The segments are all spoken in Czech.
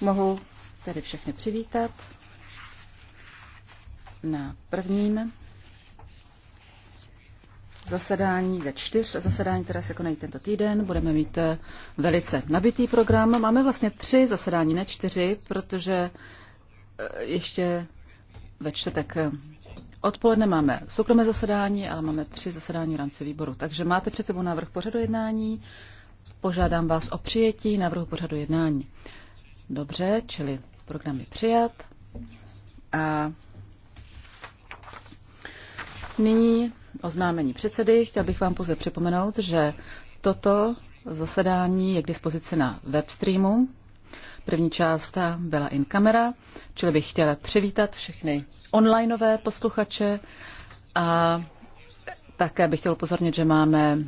Mohu tedy všechny přivítat na prvním zasedání ze čtyř zasedání, které se konají tento týden. Budeme mít eh, velice nabitý program. Máme vlastně tři zasedání, ne čtyři, protože eh, ještě ve čtvrtek eh, odpoledne máme soukromé zasedání, ale máme tři zasedání v rámci výboru. Takže máte před sebou návrh pořadu jednání. Požádám vás o přijetí návrhu pořadu jednání. Dobře, čili program je přijat. A nyní oznámení předsedy. Chtěl bych vám pouze připomenout, že toto zasedání je k dispozici na webstreamu. První část byla in kamera, čili bych chtěla přivítat všechny onlineové posluchače a také bych chtěl upozornit, že máme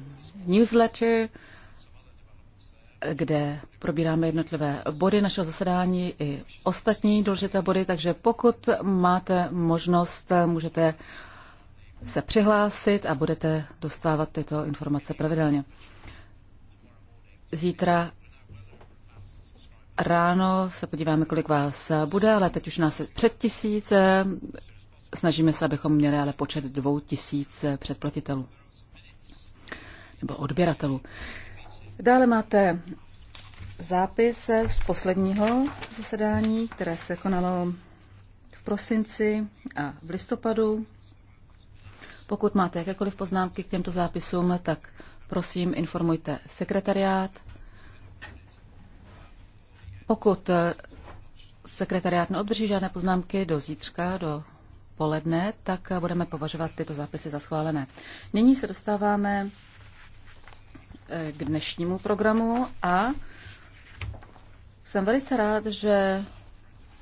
newsletter, kde probíráme jednotlivé body našeho zasedání i ostatní důležité body, takže pokud máte možnost, můžete se přihlásit a budete dostávat tyto informace pravidelně. Zítra ráno se podíváme, kolik vás bude, ale teď už nás je před tisíce. Snažíme se, abychom měli ale počet dvou tisíc předplatitelů nebo odběratelů. Dále máte zápis z posledního zasedání, které se konalo v prosinci a v listopadu. Pokud máte jakékoliv poznámky k těmto zápisům, tak prosím informujte sekretariát. Pokud sekretariát neobdrží žádné poznámky do zítřka, do poledne, tak budeme považovat tyto zápisy za schválené. Nyní se dostáváme k dnešnímu programu a jsem velice rád, že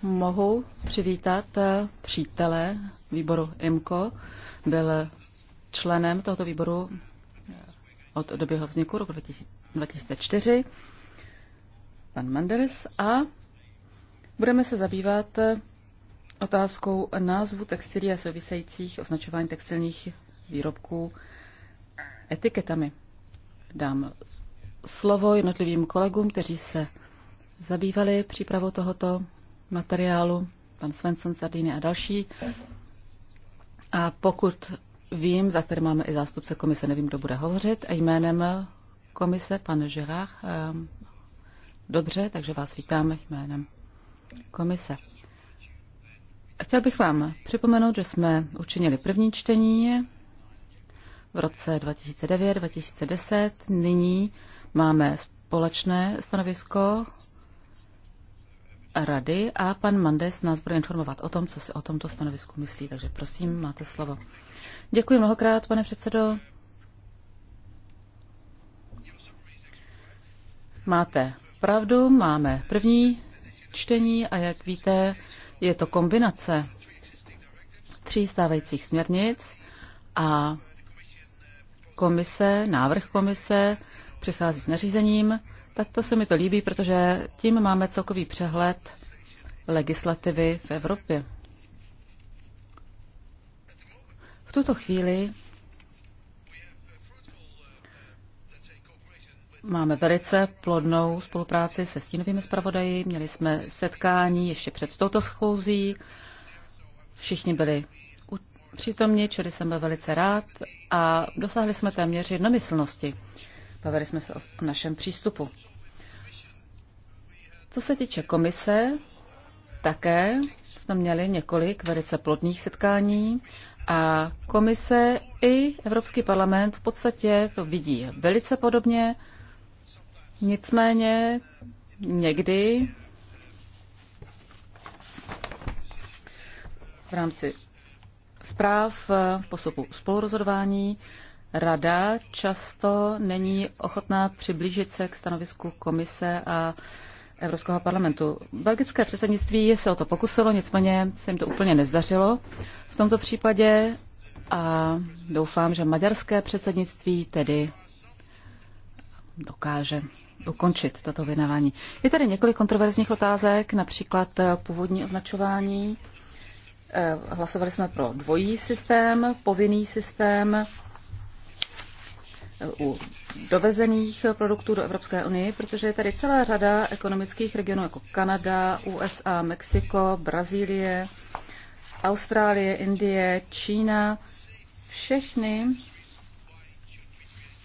mohu přivítat přítele výboru IMCO. Byl členem tohoto výboru od doby jeho vzniku roku 2004, pan Manders, a budeme se zabývat otázkou názvu textilí a souvisejících označování textilních výrobků etiketami dám slovo jednotlivým kolegům, kteří se zabývali přípravou tohoto materiálu, pan Svensson, Sardiny a další. A pokud vím, za které máme i zástupce komise, nevím, kdo bude hovořit, a jménem komise, pan Žerách. Dobře, takže vás vítáme jménem komise. Chtěl bych vám připomenout, že jsme učinili první čtení v roce 2009-2010. Nyní máme společné stanovisko rady a pan Mandes nás bude informovat o tom, co si o tomto stanovisku myslí. Takže prosím, máte slovo. Děkuji mnohokrát, pane předsedo. Máte pravdu, máme první čtení a jak víte, je to kombinace tří stávajících směrnic a komise, návrh komise přichází s nařízením, tak to se mi to líbí, protože tím máme celkový přehled legislativy v Evropě. V tuto chvíli Máme velice plodnou spolupráci se stínovými zpravodaji. Měli jsme setkání ještě před touto schůzí. Všichni byli přítomni, čili jsem byl velice rád a dosáhli jsme téměř jednomyslnosti. Bavili jsme se o našem přístupu. Co se týče komise, také jsme měli několik velice plodných setkání a komise i Evropský parlament v podstatě to vidí velice podobně. Nicméně někdy v rámci zpráv v eh, postupu spolurozhodování rada často není ochotná přiblížit se k stanovisku komise a Evropského parlamentu. Belgické předsednictví se o to pokusilo, nicméně se jim to úplně nezdařilo v tomto případě a doufám, že maďarské předsednictví tedy dokáže ukončit toto vydávání. Je tady několik kontroverzních otázek, například původní označování Eh, hlasovali jsme pro dvojí systém, povinný systém eh, u dovezených produktů do Evropské unie, protože je tady celá řada ekonomických regionů jako Kanada, USA, Mexiko, Brazílie, Austrálie, Indie, Čína. Všechny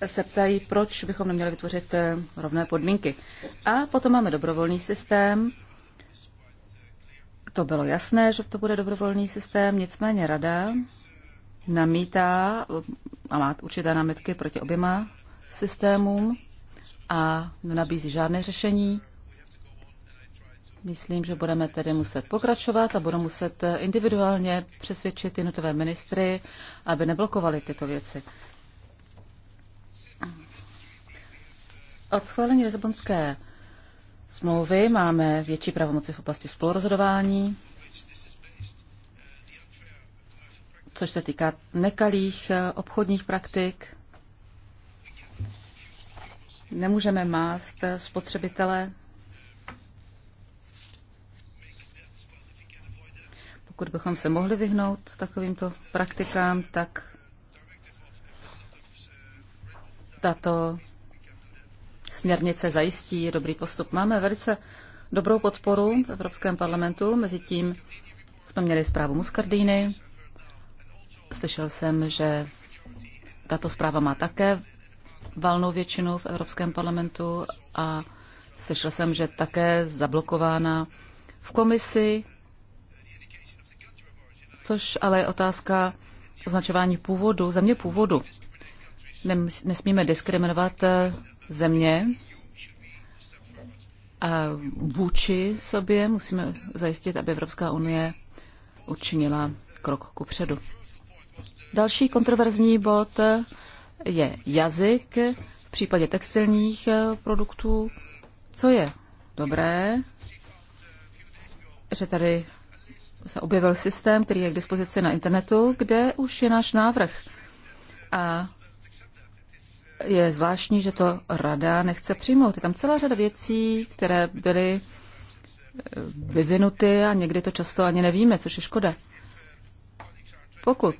se ptají, proč bychom neměli vytvořit eh, rovné podmínky. A potom máme dobrovolný systém, to bylo jasné, že to bude dobrovolný systém, nicméně rada namítá a eh, má určité námitky proti oběma systémům a nenabízí žádné řešení. Myslím, že budeme tedy muset pokračovat a budu muset eh, individuálně přesvědčit jednotlivé ministry, aby neblokovali tyto věci. Od schválení Lisabonské smlouvy, máme větší pravomoci v oblasti spolurozhodování, což se týká nekalých eh, obchodních praktik. Nemůžeme mást eh, spotřebitele, pokud bychom se mohli vyhnout takovýmto praktikám, tak tato směrnice zajistí dobrý postup. Máme velice dobrou podporu v Evropském parlamentu, mezi tím jsme měli zprávu Muscardini. Slyšel jsem, že tato zpráva má také valnou většinu v Evropském parlamentu a slyšel jsem, že také zablokována v komisi, což ale je otázka označování původu, země původu. Nesmíme diskriminovat eh, země a vůči sobě musíme zajistit, aby Evropská unie učinila krok ku předu. Další kontroverzní bod je jazyk v případě textilních eh, produktů. Co je dobré, že tady se objevil systém, který je k dispozici na internetu, kde už je náš návrh. A je zvláštní, že to rada nechce přijmout. Je tam celá řada věcí, které byly eh, vyvinuty a někdy to často ani nevíme, což je škoda. Pokud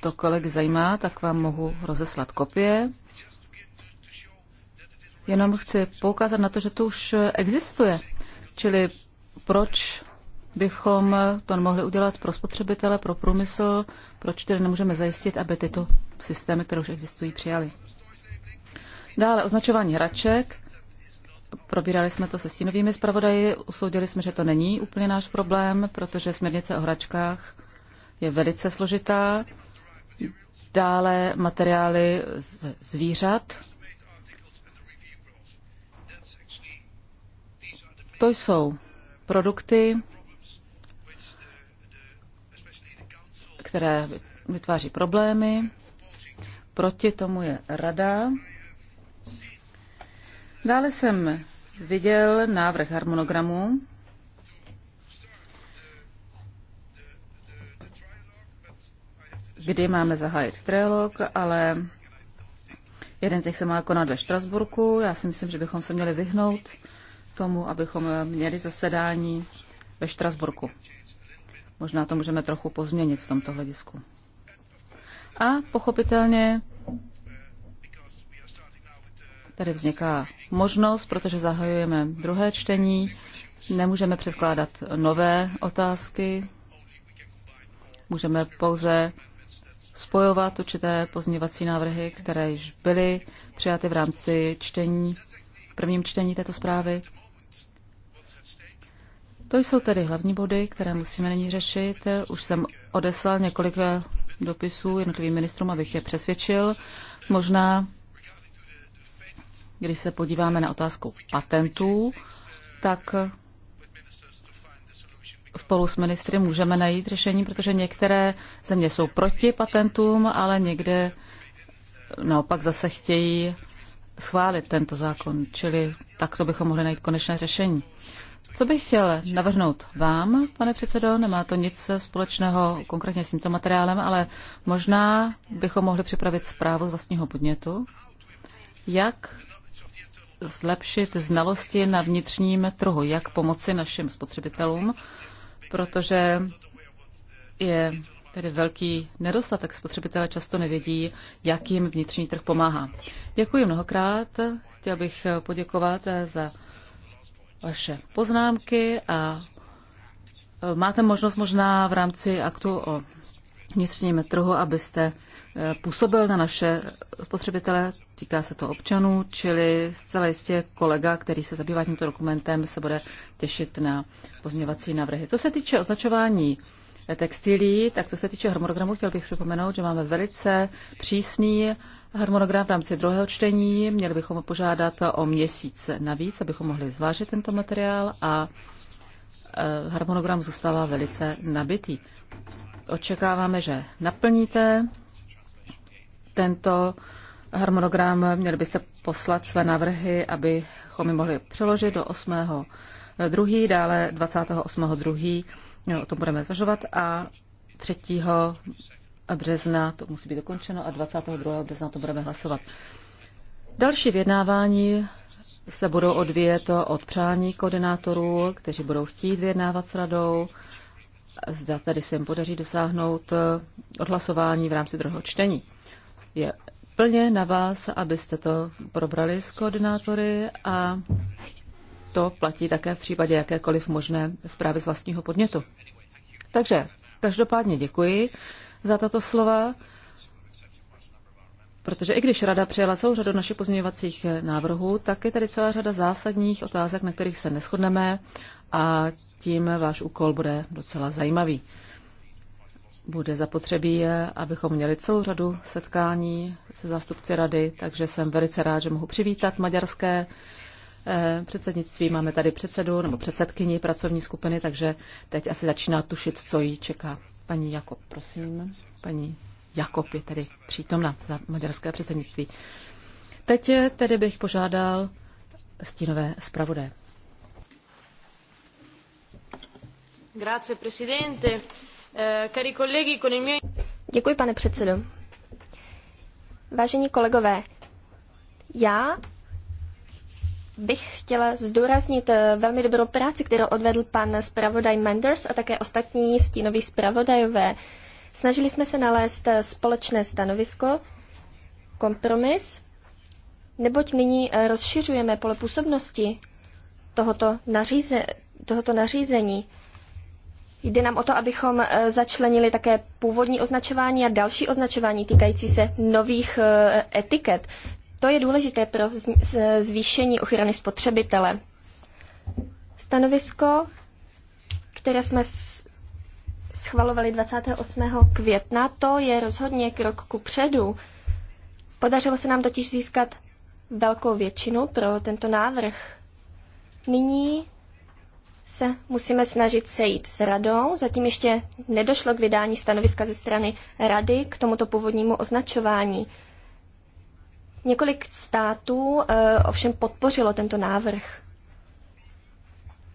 to kolik zajímá, tak vám mohu rozeslat kopie. Jenom chci poukázat na to, že to už existuje. Čili proč bychom to mohli udělat pro spotřebitele, pro průmysl, proč tedy nemůžeme zajistit, aby tyto systémy, které už existují, přijali. Dále označování hraček. Probírali jsme to se stínovými zpravodaji, usoudili jsme, že to není úplně náš problém, protože směrnice o hračkách je velice složitá. Dále materiály z zvířat. To jsou produkty, které vytváří problémy. Proti tomu je rada. Dále jsem viděl návrh harmonogramu. kdy máme zahájit trialog, ale jeden z nich se má konat ve Štrasburku. Já si myslím, že bychom se měli vyhnout tomu, abychom měli zasedání ve Štrasburku. Možná to můžeme trochu pozměnit v tomto hledisku. A pochopitelně Tady vzniká možnost, protože zahajujeme druhé čtení, nemůžeme předkládat nové otázky, můžeme pouze spojovat určité pozměňovací návrhy, které již byly přijaty v rámci čtení, v prvním čtení této zprávy. To jsou tedy hlavní body, které musíme nyní řešit. Už jsem odeslal několik dopisů jednotlivým ministrům, abych je přesvědčil. Možná když se podíváme na otázku patentů, tak spolu s ministry můžeme najít řešení, protože některé země jsou proti patentům, ale někde naopak zase chtějí schválit tento zákon, čili takto bychom mohli najít konečné řešení. Co bych chtěl navrhnout vám, pane předsedo, nemá to nic společného konkrétně s tímto materiálem, ale možná bychom mohli připravit zprávu z vlastního podnětu, jak zlepšit znalosti na vnitřním trhu, jak pomoci našim spotřebitelům, protože je tedy velký nedostatek. Spotřebitelé často nevědí, jak jim vnitřní trh pomáhá. Děkuji mnohokrát. Chtěl bych poděkovat za vaše poznámky a máte možnost možná v rámci aktu o vnitřním trhu, abyste působil na naše spotřebitele týká se to občanů, čili zcela jistě kolega, který se zabývá tímto dokumentem, se bude těšit na pozměňovací návrhy. Co se týče označování eh, textilí, tak co se týče harmonogramu, chtěl bych připomenout, že máme velice přísný harmonogram v rámci druhého čtení. Měli bychom požádat o měsíc navíc, abychom mohli zvážit tento materiál a eh, harmonogram zůstává velice nabitý. Očekáváme, že naplníte tento harmonogram. Měli byste poslat své návrhy, abychom je mohli přeložit do 8. 2. dále 28. 2. Jo, o tom budeme zvažovat a 3. března to musí být dokončeno a 22. března to budeme hlasovat. Další vyjednávání se budou odvíjet od přání koordinátorů, kteří budou chtít vyjednávat s radou. Zda tady se jim podaří dosáhnout odhlasování v rámci druhého čtení. Je plně na vás, abyste to probrali s koordinátory a to platí také v případě jakékoliv možné zprávy z vlastního podnětu. Takže každopádně děkuji za tato slova, protože i když Rada přijala celou řadu našich pozměňovacích návrhů, tak je tady celá řada zásadních otázek, na kterých se neschodneme a tím váš úkol bude docela zajímavý bude zapotřebí, abychom měli celou řadu setkání se zástupci rady, takže jsem velice rád, že mohu přivítat maďarské eh, předsednictví. Máme tady předsedu nebo předsedkyni pracovní skupiny, takže teď asi začíná tušit, co jí čeká. Paní Jakob, prosím. Paní Jakob je tady přítomna za maďarské předsednictví. Teď tedy bych požádal stínové zpravodé. Grazie, presidente. Eh, Děkuji, pane předsedo. Vážení kolegové, já bych chtěla zdůraznit eh, velmi dobrou práci, kterou odvedl pan zpravodaj Menders a také ostatní stínoví zpravodajové. Snažili jsme se nalézt eh, společné stanovisko, kompromis, neboť nyní rozšiřujeme pole působnosti tohoto, naříze, tohoto nařízení. Jde nám o to, abychom e, začlenili také původní označování a další označování týkající se nových e, etiket. To je důležité pro zvýšení ochrany spotřebitele. Stanovisko, které jsme schvalovali 28. května, to je rozhodně krok ku předu. Podařilo se nám totiž získat velkou většinu pro tento návrh. Nyní se musíme snažit sejít s radou. Zatím ještě nedošlo k vydání stanoviska ze strany rady k tomuto původnímu označování. Několik států eh, ovšem podpořilo tento návrh.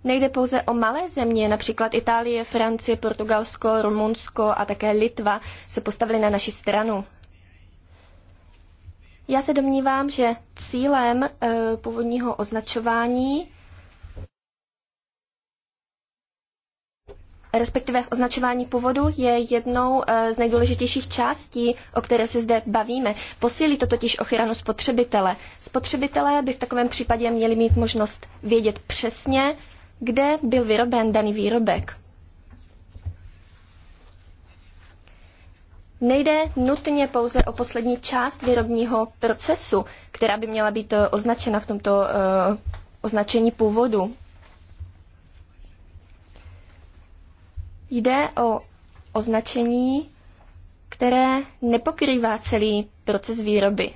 Nejde pouze o malé země, například Itálie, Francie, Portugalsko, Rumunsko a také Litva se postavili na naši stranu. Já se domnívám, že cílem e, původního označování respektive v označování původu je jednou eh, z nejdůležitějších částí, o které se zde bavíme. Posílí to totiž ochranu spotřebitele. Spotřebitelé by v takovém případě měli mít možnost vědět přesně, kde byl vyroben daný výrobek. Nejde nutně pouze o poslední část výrobního procesu, která by měla být eh, označena v tomto eh, označení původu. Jde o označení, které nepokrývá celý proces výroby.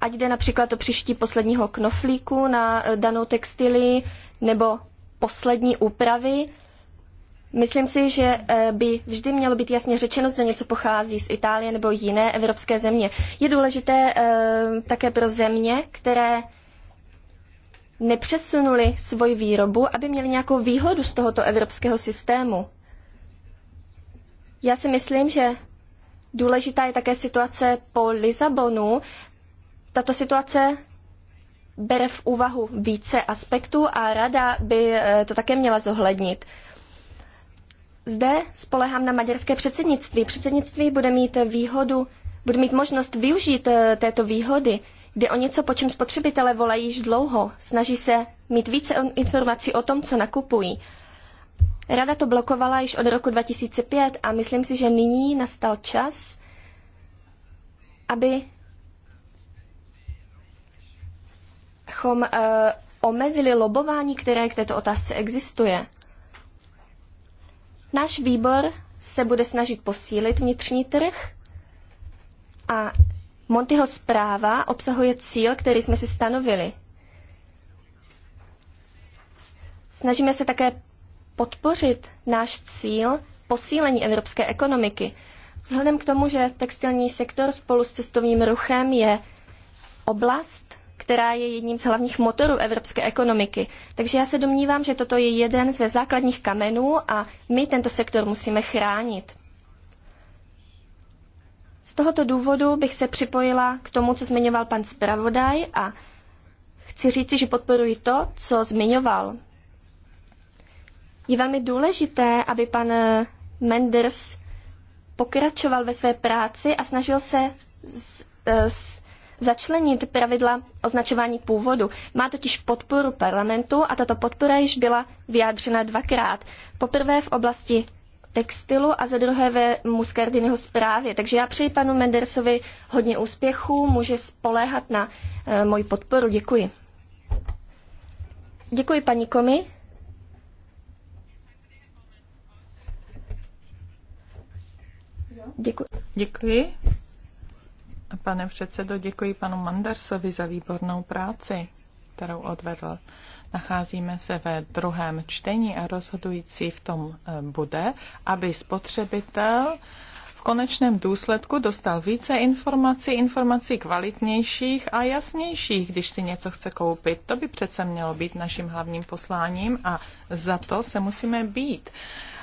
Ať jde například o příští posledního knoflíku na eh, danou textilii nebo poslední úpravy, Myslím si, že eh, by vždy mělo být jasně řečeno, zda něco pochází z Itálie nebo jiné evropské země. Je důležité eh, také pro země, které nepřesunuli svoji výrobu, aby měli nějakou výhodu z tohoto evropského systému. Já si myslím, že důležitá je také situace po Lisabonu. Tato situace bere v úvahu více aspektů a rada by eh, to také měla zohlednit. Zde spolehám na maďarské předsednictví. Předsednictví bude mít výhodu, bude mít možnost využít eh, této výhody. Jde o něco, po čem spotřebitele volají již dlouho. Snaží se mít více informací o tom, co nakupují. Rada to blokovala již od roku 2005 a myslím si, že nyní nastal čas, aby chom uh, omezili lobování, které k této otázce existuje. Náš výbor se bude snažit posílit vnitřní trh a Montyho zpráva obsahuje cíl, který jsme si stanovili. Snažíme se také podpořit náš cíl posílení evropské ekonomiky. Vzhledem k tomu, že textilní sektor spolu s cestovním ruchem je oblast, která je jedním z hlavních motorů evropské ekonomiky. Takže já se domnívám, že toto je jeden ze základních kamenů a my tento sektor musíme chránit. Z tohoto důvodu bych se připojila k tomu, co zmiňoval pan zpravodaj a chci říci, že podporuji to, co zmiňoval. Je velmi důležité, aby pan Menders pokračoval ve své práci a snažil se z, e, z, začlenit pravidla označování původu. Má totiž podporu parlamentu a tato podpora již byla vyjádřena dvakrát. Poprvé v oblasti textilu a za druhé ve Muscardiniho zprávě. Takže já přeji panu Mendersovi hodně úspěchů, může spoléhat na e, moji podporu. Děkuji. Děkuji paní Komi. Děkuji. Děkuji. Pane předsedo, děkuji panu Mandersovi za výbornou práci, kterou odvedl. Nacházíme se ve druhém čtení a rozhodující v tom eh, bude, aby spotřebitel v konečném důsledku dostal více informací, informací kvalitnějších a jasnějších, když si něco chce koupit. To by přece mělo být naším hlavním posláním a za to se musíme být.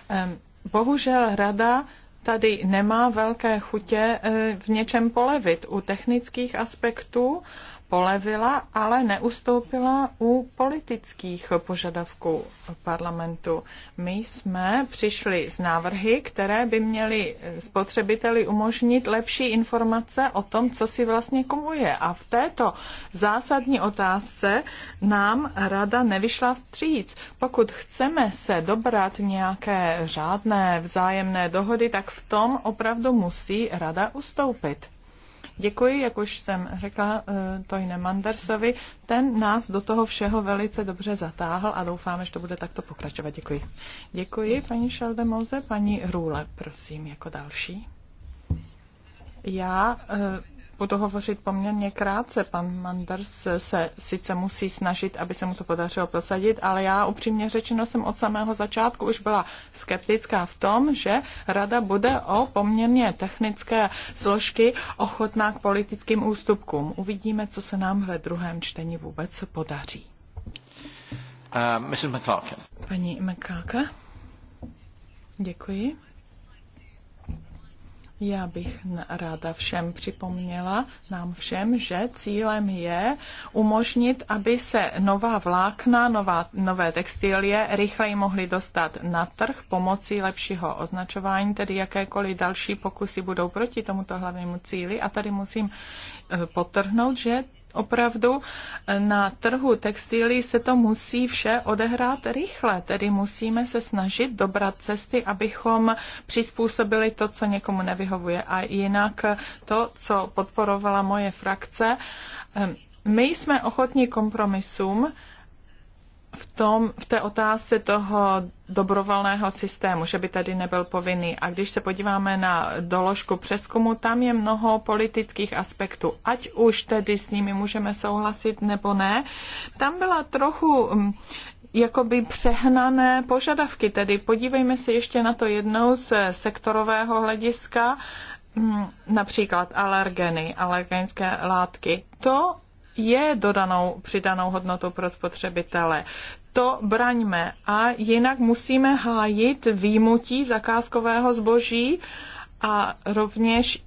Ehm, bohužel rada tady nemá velké chutě eh, v něčem polevit u technických aspektů, polevila, ale neustoupila u politických požadavků parlamentu. My jsme přišli s návrhy, které by měly spotřebiteli umožnit lepší informace o tom, co si vlastně kumuje. A v této zásadní otázce nám rada nevyšla vstříc. Pokud chceme se dobrat nějaké řádné vzájemné dohody, tak v tom opravdu musí rada ustoupit. Děkuji, jak už jsem řekla eh, Tojne Mandersovi, ten nás do toho všeho velice dobře zatáhl a doufáme, že to bude takto pokračovat. Děkuji. Děkuji, paní Šaldemoze, paní Hrůle, prosím, jako další. Já eh, Budu hovořit poměrně krátce. Pan Manders se sice musí snažit, aby se mu to podařilo prosadit, ale já upřímně řečeno jsem od samého začátku už byla skeptická v tom, že rada bude o poměrně technické složky ochotná k politickým ústupkům. Uvidíme, co se nám ve druhém čtení vůbec podaří. Uh, Mrs. Paní McClarkin. Děkuji. Já bych ráda všem připomněla, nám všem, že cílem je umožnit, aby se nová vlákna, nová, nové textilie rychleji mohly dostat na trh pomocí lepšího označování, tedy jakékoliv další pokusy budou proti tomuto hlavnímu cíli. A tady musím eh, potrhnout, že opravdu eh, na trhu textilí se to musí vše odehrát rychle, tedy musíme se snažit dobrat cesty, abychom přizpůsobili to, co někomu nevyhovuje. A jinak eh, to, co podporovala moje frakce, eh, my jsme ochotní kompromisům, v, tom, v té otázce toho dobrovolného systému, že by tady nebyl povinný. A když se podíváme na doložku přeskumu, tam je mnoho politických aspektů. Ať už tedy s nimi můžeme souhlasit nebo ne, tam byla trochu mm, jakoby přehnané požadavky. Tedy podívejme se ještě na to jednou z sektorového hlediska, mm, například alergeny, alergenské látky. To je dodanou přidanou hodnotou pro spotřebitele. To braňme a jinak musíme hájit výjimutí zakázkového zboží a rovněž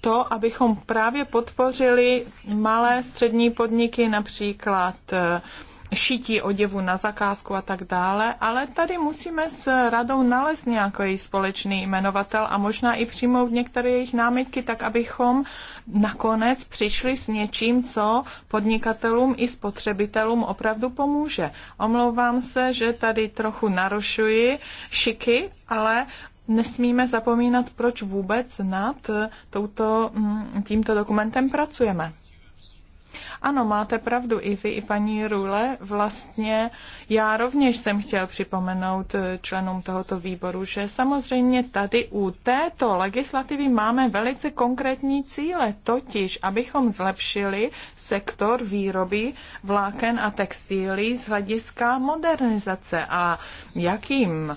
to, abychom právě podpořili malé střední podniky, například eh, šití oděvu na zakázku a tak dále, ale tady musíme s radou nalézt nějaký společný jmenovatel a možná i přijmout některé jejich námitky, tak abychom nakonec přišli s něčím, co podnikatelům i spotřebitelům opravdu pomůže. Omlouvám se, že tady trochu narušuji šiky, ale nesmíme zapomínat, proč vůbec nad touto, mm, tímto dokumentem pracujeme. Ano, máte pravdu i vy, i paní Rule. Vlastně já rovněž jsem chtěl připomenout eh, členům tohoto výboru, že samozřejmě tady u této legislativy máme velice konkrétní cíle, totiž abychom zlepšili sektor výroby vláken a textilí z hlediska modernizace a jakým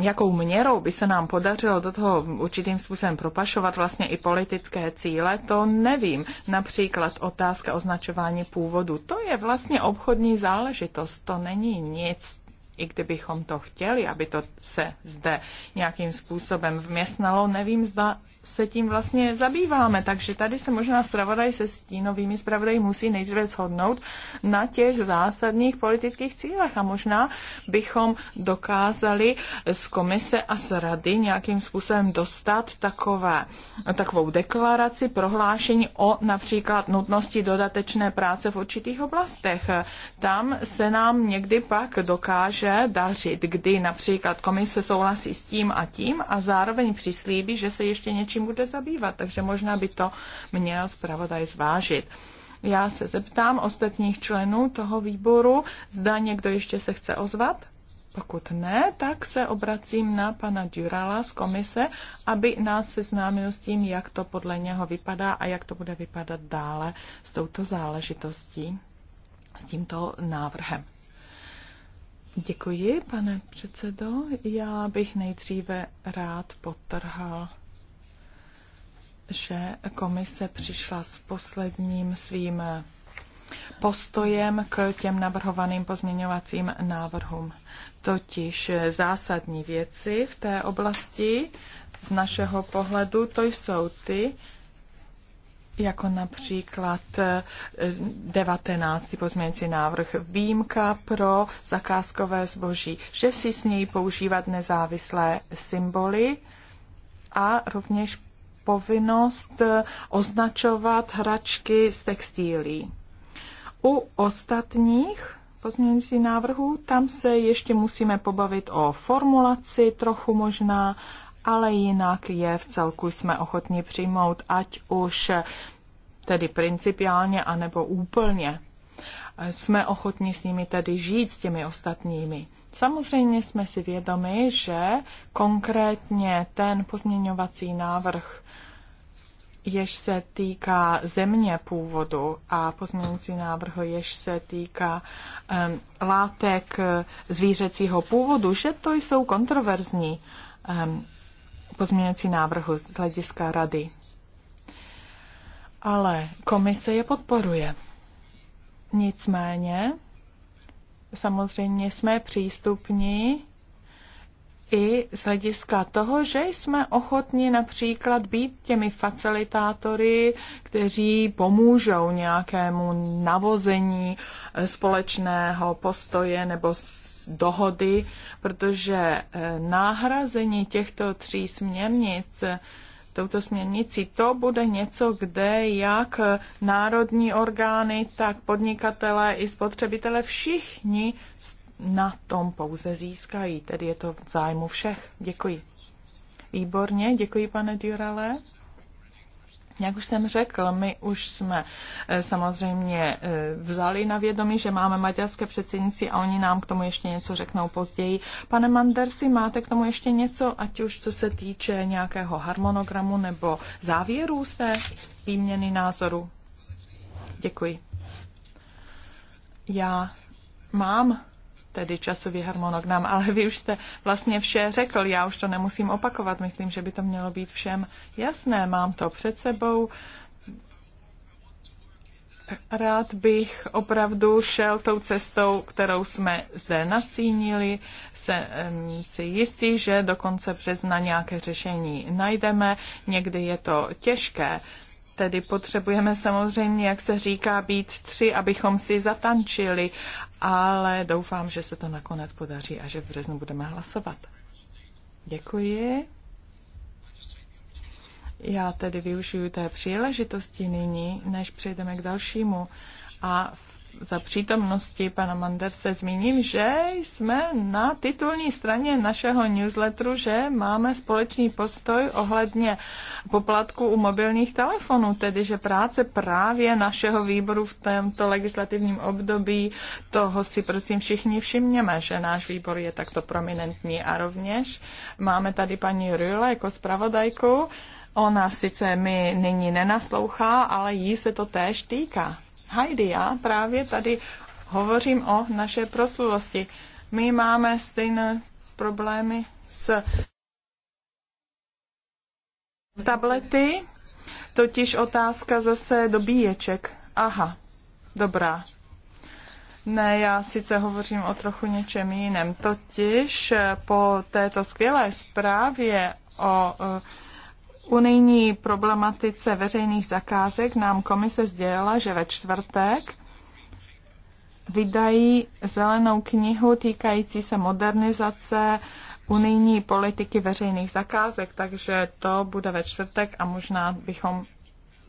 jakou měrou by se nám podařilo do toho určitým způsobem propašovat vlastně i politické cíle, to nevím. Například otázka označování původu. To je vlastně obchodní záležitost, to není nic i kdybychom to chtěli, aby to se zde nějakým způsobem vměstnalo, nevím, zda se tím vlastně zabýváme. Takže tady se možná zpravodaj se stínovými zpravodaji musí nejdříve shodnout na těch zásadních politických cílech a možná bychom dokázali z komise a z rady nějakým způsobem dostat takové, takovou deklaraci, prohlášení o například nutnosti dodatečné práce v určitých oblastech. Tam se nám někdy pak dokáže dařit, kdy například komise souhlasí s tím a tím a zároveň přislíbí, že se ještě něco něčím bude zabývat, takže možná by to měl zpravodaj zvážit. Já se zeptám ostatních členů toho výboru, zda někdo ještě se chce ozvat. Pokud ne, tak se obracím na pana Durala z komise, aby nás seznámil s tím, jak to podle něho vypadá a jak to bude vypadat dále s touto záležitostí, s tímto návrhem. Děkuji, pane předsedo. Já bych nejdříve rád potrhal že komise přišla s posledním svým postojem k těm navrhovaným pozměňovacím návrhům. Totiž zásadní věci v té oblasti z našeho pohledu to jsou ty, jako například 19. Eh, pozměňující návrh výjimka pro zakázkové zboží, že si smějí používat nezávislé symboly a rovněž povinnost eh, označovat hračky z textílí. U ostatních pozměňující návrhů, tam se ještě musíme pobavit o formulaci trochu možná, ale jinak je v celku jsme ochotni přijmout, ať už eh, tedy principiálně, anebo úplně. Eh, jsme ochotni s nimi tedy žít, s těmi ostatními. Samozřejmě jsme si vědomi, že konkrétně ten pozměňovací návrh jež se týká země původu a pozměňující návrh, jež se týká um, látek eh, zvířecího původu, že to jsou kontroverzní um, pozměňující návrh z hlediska rady. Ale komise je podporuje. Nicméně, samozřejmě jsme přístupní i z hlediska toho, že jsme ochotni například být těmi facilitátory, kteří pomůžou nějakému navození společného postoje nebo dohody, protože eh, náhrazení těchto tří směrnic touto směrnicí. To bude něco, kde jak národní orgány, tak podnikatele i spotřebitele všichni z na tom pouze získají, tedy je to v zájmu všech. Děkuji. Výborně, děkuji pane Diorale. Jak už jsem řekl, my už jsme eh, samozřejmě eh, vzali na vědomí, že máme maďarské předsednici a oni nám k tomu ještě něco řeknou později. Pane Mandersi, máte k tomu ještě něco, ať už co se týče nějakého harmonogramu nebo závěrů z té výměny názoru? Děkuji. Já mám tedy časový harmonogram, ale vy už jste vlastně vše řekl, já už to nemusím opakovat, myslím, že by to mělo být všem jasné, mám to před sebou. Rád bych opravdu šel tou cestou, kterou jsme zde nasínili. Se, um, si jistý, že do konce března nějaké řešení najdeme. Někdy je to těžké, tedy potřebujeme samozřejmě, jak se říká, být tři, abychom si zatančili ale doufám, že se to nakonec podaří a že v březnu budeme hlasovat. Děkuji. Já tedy využiju té příležitosti nyní, než přejdeme k dalšímu a za přítomnosti pana Manderse zmíním, že jsme na titulní straně našeho newsletteru, že máme společný postoj ohledně poplatku u mobilních telefonů, tedy že práce právě našeho výboru v tomto legislativním období, toho si prosím všichni všimněme, že náš výbor je takto prominentní a rovněž máme tady paní Rüle jako zpravodajku, Ona sice mi nyní nenaslouchá, ale jí se to též týká. Heidi, já právě tady hovořím o naše proslulosti. My máme stejné problémy s, s tablety, totiž otázka zase dobíječek. Aha, dobrá. Ne, já sice hovořím o trochu něčem jiném. Totiž eh, po této skvělé zprávě o uh, unijní problematice veřejných zakázek nám komise sdělila, že ve čtvrtek vydají zelenou knihu týkající se modernizace unijní politiky veřejných zakázek, takže to bude ve čtvrtek a možná bychom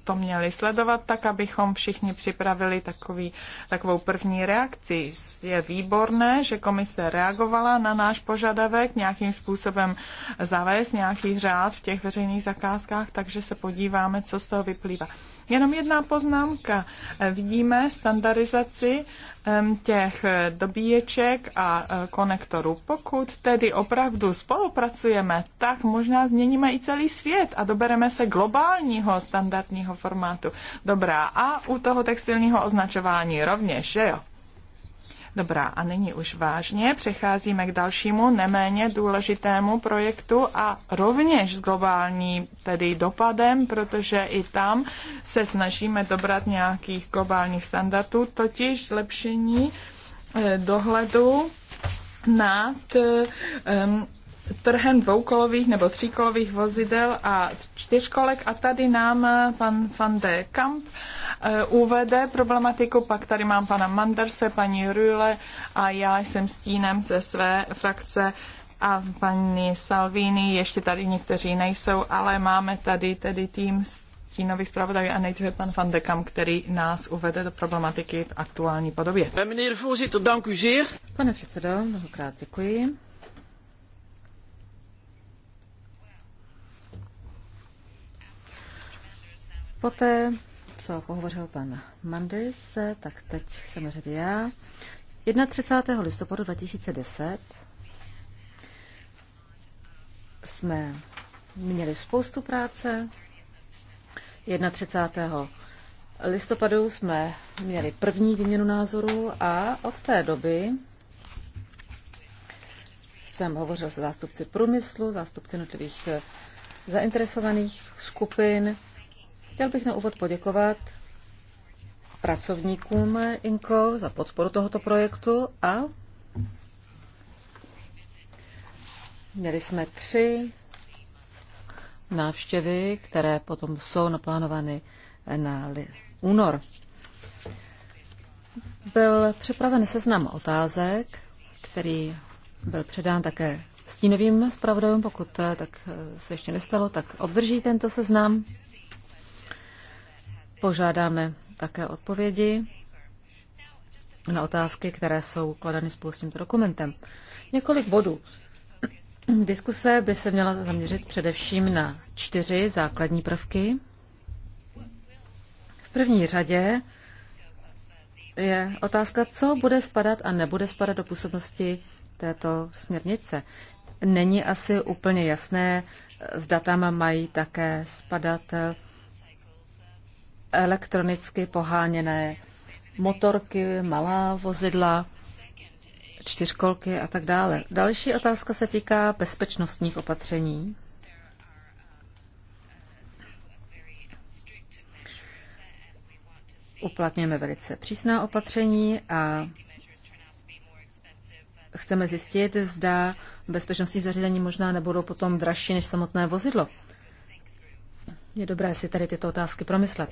to měli sledovat tak, abychom všichni připravili takový, takovou první reakci. Je výborné, že komise reagovala na náš požadavek nějakým způsobem zavést nějaký řád v těch veřejných zakázkách, takže se podíváme, co z toho vyplývá. Jenom jedna poznámka. Vidíme standardizaci těch eh, dobíječek a eh, konektorů. Pokud tedy opravdu spolupracujeme, tak možná změníme i celý svět a dobereme se globálního standardního formátu. Dobrá, a u toho textilního označování rovněž, že jo? Dobrá, a nyní už vážně přecházíme k dalšímu, neméně důležitému projektu a rovněž s globální tedy dopadem, protože i tam se snažíme dobrat nějakých globálních standardů, totiž zlepšení eh, dohledu nad eh, trhem dvoukolových nebo tříkolových vozidel a čtyřkolek a tady nám eh, pan van de Kamp eh, uvede problematiku, pak tady mám pana Manderse, paní Rühle a já jsem stínem ze své frakce a paní Salvini, ještě tady někteří nejsou, ale máme tady tedy tým stínových zpravodajů a nejdříve pan van de Kamp, který nás uvede do problematiky v aktuální podobě. Pane předsedo, mnohokrát děkuji. Poté, co pohovořil pan Mandis, tak teď jsem na řadě já. 31. listopadu 2010 jsme měli spoustu práce. 31. listopadu jsme měli první výměnu názorů a od té doby jsem hovořil se zástupci průmyslu, zástupci nutlivých eh, zainteresovaných skupin, Chtěl bych na úvod poděkovat pracovníkům INCO za podporu tohoto projektu a měli jsme tři návštěvy, které potom jsou naplánovány na únor. Byl připraven seznam otázek, který byl předán také stínovým zpravodajům. Pokud tak se ještě nestalo, tak obdrží tento seznam. Požádáme také odpovědi na otázky, které jsou kladeny spolu s tímto dokumentem. Několik bodů. Diskuse by se měla zaměřit především na čtyři základní prvky. V první řadě je otázka, co bude spadat a nebude spadat do působnosti této směrnice. Není asi úplně jasné, zda tam mají také spadat elektronicky poháněné motorky, malá vozidla, čtyřkolky a tak dále. Další otázka se týká bezpečnostních opatření. Uplatňujeme velice přísná opatření a chceme zjistit, zda bezpečnostní zařízení možná nebudou potom dražší než samotné vozidlo. Je dobré si tady tyto otázky promyslet.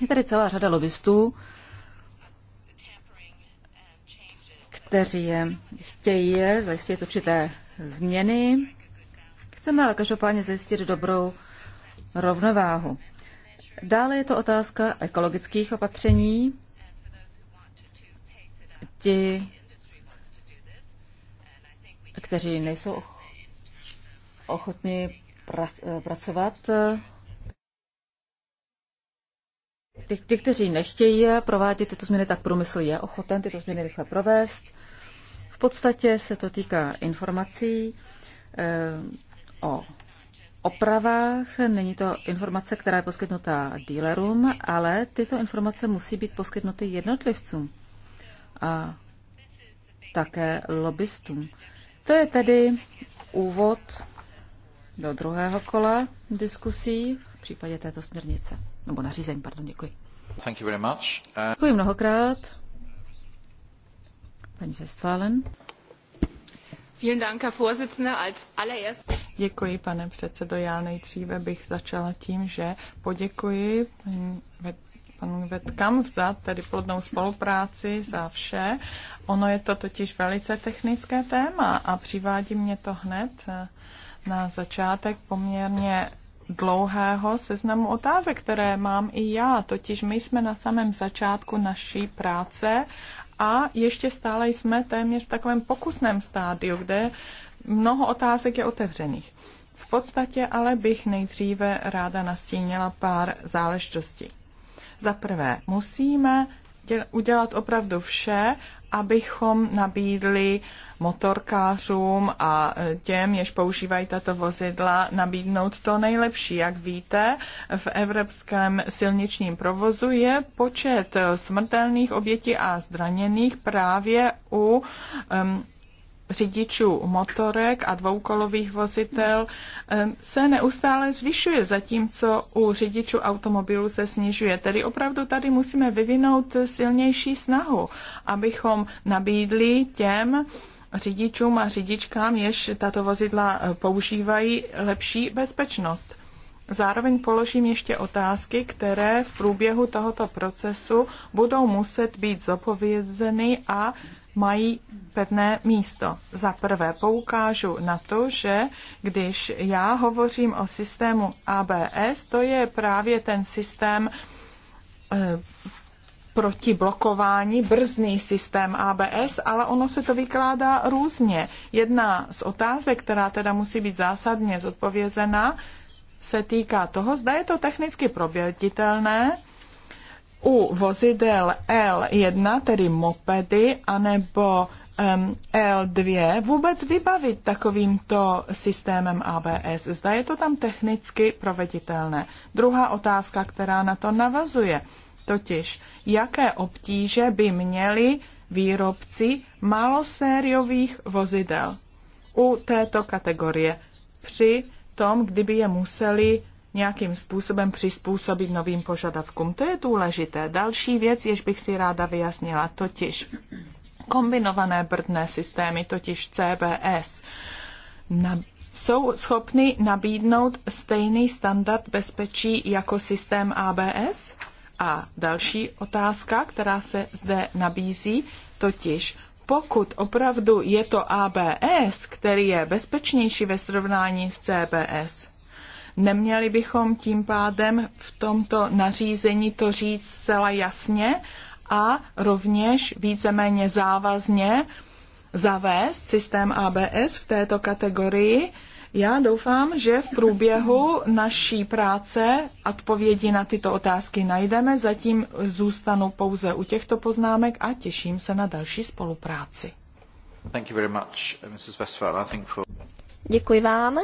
Je tady celá řada lobbystů, kteří chtějí zajistit určité změny. Chceme ale každopádně zajistit dobrou rovnováhu. Dále je to otázka ekologických opatření. Ti, kteří nejsou ochotní pracovat ty, ty, kteří nechtějí provádět tyto změny, tak průmysl je ochoten tyto změny rychle provést. V podstatě se to týká informací eh, o opravách. Není to informace, která je poskytnutá dealerům, ale tyto informace musí být poskytnuty jednotlivcům a také lobbystům. To je tedy úvod do druhého kola diskusí v případě této směrnice nebo nařízení, pardon, děkuji. Thank you very much. Uh, děkuji mnohokrát. Paní Westfalen. Vielen Dank, Herr Vorsitzender. Als allererst Děkuji, pane předsedo. Já nejdříve bych začala tím, že poděkuji panu Vetkam za tedy plodnou spolupráci, za vše. Ono je to totiž velice technické téma a přivádí mě to hned eh, na začátek poměrně dlouhého seznamu otázek, které mám i já. Totiž my jsme na samém začátku naší práce a ještě stále jsme téměř v takovém pokusném stádiu, kde mnoho otázek je otevřených. V podstatě ale bych nejdříve ráda nastínila pár záležitostí. Za prvé, musíme děl- udělat opravdu vše, abychom nabídli uh, motorkářům a těm, jež používají tato vozidla, nabídnout to nejlepší. Jak víte, v evropském silničním provozu je počet smrtelných obětí a zraněných právě u um, řidičů motorek a dvoukolových vozitel se neustále zvyšuje, zatímco u řidičů automobilů se snižuje. Tedy opravdu tady musíme vyvinout silnější snahu, abychom nabídli těm, řidičům a řidičkám, jež tato vozidla e, používají, lepší bezpečnost. Zároveň položím ještě otázky, které v průběhu tohoto procesu budou muset být zopovězeny a mají pevné místo. Za prvé poukážu na to, že když já hovořím o systému ABS, to je právě ten systém e, proti blokování brzdný systém ABS, ale ono se to vykládá různě. Jedna z otázek, která teda musí být zásadně zodpovězena, se týká toho, zda je to technicky proběditelné u vozidel L1, tedy mopedy, anebo um, L2 vůbec vybavit takovýmto systémem ABS? Zda je to tam technicky proveditelné? Druhá otázka, která na to navazuje. Totiž, jaké obtíže by měli výrobci malosériových vozidel u této kategorie při tom, kdyby je museli nějakým způsobem přizpůsobit novým požadavkům. To je důležité. Další věc, jež bych si ráda vyjasnila, totiž kombinované brdné systémy, totiž CBS, na, jsou schopny nabídnout stejný standard bezpečí jako systém ABS? A další otázka, která se zde nabízí, totiž pokud opravdu je to ABS, který je bezpečnější ve srovnání s CBS, neměli bychom tím pádem v tomto nařízení to říct zcela jasně a rovněž víceméně závazně zavést systém ABS v této kategorii já doufám, že v průběhu naší práce odpovědi na tyto otázky najdeme. Zatím zůstanu pouze u těchto poznámek a těším se na další spolupráci. Děkuji vám.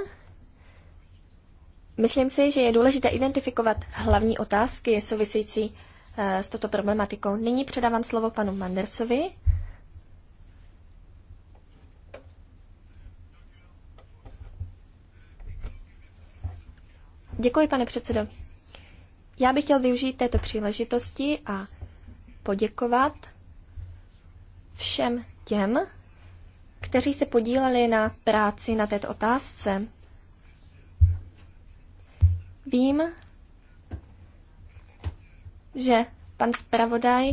Myslím si, že je důležité identifikovat hlavní otázky související eh, s touto problematikou. Nyní předávám slovo panu Mandersovi, Děkuji, pane předsedo. Já bych chtěl využít této příležitosti a poděkovat všem těm, kteří se podíleli na práci na této otázce. Vím, že pan zpravodaj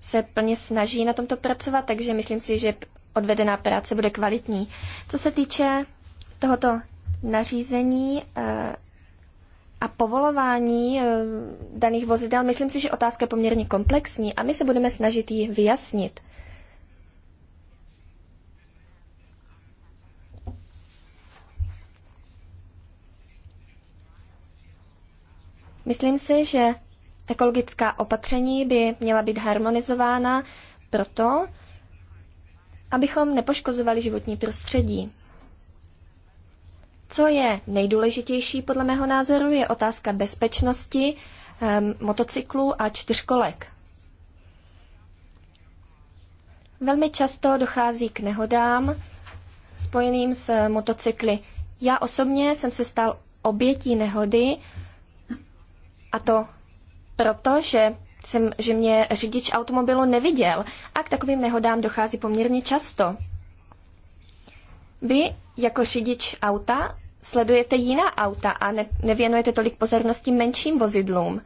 se plně snaží na tomto pracovat, takže myslím si, že odvedená práce bude kvalitní. Co se týče tohoto nařízení eh, a povolování eh, daných vozidel, myslím si, že otázka je poměrně komplexní a my se budeme snažit ji vyjasnit. Myslím si, že ekologická opatření by měla být harmonizována proto, abychom nepoškozovali životní prostředí. Co je nejdůležitější podle mého názoru, je otázka bezpečnosti um, ehm, motocyklu a čtyřkolek. Velmi často dochází k nehodám spojeným s motocykly. Já osobně jsem se stal obětí nehody a to proto, že, jsem, že mě řidič automobilu neviděl a k takovým nehodám dochází poměrně často. Vy jako řidič auta sledujete jiná auta a ne- nevěnujete tolik pozornosti menším vozidlům.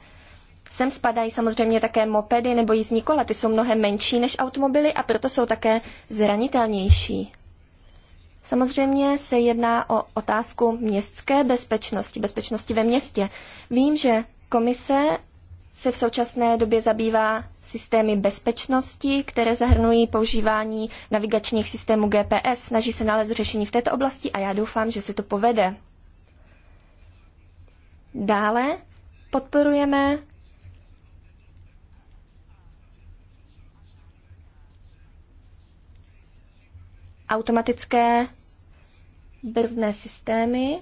Sem spadají samozřejmě také mopedy nebo jízdní kola, ty jsou mnohem menší než automobily a proto jsou také zranitelnější. Samozřejmě se jedná o otázku městské bezpečnosti, bezpečnosti ve městě. Vím, že komise se v současné době zabývá systémy bezpečnosti, které zahrnují používání navigačních systémů GPS. Snaží se nalézt řešení v této oblasti a já doufám, že se to povede. Dále podporujeme automatické brzdné systémy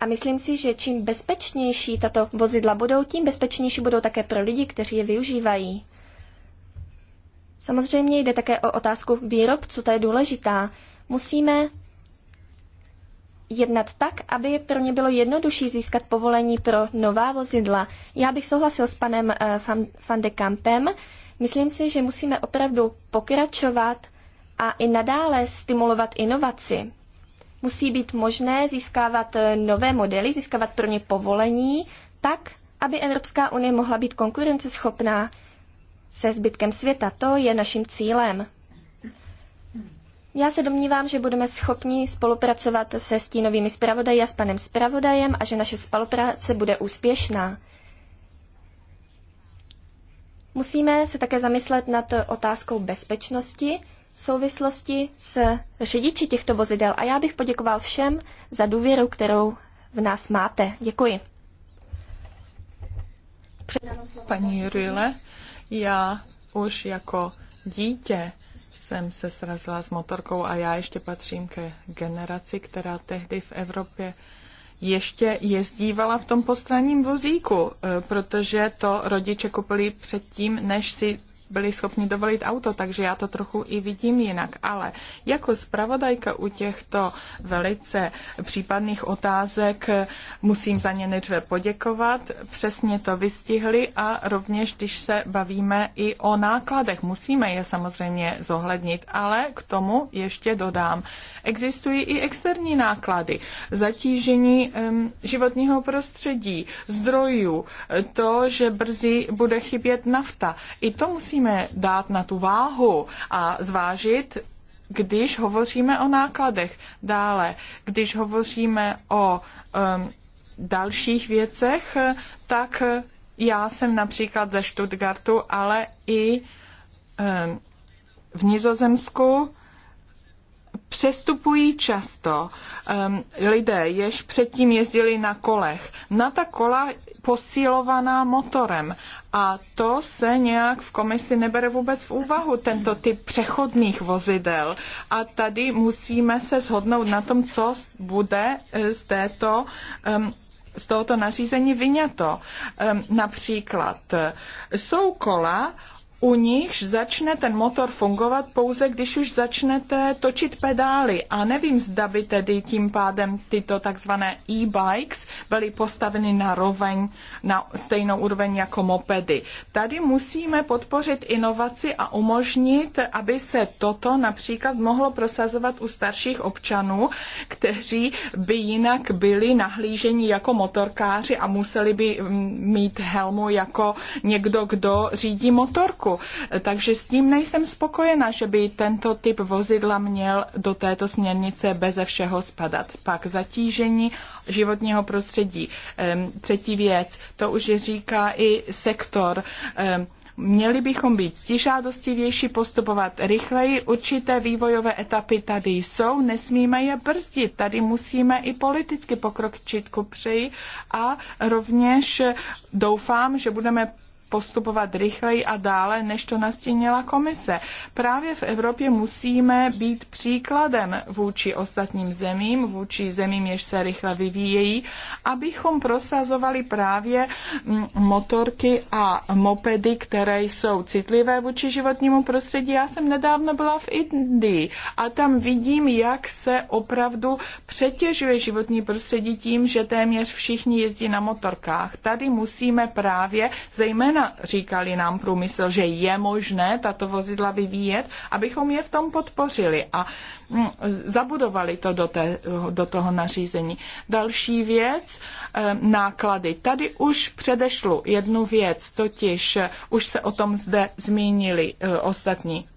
a myslím si, že čím bezpečnější tato vozidla budou, tím bezpečnější budou také pro lidi, kteří je využívají. Samozřejmě jde také o otázku výrobců, ta je důležitá. Musíme jednat tak, aby pro ně bylo jednodušší získat povolení pro nová vozidla. Já bych souhlasil s panem eh, van de Kampem. Myslím si, že musíme opravdu pokračovat a i nadále stimulovat inovaci musí být možné získávat eh, nové modely, získávat pro ně povolení, tak, aby Evropská unie mohla být konkurenceschopná se zbytkem světa. To je naším cílem. Já se domnívám, že budeme schopni spolupracovat se stínovými zpravodaji a s panem zpravodajem a že naše spolupráce bude úspěšná. Musíme se také zamyslet nad otázkou bezpečnosti v souvislosti s řidiči těchto vozidel a já bych poděkoval všem za důvěru, kterou v nás máte. Děkuji. Paní Rüle, já už jako dítě jsem se srazila s motorkou a já ještě patřím ke generaci, která tehdy v Evropě ještě jezdívala v tom postranním vozíku, eh, protože to rodiče koupili předtím, než si byli schopni dovolit auto, takže já to trochu i vidím jinak. Ale jako zpravodajka u těchto velice případných otázek eh, musím za ně nejdříve poděkovat. Přesně to vystihli a rovněž, když se bavíme i o nákladech, musíme je samozřejmě zohlednit, ale k tomu ještě dodám. Existují i externí náklady, zatížení životního prostředí, zdrojů, to, že brzy bude chybět nafta. I to musí musíme dát na tu váhu a zvážit, když hovoříme o nákladech. Dále, když hovoříme o um, dalších věcech, tak já jsem například ze Stuttgartu, ale i um, v Nizozemsku přestupují často um, lidé, jež předtím jezdili na kolech, na ta kola posílovaná motorem. A to se nějak v komisi nebere vůbec v úvahu, tento typ přechodných vozidel. A tady musíme se shodnout na tom, co bude eh, z této um, z tohoto nařízení vyňato. Um, například eh, jsou kola, u nichž začne ten motor fungovat pouze, když už začnete točit pedály. A nevím, zda by tedy tím pádem tyto takzvané e-bikes byly postaveny na roveň, na stejnou úroveň jako mopedy. Tady musíme podpořit inovaci a umožnit, aby se toto například mohlo prosazovat u starších občanů, kteří by jinak byli nahlíženi jako motorkáři a museli by mm, mít helmu jako někdo, kdo řídí motorku roku. Takže s tím nejsem spokojena, že by tento typ vozidla měl do této směrnice beze všeho spadat. Pak zatížení životního prostředí. Ehm, třetí věc, to už je říká i sektor ehm, měli bychom být stižádostivější, postupovat rychleji. Určité vývojové etapy tady jsou, nesmíme je brzdit. Tady musíme i politicky pokročit ku přeji a rovněž doufám, že budeme postupovat rychleji a dále, než to nastínila komise. Právě v Evropě musíme být příkladem vůči ostatním zemím, vůči zemím, jež se rychle vyvíjejí, abychom prosazovali právě mm, motorky a mopedy, které jsou citlivé vůči životnímu prostředí. Já jsem nedávno byla v Indii a tam vidím, jak se opravdu přetěžuje životní prostředí tím, že téměř všichni jezdí na motorkách. Tady musíme právě zejména zejména říkali nám průmysl, že je možné tato vozidla vyvíjet, abychom je v tom podpořili a mm, zabudovali to do, té, do toho nařízení. Další věc, eh, náklady. Tady už předešlu jednu věc, totiž eh, už se o tom zde zmínili eh, ostatní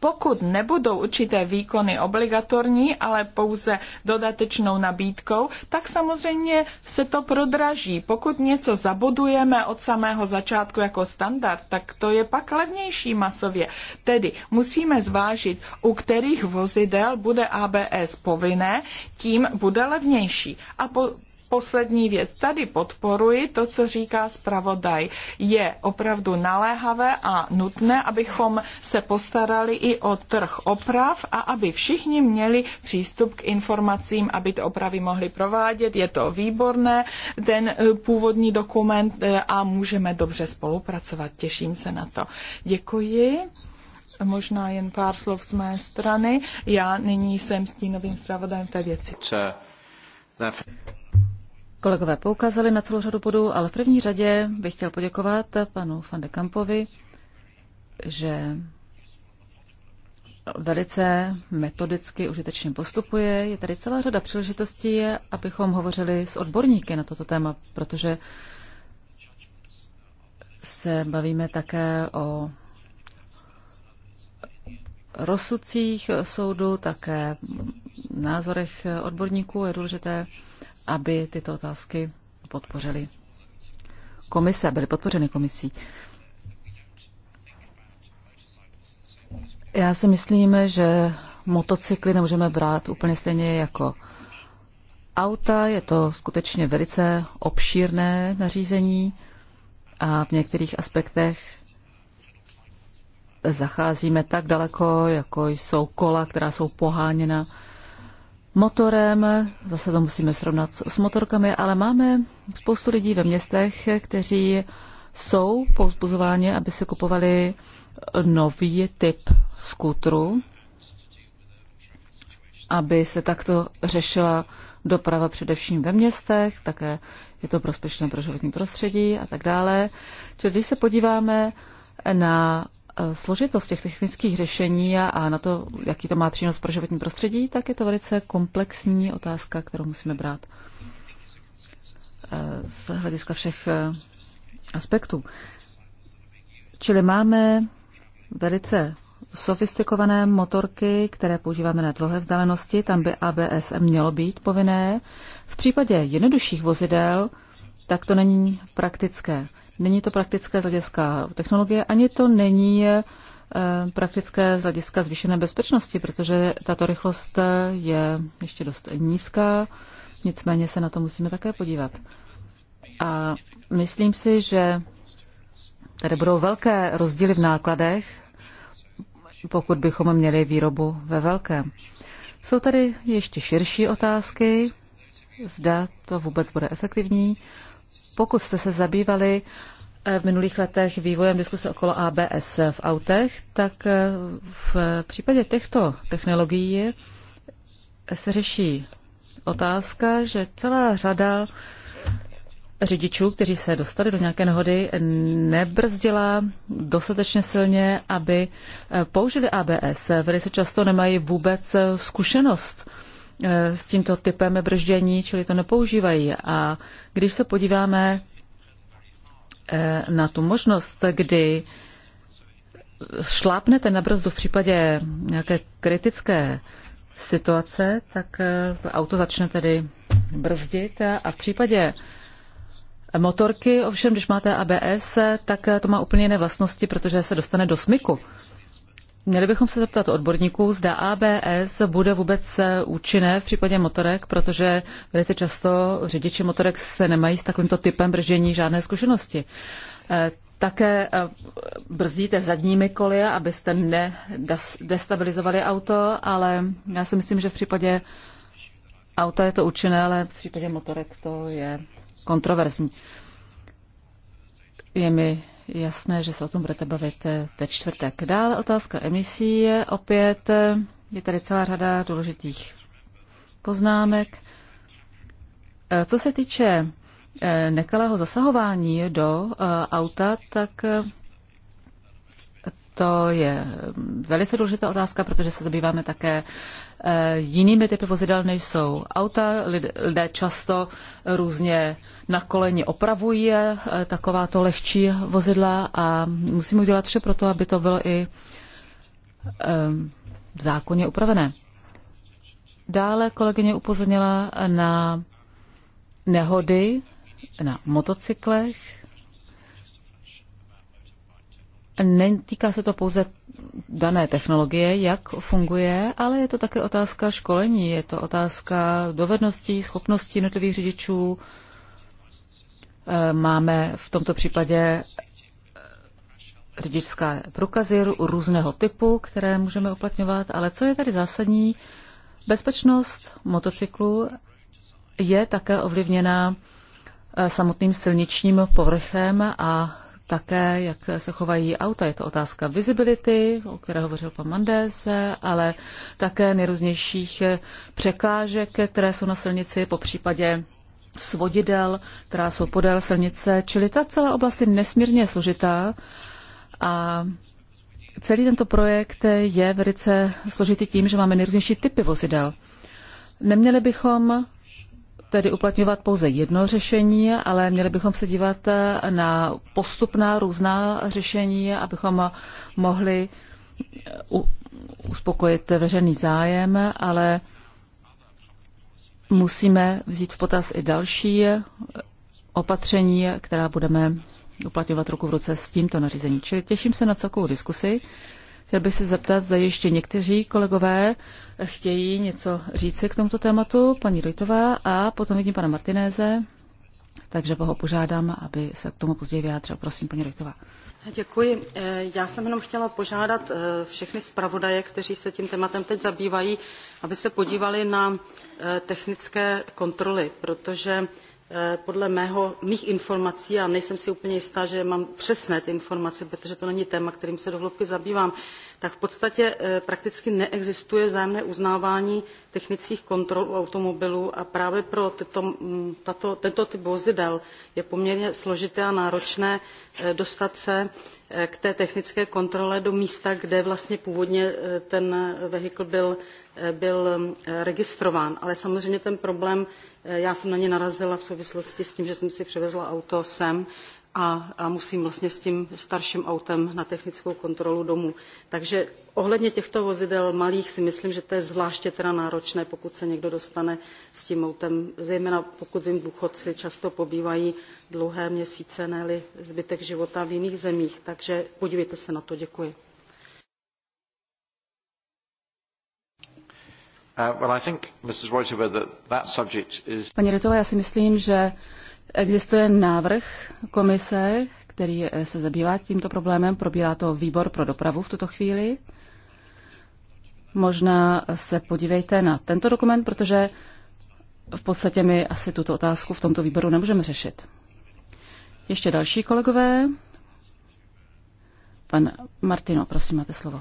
pokud nebudou určité výkony obligatorní, ale pouze dodatečnou nabídkou, tak samozřejmě se to prodraží. Pokud něco zabodujeme od samého začátku jako standard, tak to je pak levnější masově. Tedy musíme zvážit, u kterých vozidel bude ABS povinné, tím bude levnější. A po, poslední věc. Tady podporuji to, co říká zpravodaj. Je opravdu naléhavé a nutné, abychom se postarali i o trh oprav a aby všichni měli přístup k informacím, aby ty opravy mohli provádět. Je to výborné, ten eh, původní dokument eh, a můžeme dobře spolupracovat. Těším se na to. Děkuji. Možná jen pár slov z mé strany. Já nyní jsem stínovým zpravodajem té věci. Kolegové poukázali na celou řadu bodů, ale v první řadě bych chtěl poděkovat panu van de Kampovi, že velice metodicky užitečně postupuje. Je tady celá řada příležitostí, abychom hovořili s odborníky na toto téma, protože se bavíme také o rozsudcích soudu, také názorech odborníků. Je důležité aby tyto otázky podpořily komise, byly podpořeny komisí. Já si myslím, že motocykly nemůžeme brát úplně stejně jako auta. Je to skutečně velice obšírné nařízení a v některých aspektech zacházíme tak daleko, jako jsou kola, která jsou poháněna motorem, zase to musíme srovnat s motorkami, ale máme spoustu lidí ve městech, kteří jsou pouzbuzováni, aby si kupovali nový typ skutru, aby se takto řešila doprava především ve městech, také je to prospěšné pro životní prostředí a tak dále. Čili když se podíváme na Eh, složitost těch technických řešení a na to, jaký to má přínos pro životní prostředí, tak je to velice komplexní otázka, kterou musíme brát eh, z hlediska všech eh, aspektů. Čili máme velice sofistikované motorky, které používáme na dlouhé vzdálenosti, tam by ABS mělo být povinné. V případě jednodušších vozidel tak to není praktické. Není to praktické z hlediska technologie, ani to není eh, praktické z hlediska zvýšené bezpečnosti, protože tato rychlost je ještě dost nízká, nicméně se na to musíme také podívat. A myslím si, že tady budou velké rozdíly v nákladech, pokud bychom měli výrobu ve velkém. Jsou tady ještě širší otázky, zda to vůbec bude efektivní, pokud jste se zabývali eh, v minulých letech vývojem diskuse okolo ABS v autech, tak eh, v případě těchto technologií se řeší otázka, že celá řada řidičů, kteří se dostali do nějaké nehody, nebrzdila dostatečně silně, aby eh, použili ABS. Velice často nemají vůbec zkušenost Eh, s tímto typem brždění, čili to nepoužívají. A když se podíváme eh, na tu možnost, kdy šlápnete na brzdu v případě nějaké kritické situace, tak eh, auto začne tedy brzdit a v případě motorky, ovšem, když máte ABS, tak to má úplně jiné vlastnosti, protože se dostane do smyku. Měli bychom se zeptat odborníků, zda ABS bude vůbec eh, účinné v případě motorek, protože velice často řidiči motorek se nemají s takovýmto typem brždění žádné zkušenosti. Eh, také eh, brzdíte zadními koly, abyste nedestabilizovali auto, ale já si myslím, že v případě auta je to účinné, ale v případě motorek to je kontroverzní. Je mi jasné, že se o tom budete bavit eh, ve čtvrtek. Dále otázka emisí. Opět eh, je tady celá řada důležitých poznámek. Eh, co se týče nekalého zasahování do auta, tak to je mm, velice důležitá otázka, protože se zabýváme také eh, jinými typy vozidel, než jsou auta. Lidé často různě na koleni opravují eh, takováto lehčí vozidla a musíme udělat vše pro to, aby to bylo i v eh, zákoně upravené. Dále kolegyně upozornila na nehody na motocyklech netýká se to pouze dané technologie, jak funguje, ale je to také otázka školení, je to otázka dovedností, schopností jednotlivých řidičů. Eh, máme v tomto případě eh, řidičské průkazy různého typu, které můžeme uplatňovat, ale co je tady zásadní, bezpečnost motocyklu je také ovlivněna eh, samotným silničním povrchem a také, jak se chovají auta. Je to otázka visibility, o které hovořil pan Mandes, ale také nejrůznějších překážek, které jsou na silnici, po případě svodidel, která jsou podél silnice. Čili ta celá oblast je nesmírně složitá a celý tento projekt je velice složitý tím, že máme nejrůznější typy vozidel. Neměli bychom tedy uplatňovat pouze jedno řešení, ale měli bychom se dívat eh, na postupná různá řešení, abychom mohli eh, uspokojit veřejný zájem, ale musíme vzít v potaz i další eh, opatření, která budeme uplatňovat ruku v ruce s tímto nařízením. Čili těším se na celkovou diskusi. Chtěl bych se zeptat, zda ještě někteří kolegové chtějí něco říci k tomuto tématu, paní Rojtová a potom vidím pana Martinéze, takže ho požádám, aby se k tomu později vyjádřil. Prosím, paní Rojtová. Děkuji. Eh, já jsem jenom chtěla požádat eh, všechny zpravodaje, kteří se tím tématem teď zabývají, aby se podívali na eh, technické kontroly, protože Eh, podle mých informací, a nejsem si úplně jistá, že mám přesné ty informace, protože to není téma, kterým se do hloubky zabývám, tak v podstatě eh, prakticky neexistuje vzájemné uznávání technických kontrol u automobilů a právě pro tyto, mm, tato, tento typ vozidel je poměrně složité a náročné eh, dostat se k té technické kontrole do místa, kde vlastně původně ten vehikl byl, byl mm, registrován. Ale samozřejmě ten problém Eh, já jsem na ně narazila v souvislosti s tím, že jsem si převezla auto sem a, a musím vlastně s tím starším autem na technickou kontrolu domů. Takže ohledně těchto vozidel malých si myslím, že to je zvláště teda náročné, pokud se někdo dostane s tím autem, zejména pokud vím, důchodci často pobývají dlouhé měsíce, ne zbytek života v jiných zemích. Takže podívejte se na to. Děkuji. Uh, Paní Rytová, já si myslím, že existuje návrh komise, který se zabývá tímto problémem. Probírá to výbor pro dopravu v tuto chvíli. Možná se podívejte na tento dokument, protože v podstatě my asi tuto otázku v tomto výboru nemůžeme řešit. Ještě další kolegové. Pan Martino, prosím, máte slovo.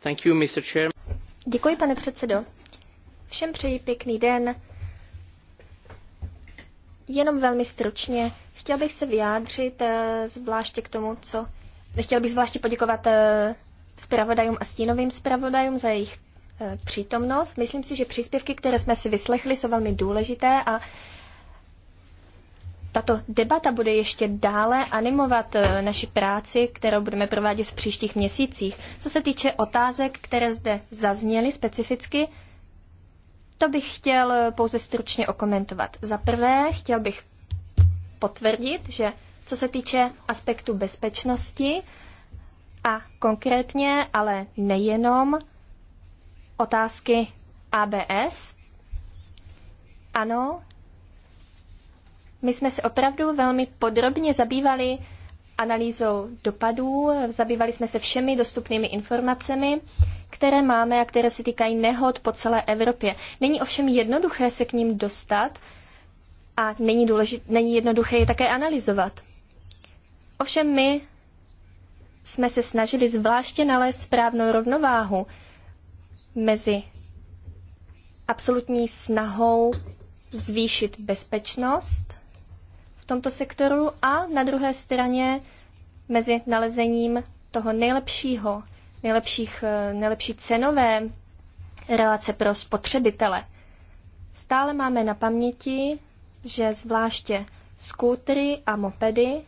Thank you, Mr. Chair. Děkuji, pane předsedo. Všem přeji pěkný den. Jenom velmi stručně. Chtěl bych se vyjádřit eh, zvláště k tomu, co... Chtěl bych zvláště poděkovat eh, zpravodajům a stínovým zpravodajům za jejich eh, přítomnost. Myslím si, že příspěvky, které jsme si vyslechli, jsou velmi důležité a tato debata bude ještě dále animovat eh, naši práci, kterou budeme provádět v příštích měsících. Co se týče otázek, které zde zazněly specificky, to bych chtěl eh, pouze stručně okomentovat. Za prvé, chtěl bych potvrdit, že co se týče aspektu bezpečnosti a konkrétně, ale nejenom otázky ABS, ano, my jsme se opravdu velmi podrobně zabývali analýzou dopadů, zabývali jsme se všemi dostupnými informacemi, které máme a které se týkají nehod po celé Evropě. Není ovšem jednoduché se k ním dostat a není, důležit, není jednoduché je také analyzovat. Ovšem my jsme se snažili zvláště nalézt správnou rovnováhu mezi absolutní snahou zvýšit bezpečnost tomto sektoru a na druhé straně mezi nalezením toho nejlepšího, nejlepších, eh, nejlepší cenové relace pro spotřebitele. Stále máme na paměti, že zvláště skútry a mopedy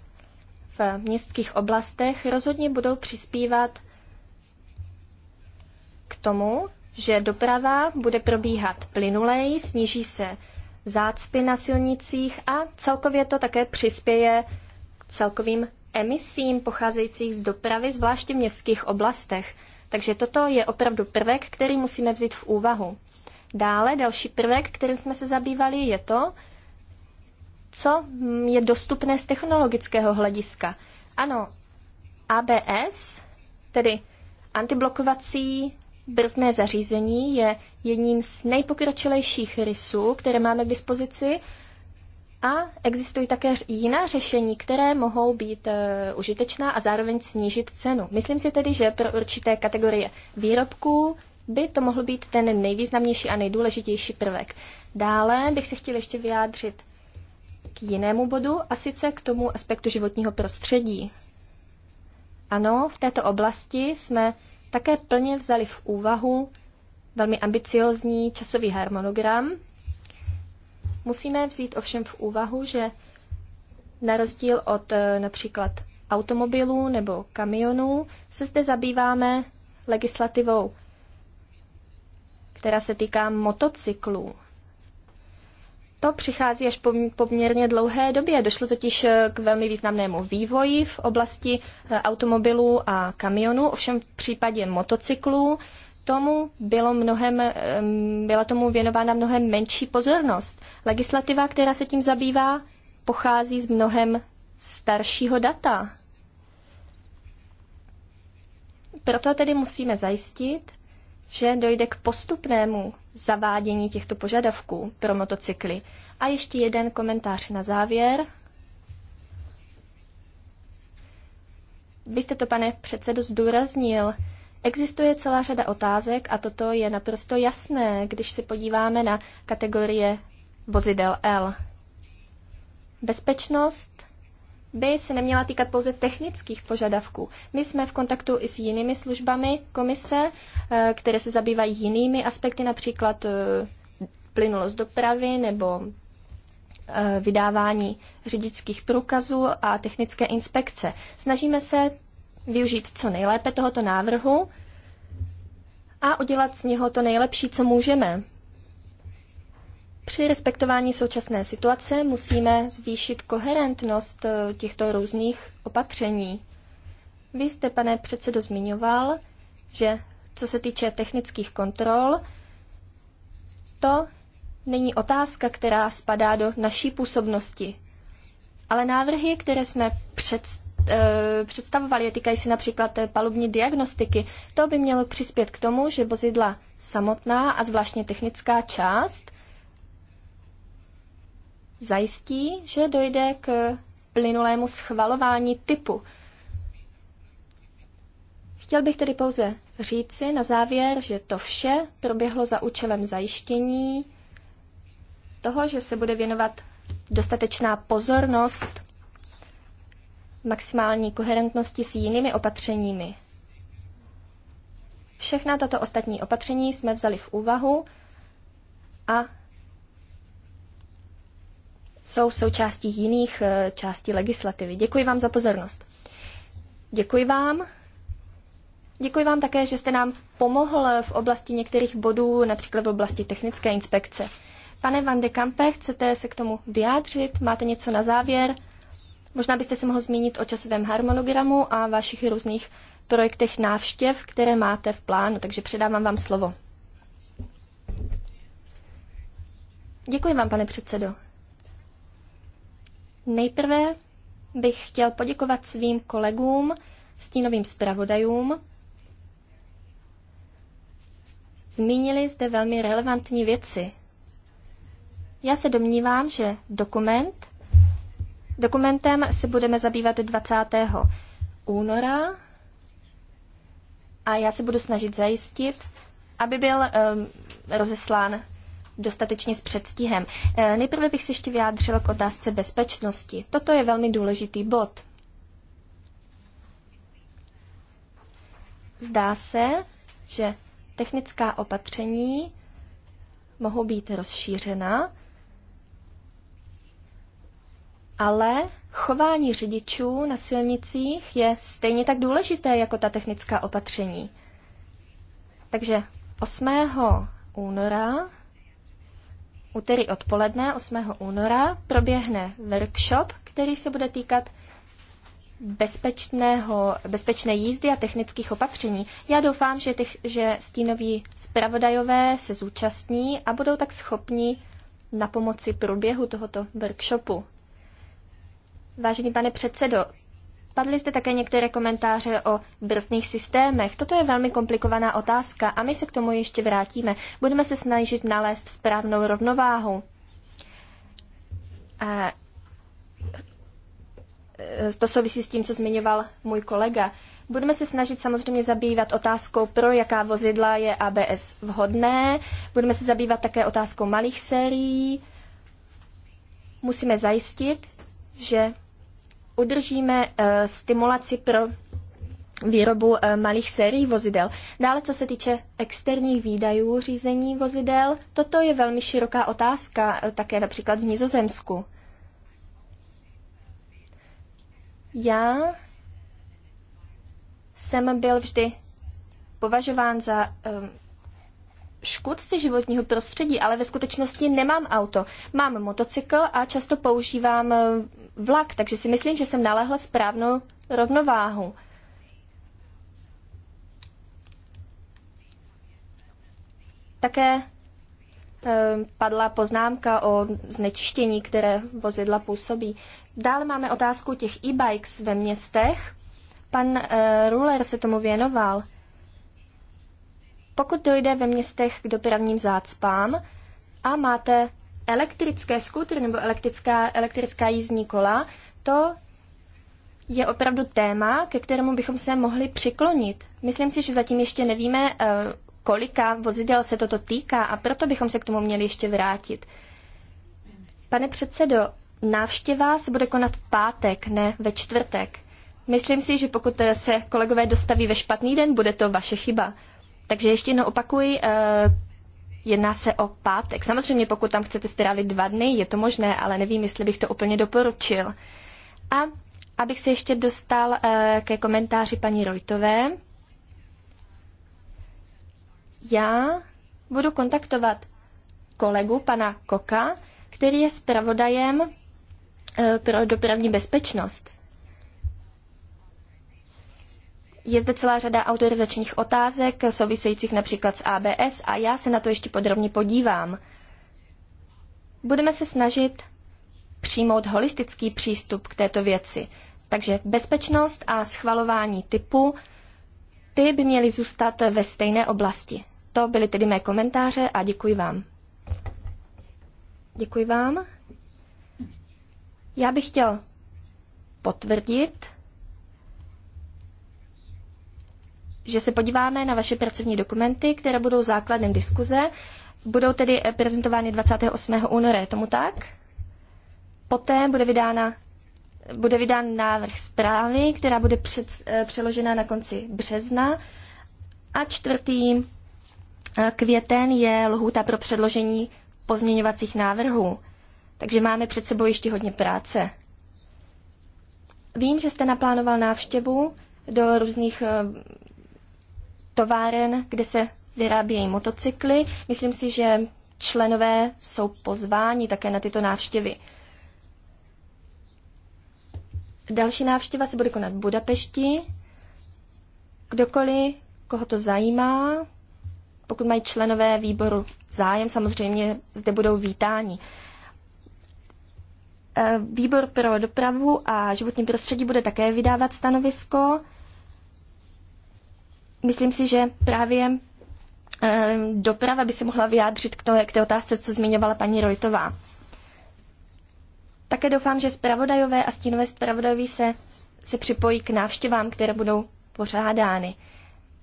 v městských oblastech rozhodně budou přispívat k tomu, že doprava bude probíhat plynulej, sníží se zácpy na silnicích a celkově to také přispěje k celkovým emisím pocházejících z dopravy, zvláště v městských oblastech. Takže toto je opravdu prvek, který musíme vzít v úvahu. Dále další prvek, kterým jsme se zabývali, je to, co je dostupné z technologického hlediska. Ano, ABS, tedy antiblokovací Brzné zařízení je jedním z nejpokročilejších rysů, které máme k dispozici a existují také jiná řešení, které mohou být e, užitečná a zároveň snížit cenu. Myslím si tedy, že pro určité kategorie výrobků by to mohl být ten nejvýznamnější a nejdůležitější prvek. Dále bych se chtěl ještě vyjádřit k jinému bodu, a sice k tomu aspektu životního prostředí. Ano, v této oblasti jsme také plně vzali v úvahu velmi ambiciozní časový harmonogram. Musíme vzít ovšem v úvahu, že na rozdíl od eh, například automobilů nebo kamionů se zde zabýváme legislativou, která se týká motocyklů. To přichází až po poměrně dlouhé době. Došlo totiž eh, k velmi významnému vývoji v oblasti eh, automobilů a kamionů, ovšem v případě motocyklů tomu bylo mnohem, byla tomu věnována mnohem menší pozornost. Legislativa, která se tím zabývá, pochází z mnohem staršího data. Proto tedy musíme zajistit, že dojde k postupnému zavádění těchto požadavků pro motocykly. A ještě jeden komentář na závěr. Vy jste to, pane předsedo, zdůraznil. Existuje celá řada otázek a toto je naprosto jasné, když se podíváme na kategorie vozidel L. Bezpečnost by se neměla týkat pouze technických požadavků. My jsme v kontaktu i s jinými službami komise, eh, které se zabývají jinými aspekty, například eh, plynulost dopravy nebo eh, vydávání řidičských průkazů a technické inspekce. Snažíme se využít co nejlépe tohoto návrhu a udělat z něho to nejlepší, co můžeme. Při respektování současné situace musíme zvýšit koherentnost eh, těchto různých opatření. Vy jste, pane předsedo, zmiňoval, že co se týče technických kontrol, to není otázka, která spadá do naší působnosti. Ale návrhy, které jsme před, e, představovali, týkají se například palubní diagnostiky, to by mělo přispět k tomu, že vozidla samotná a zvláštně technická část zajistí, že dojde k plynulému schvalování typu. Chtěl bych tedy pouze říci na závěr, že to vše proběhlo za účelem zajištění toho, že se bude věnovat dostatečná pozornost maximální koherentnosti s jinými opatřeními. Všechna tato ostatní opatření jsme vzali v úvahu a jsou součástí jiných eh, částí legislativy. Děkuji vám za pozornost. Děkuji vám. Děkuji vám také, že jste nám pomohl eh, v oblasti některých bodů, například v oblasti technické inspekce. Pane Van de Kampe, chcete se k tomu vyjádřit? Máte něco na závěr? Možná byste se mohl zmínit o časovém harmonogramu a vašich různých projektech návštěv, které máte v plánu, takže předávám vám slovo. Děkuji vám, pane předsedo. Nejprve bych chtěl poděkovat svým kolegům, stínovým zpravodajům. Zmínili zde velmi relevantní věci. Já se domnívám, že dokument, dokumentem se budeme zabývat 20. února a já se budu snažit zajistit, aby byl um, rozeslán dostatečně s předstihem. Eh, nejprve bych se ještě vyjádřila k otázce bezpečnosti. Toto je velmi důležitý bod. Zdá se, že technická opatření mohou být rozšířena, ale chování řidičů na silnicích je stejně tak důležité jako ta technická opatření. Takže 8. února úterý odpoledne 8. února proběhne workshop, který se bude týkat bezpečného, bezpečné jízdy a technických opatření. Já doufám, že, těch, že stínoví zpravodajové se zúčastní a budou tak schopni na pomoci průběhu tohoto workshopu. Vážený pane předsedo, Padly zde také některé komentáře o brzdných systémech. Toto je velmi komplikovaná otázka a my se k tomu ještě vrátíme. Budeme se snažit nalézt správnou rovnováhu. A e, to souvisí s tím, co zmiňoval můj kolega. Budeme se snažit samozřejmě zabývat otázkou, pro jaká vozidla je ABS vhodné. Budeme se zabývat také otázkou malých sérií. Musíme zajistit, že udržíme eh, stimulaci pro výrobu eh, malých sérií vozidel. Dále, co se týče externích výdajů řízení vozidel, toto je velmi široká otázka, eh, také například v Nizozemsku. Já jsem byl vždy považován za um, škůdci životního prostředí, ale ve skutečnosti nemám auto. Mám motocykl a často používám eh, vlak, takže si myslím, že jsem nalehla správnou rovnováhu. Také eh, padla poznámka o znečištění, které vozidla působí. Dále máme otázku těch e-bikes ve městech. Pan eh, Ruler se tomu věnoval. Pokud dojde ve městech k dopravním zácpám a máte elektrické skútry nebo elektrická, elektrická jízdní kola, to je opravdu téma, ke kterému bychom se mohli přiklonit. Myslím si, že zatím ještě nevíme, eh, kolika vozidel se toto týká a proto bychom se k tomu měli ještě vrátit. Pane předsedo, návštěva se bude konat v pátek, ne ve čtvrtek. Myslím si, že pokud se kolegové dostaví ve špatný den, bude to vaše chyba. Takže ještě jednou opakuji, eh, jedná se o pátek. Samozřejmě, pokud tam chcete strávit dva dny, je to možné, ale nevím, jestli bych to úplně doporučil. A abych se ještě dostal eh, ke komentáři paní Rojtové, já budu kontaktovat kolegu pana Koka, který je zpravodajem eh, pro dopravní bezpečnost. Je zde celá řada autorizačních otázek, souvisejících například s ABS a já se na to ještě podrobně podívám. Budeme se snažit přijmout holistický přístup k této věci. Takže bezpečnost a schvalování typu, ty by měly zůstat ve stejné oblasti. To byly tedy mé komentáře a děkuji vám. Děkuji vám. Já bych chtěl potvrdit, že se podíváme na vaše pracovní dokumenty, které budou základem diskuze. Budou tedy eh, prezentovány 28. února, je tomu tak? Poté bude vydána bude vydán návrh zprávy, která bude před, eh, přeložena na konci března. A čtvrtý eh, květen je lhůta pro předložení pozměňovacích návrhů. Takže máme před sebou ještě hodně práce. Vím, že jste naplánoval návštěvu do různých továren, kde se vyrábějí motocykly. Myslím si, že členové jsou pozváni také na tyto návštěvy. Další návštěva se bude konat v Budapešti. Kdokoliv, koho to zajímá, pokud mají členové výboru zájem, samozřejmě zde budou vítáni. E, výbor pro dopravu a životní prostředí bude také vydávat stanovisko myslím si, že právě eh, doprava by se mohla vyjádřit k, to, k té otázce, co zmiňovala paní Rojtová. Také doufám, že zpravodajové a stínové zpravodajové se, se připojí k návštěvám, které budou pořádány.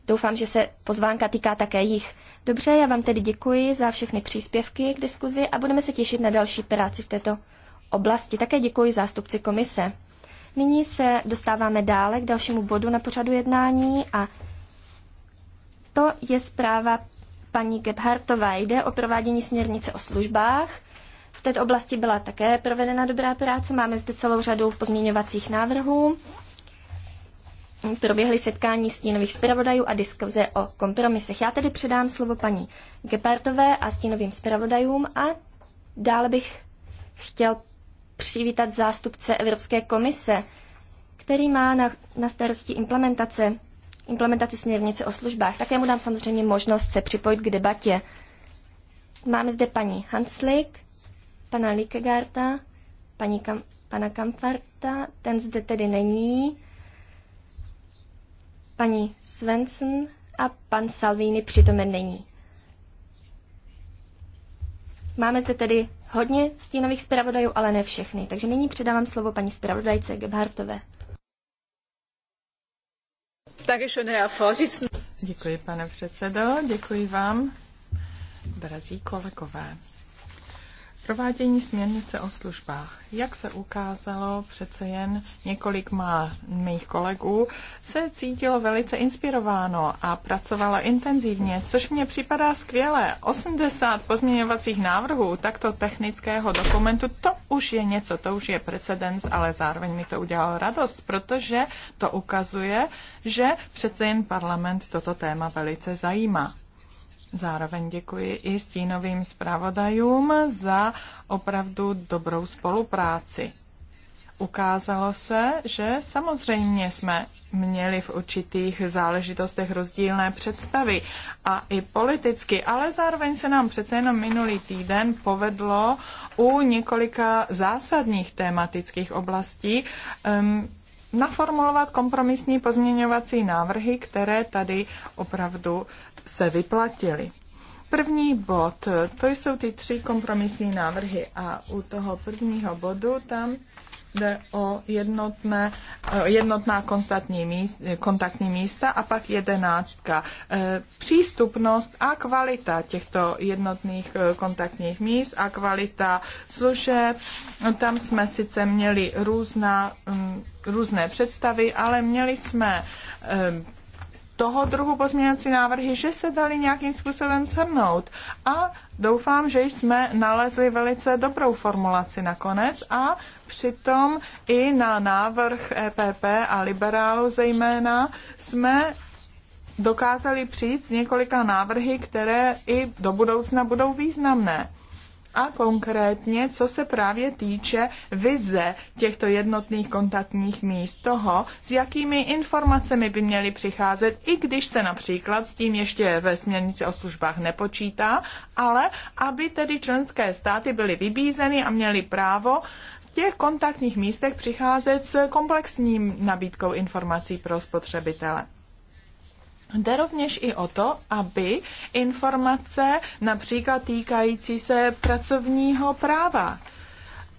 Doufám, že se pozvánka týká také jich. Dobře, já vám tedy děkuji za všechny příspěvky k diskuzi a budeme se těšit na další práci v této oblasti. Také děkuji zástupci komise. Nyní se dostáváme dále k dalšímu bodu na pořadu jednání a to je zpráva paní Gebhardtové. Jde o provádění směrnice o službách. V této oblasti byla také provedena dobrá práce. Máme zde celou řadu pozměňovacích návrhů. Proběhly setkání stínových zpravodajů a diskuze o kompromisech. Já tedy předám slovo paní Gepardové a stínovým zpravodajům a dále bych chtěl přivítat zástupce Evropské komise, který má na, na starosti implementace implementaci směrnice o službách. Také mu dám samozřejmě možnost se připojit k debatě. Máme zde paní Hanslik, pana Likegarta, paní Kam, pana Kamfarta, ten zde tedy není, paní Svensson a pan Salvini přitomen není. Máme zde tedy hodně stínových zpravodajů, ale ne všechny. Takže nyní předávám slovo paní zpravodajce Gebhartové. Děkuji, pane předsedo, děkuji vám, drazí kolegové. Provádění směrnice o službách. Jak se ukázalo, přece jen několik má mých kolegů se cítilo velice inspirováno a pracovalo intenzivně, což mně připadá skvělé. 80 pozměňovacích návrhů takto technického dokumentu, to už je něco, to už je precedens, ale zároveň mi to udělalo radost, protože to ukazuje, že přece jen parlament toto téma velice zajímá. Zároveň děkuji i stínovým zpravodajům za opravdu dobrou spolupráci. Ukázalo se, že samozřejmě jsme měli v určitých záležitostech rozdílné představy a i politicky, ale zároveň se nám přece jenom minulý týden povedlo u několika zásadních tématických oblastí um, naformulovat kompromisní pozměňovací návrhy, které tady opravdu se vyplatily. První bod, to jsou ty tři kompromisní návrhy a u toho prvního bodu tam jde o jednotné, eh, jednotná kontaktní, míst, kontaktní místa a pak jedenáctka. Eh, přístupnost a kvalita těchto jednotných eh, kontaktních míst a kvalita služeb. Tam jsme sice měli různá, mm, různé představy, ale měli jsme toho druhu pozměňovací návrhy, že se dali nějakým způsobem shrnout. A doufám, že jsme nalezli velice dobrou formulaci nakonec a přitom i na návrh EPP a liberálu zejména jsme dokázali přijít s několika návrhy, které i do budoucna budou významné. A konkrétně, co se právě týče vize těchto jednotných kontaktních míst, toho, s jakými informacemi by měly přicházet, i když se například s tím ještě ve směrnici o službách nepočítá, ale aby tedy členské státy byly vybízeny a měly právo v těch kontaktních místech přicházet s komplexním nabídkou informací pro spotřebitele. Jde rovněž i o to, aby informace například týkající se pracovního práva,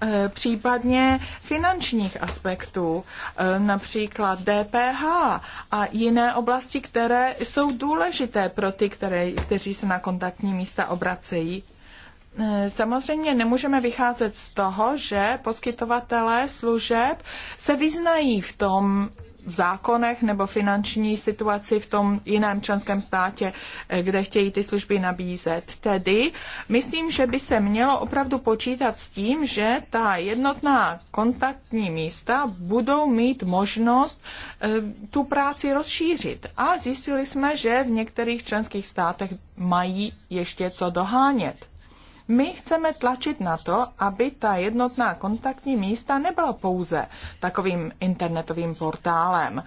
e, případně finančních aspektů, e, například DPH a jiné oblasti, které jsou důležité pro ty, které, kteří se na kontaktní místa obracejí, e, Samozřejmě nemůžeme vycházet z toho, že poskytovatelé služeb se vyznají v tom, zákonech nebo finanční situaci v tom jiném členském státě, eh, kde chtějí ty služby nabízet. Tedy myslím, že by se mělo opravdu počítat s tím, že ta jednotná kontaktní místa budou mít možnost eh, tu práci rozšířit. A zjistili jsme, že v některých členských státech mají ještě co dohánět. My chceme tlačit na to, aby ta jednotná kontaktní místa nebyla pouze takovým internetovým portálem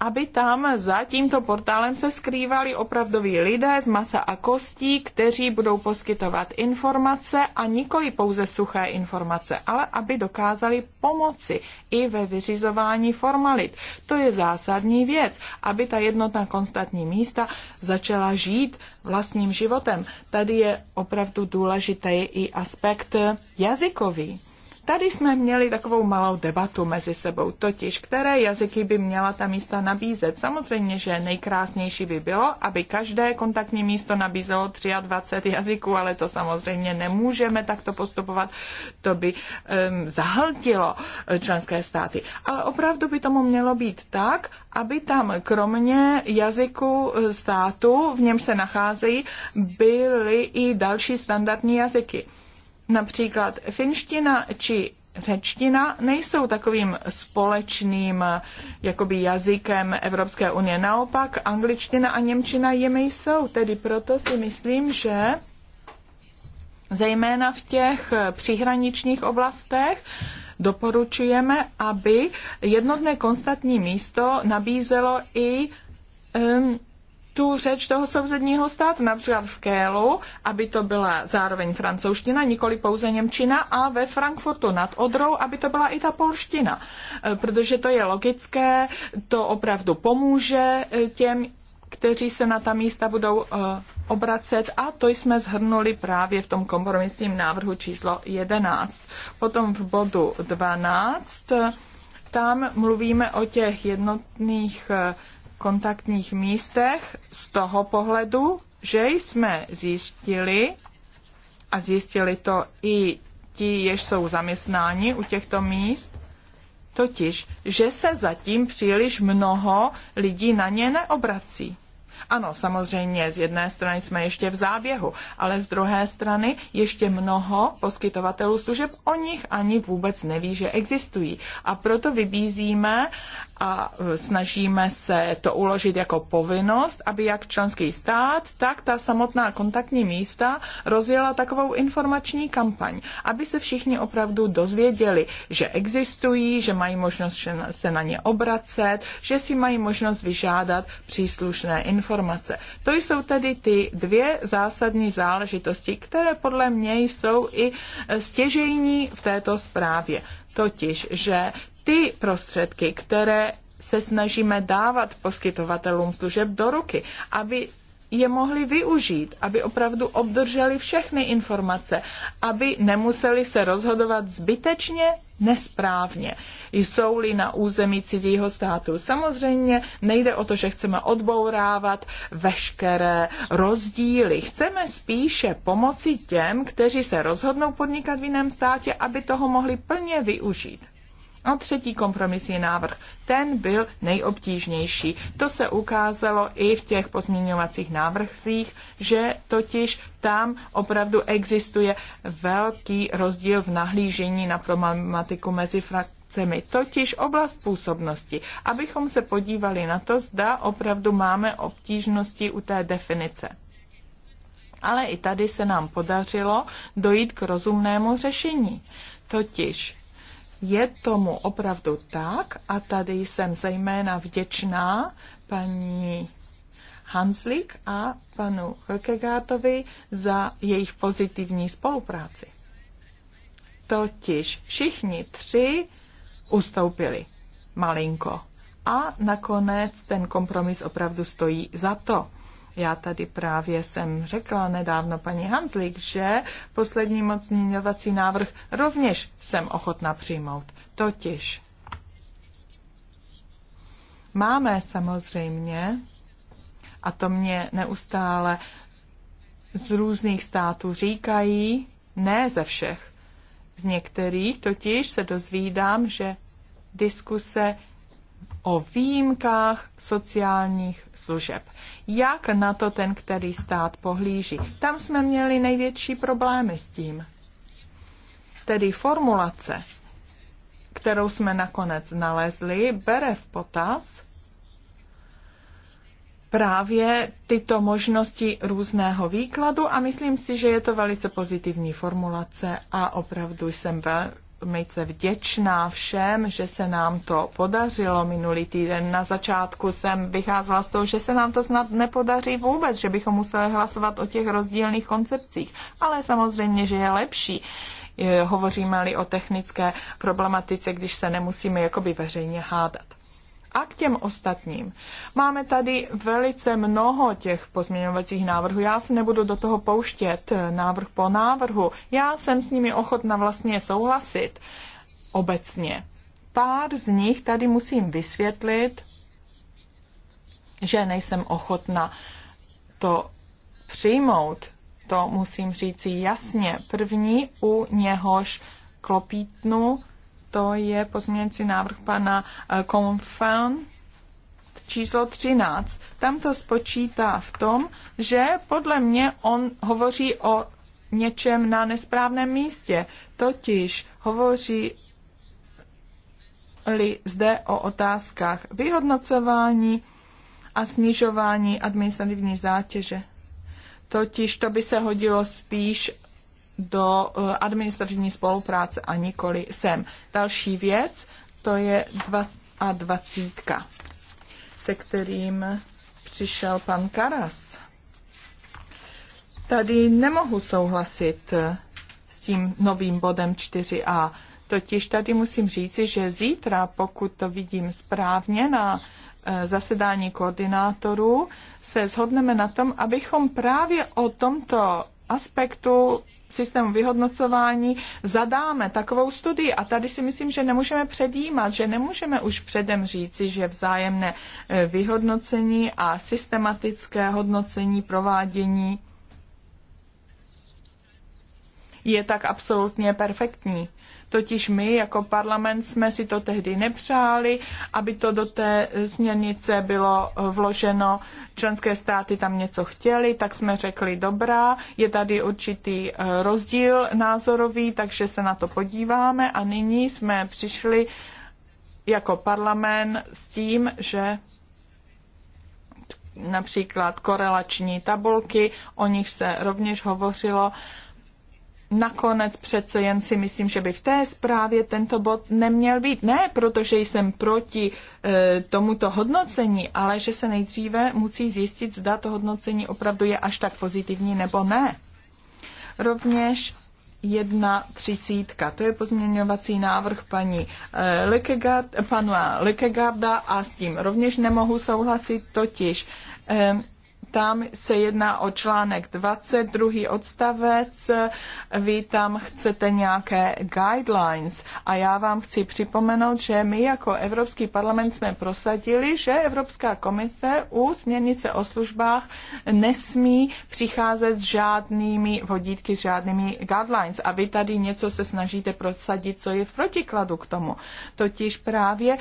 aby tam za tímto portálem se skrývali opravdoví lidé z masa a kostí, kteří budou poskytovat informace a nikoli pouze suché informace, ale aby dokázali pomoci i ve vyřizování formalit. To je zásadní věc, aby ta jednotná konstantní místa začala žít vlastním životem. Tady je opravdu důležitý i aspekt jazykový Tady jsme měli takovou malou debatu mezi sebou, totiž které jazyky by měla ta místa nabízet. Samozřejmě, že nejkrásnější by bylo, aby každé kontaktní místo nabízelo 23 jazyků, ale to samozřejmě nemůžeme takto postupovat, to by um, zahltilo eh, členské státy. Ale opravdu by tomu mělo být tak, aby tam kromě jazyku eh, státu, v něm se nacházejí, byly i další standardní jazyky Například finština či řečtina nejsou takovým společným jakoby jazykem Evropské unie. Naopak angličtina a němčina jimi jsou, tedy proto si myslím, že zejména v těch příhraničních oblastech doporučujeme, aby jednotné konstantní místo nabízelo i um, tu řeč toho sousedního státu, například v Kélu, aby to byla zároveň francouzština, nikoli pouze němčina, a ve Frankfurtu nad Odrou, aby to byla i ta polština. E, protože to je logické, to opravdu pomůže e, těm, kteří se na ta místa budou e, obracet a to jsme zhrnuli právě v tom kompromisním návrhu číslo 11. Potom v bodu 12 tam mluvíme o těch jednotných kontaktních místech z toho pohledu, že jsme zjistili, a zjistili to i ti, jež jsou zaměstnáni u těchto míst, totiž, že se zatím příliš mnoho lidí na ně neobrací. Ano, samozřejmě, z jedné strany jsme ještě v záběhu, ale z druhé strany ještě mnoho poskytovatelů služeb o nich ani vůbec neví, že existují. A proto vybízíme a snažíme se to uložit jako povinnost, aby jak členský stát, tak ta samotná kontaktní místa rozjela takovou informační kampaň, aby se všichni opravdu dozvěděli, že existují, že mají možnost se na ně obracet, že si mají možnost vyžádat příslušné informace. To jsou tedy ty dvě zásadní záležitosti, které podle mě jsou i stěžejní v této zprávě totiž, že ty prostředky, které se snažíme dávat poskytovatelům služeb do ruky, aby je mohli využít, aby opravdu obdrželi všechny informace, aby nemuseli se rozhodovat zbytečně nesprávně, jsou-li na území cizího státu. Samozřejmě nejde o to, že chceme odbourávat veškeré rozdíly. Chceme spíše pomoci těm, kteří se rozhodnou podnikat v jiném státě, aby toho mohli plně využít. A třetí kompromisní návrh, ten byl nejobtížnější. To se ukázalo i v těch pozměňovacích návrhcích, že totiž tam opravdu existuje velký rozdíl v nahlížení na problematiku mezi frakcemi, totiž oblast působnosti. Abychom se podívali na to, zda opravdu máme obtížnosti u té definice. Ale i tady se nám podařilo dojít k rozumnému řešení. Totiž je tomu opravdu tak a tady jsem zejména vděčná paní Hanslik a panu Hökegátovi za jejich pozitivní spolupráci. Totiž všichni tři ustoupili malinko. A nakonec ten kompromis opravdu stojí za to. Já tady právě jsem řekla nedávno paní Hanzlík, že poslední mocněňovací návrh rovněž jsem ochotna přijmout. Totiž máme samozřejmě, a to mě neustále z různých států říkají, ne ze všech, z některých totiž se dozvídám, že diskuse o výjimkách sociálních služeb. Jak na to ten, který stát pohlíží? Tam jsme měli největší problémy s tím. Tedy formulace, kterou jsme nakonec nalezli, bere v potaz právě tyto možnosti různého výkladu a myslím si, že je to velice pozitivní formulace a opravdu jsem velmi mějte vděčná všem, že se nám to podařilo minulý týden. Na začátku jsem vycházela z toho, že se nám to snad nepodaří vůbec, že bychom museli hlasovat o těch rozdílných koncepcích. Ale samozřejmě, že je lepší, hovoříme-li o technické problematice, když se nemusíme jakoby veřejně hádat. A k těm ostatním. Máme tady velice mnoho těch pozměňovacích návrhů. Já se nebudu do toho pouštět eh, návrh po návrhu. Já jsem s nimi ochotna vlastně souhlasit obecně. Pár z nich tady musím vysvětlit, že nejsem ochotna to přijmout. To musím říci jasně. První u něhož klopítnu to je pozměňující návrh pana Confan eh, číslo 13. Tam to spočítá v tom, že podle mě on hovoří o něčem na nesprávném místě. Totiž hovoří li zde o otázkách vyhodnocování a snižování administrativní zátěže. Totiž to by se hodilo spíš do eh, administrativní spolupráce a nikoli sem. Další věc, to je 22, se kterým přišel pan Karas. Tady nemohu souhlasit eh, s tím novým bodem 4a. Totiž tady musím říci, že zítra, pokud to vidím správně na eh, zasedání koordinátorů, se shodneme na tom, abychom právě o tomto aspektu Systém vyhodnocování zadáme takovou studii. A tady si myslím, že nemůžeme předjímat, že nemůžeme už předem říci, že vzájemné e, vyhodnocení a systematické hodnocení provádění je tak absolutně perfektní. Totiž my jako parlament jsme si to tehdy nepřáli, aby to do té směrnice bylo vloženo. Členské státy tam něco chtěli, tak jsme řekli dobrá, je tady určitý eh, rozdíl názorový, takže se na to podíváme a nyní jsme přišli jako parlament s tím, že například korelační tabulky, o nich se rovněž hovořilo, nakonec přece jen si myslím, že by v té zprávě tento bod neměl být. Ne, protože jsem proti e, tomuto hodnocení, ale že se nejdříve musí zjistit, zda to hodnocení opravdu je až tak pozitivní nebo ne. Rovněž jedna třicítka. To je pozměňovací návrh paní e, Likegard, pana Likegarda a s tím rovněž nemohu souhlasit, totiž e, tam se jedná o článek 20, druhý odstavec. Vy tam chcete nějaké guidelines a já vám chci připomenout, že my jako Evropský parlament jsme prosadili, že Evropská komise u směrnice o službách nesmí přicházet s žádnými vodítky, s žádnými guidelines. A vy tady něco se snažíte prosadit, co je v protikladu k tomu. Totiž právě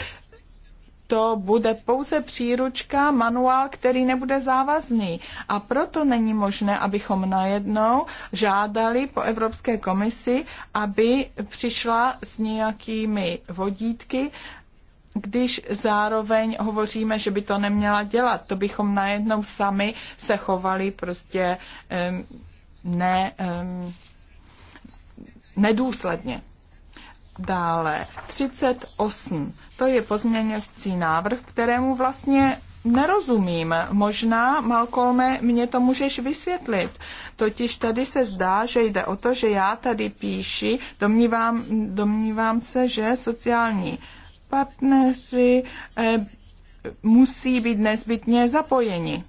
to bude pouze příručka, manuál, který nebude závazný. A proto není možné, abychom najednou žádali po Evropské komisi, aby přišla s nějakými vodítky, když zároveň hovoříme, že by to neměla dělat. To bychom najednou sami se chovali prostě um, ne, um, nedůsledně. Dále 38. To je pozměňovací návrh, kterému vlastně nerozumím. Možná, Malcolme, mě to můžeš vysvětlit. Totiž tady se zdá, že jde o to, že já tady píši, domnívám, domnívám se, že sociální partneři eh, musí být nezbytně zapojeni.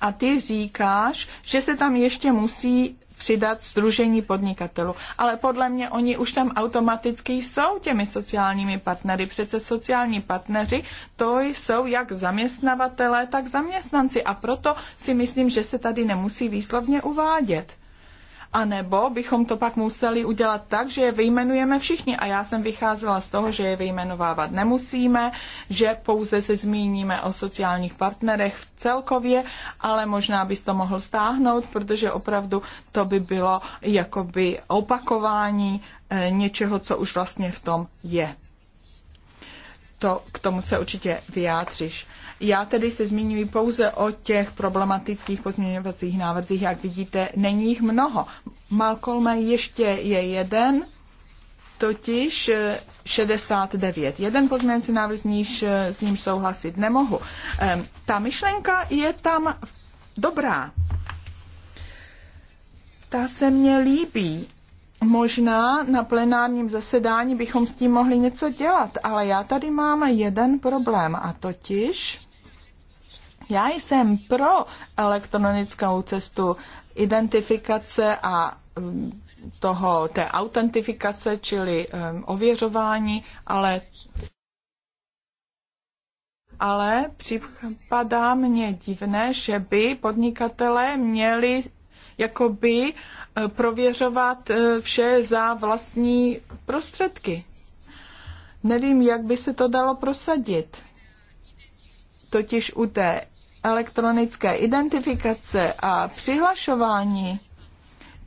A ty říkáš, že se tam ještě musí přidat Združení podnikatelů. Ale podle mě oni už tam automaticky jsou těmi sociálními partnery. Přece sociální partneři to jsou jak zaměstnavatele, tak zaměstnanci. A proto si myslím, že se tady nemusí výslovně uvádět. A nebo bychom to pak museli udělat tak, že je vyjmenujeme všichni. A já jsem vycházela z toho, že je vyjmenovávat nemusíme, že pouze se zmíníme o sociálních partnerech v celkově, ale možná bys to mohl stáhnout, protože opravdu to by bylo jakoby opakování eh, něčeho, co už vlastně v tom je. To, k tomu se určitě vyjádříš. Já tedy se zmiňuji pouze o těch problematických pozměňovacích návrzích. Jak vidíte, není jich mnoho. Malcolm ještě je jeden, totiž 69. Eh, jeden pozměňovací návrh, níž, eh, s ním souhlasit nemohu. Ehm, ta myšlenka je tam dobrá. Ta se mně líbí. Možná na plenárním zasedání bychom s tím mohli něco dělat, ale já tady mám jeden problém a totiž já jsem pro elektronickou cestu identifikace a um, toho, té autentifikace, čili um, ověřování, ale ale připadá mně divné, že by podnikatelé měli jakoby uh, prověřovat uh, vše za vlastní prostředky. Nevím, jak by se to dalo prosadit. Totiž u té elektronické identifikace a přihlašování,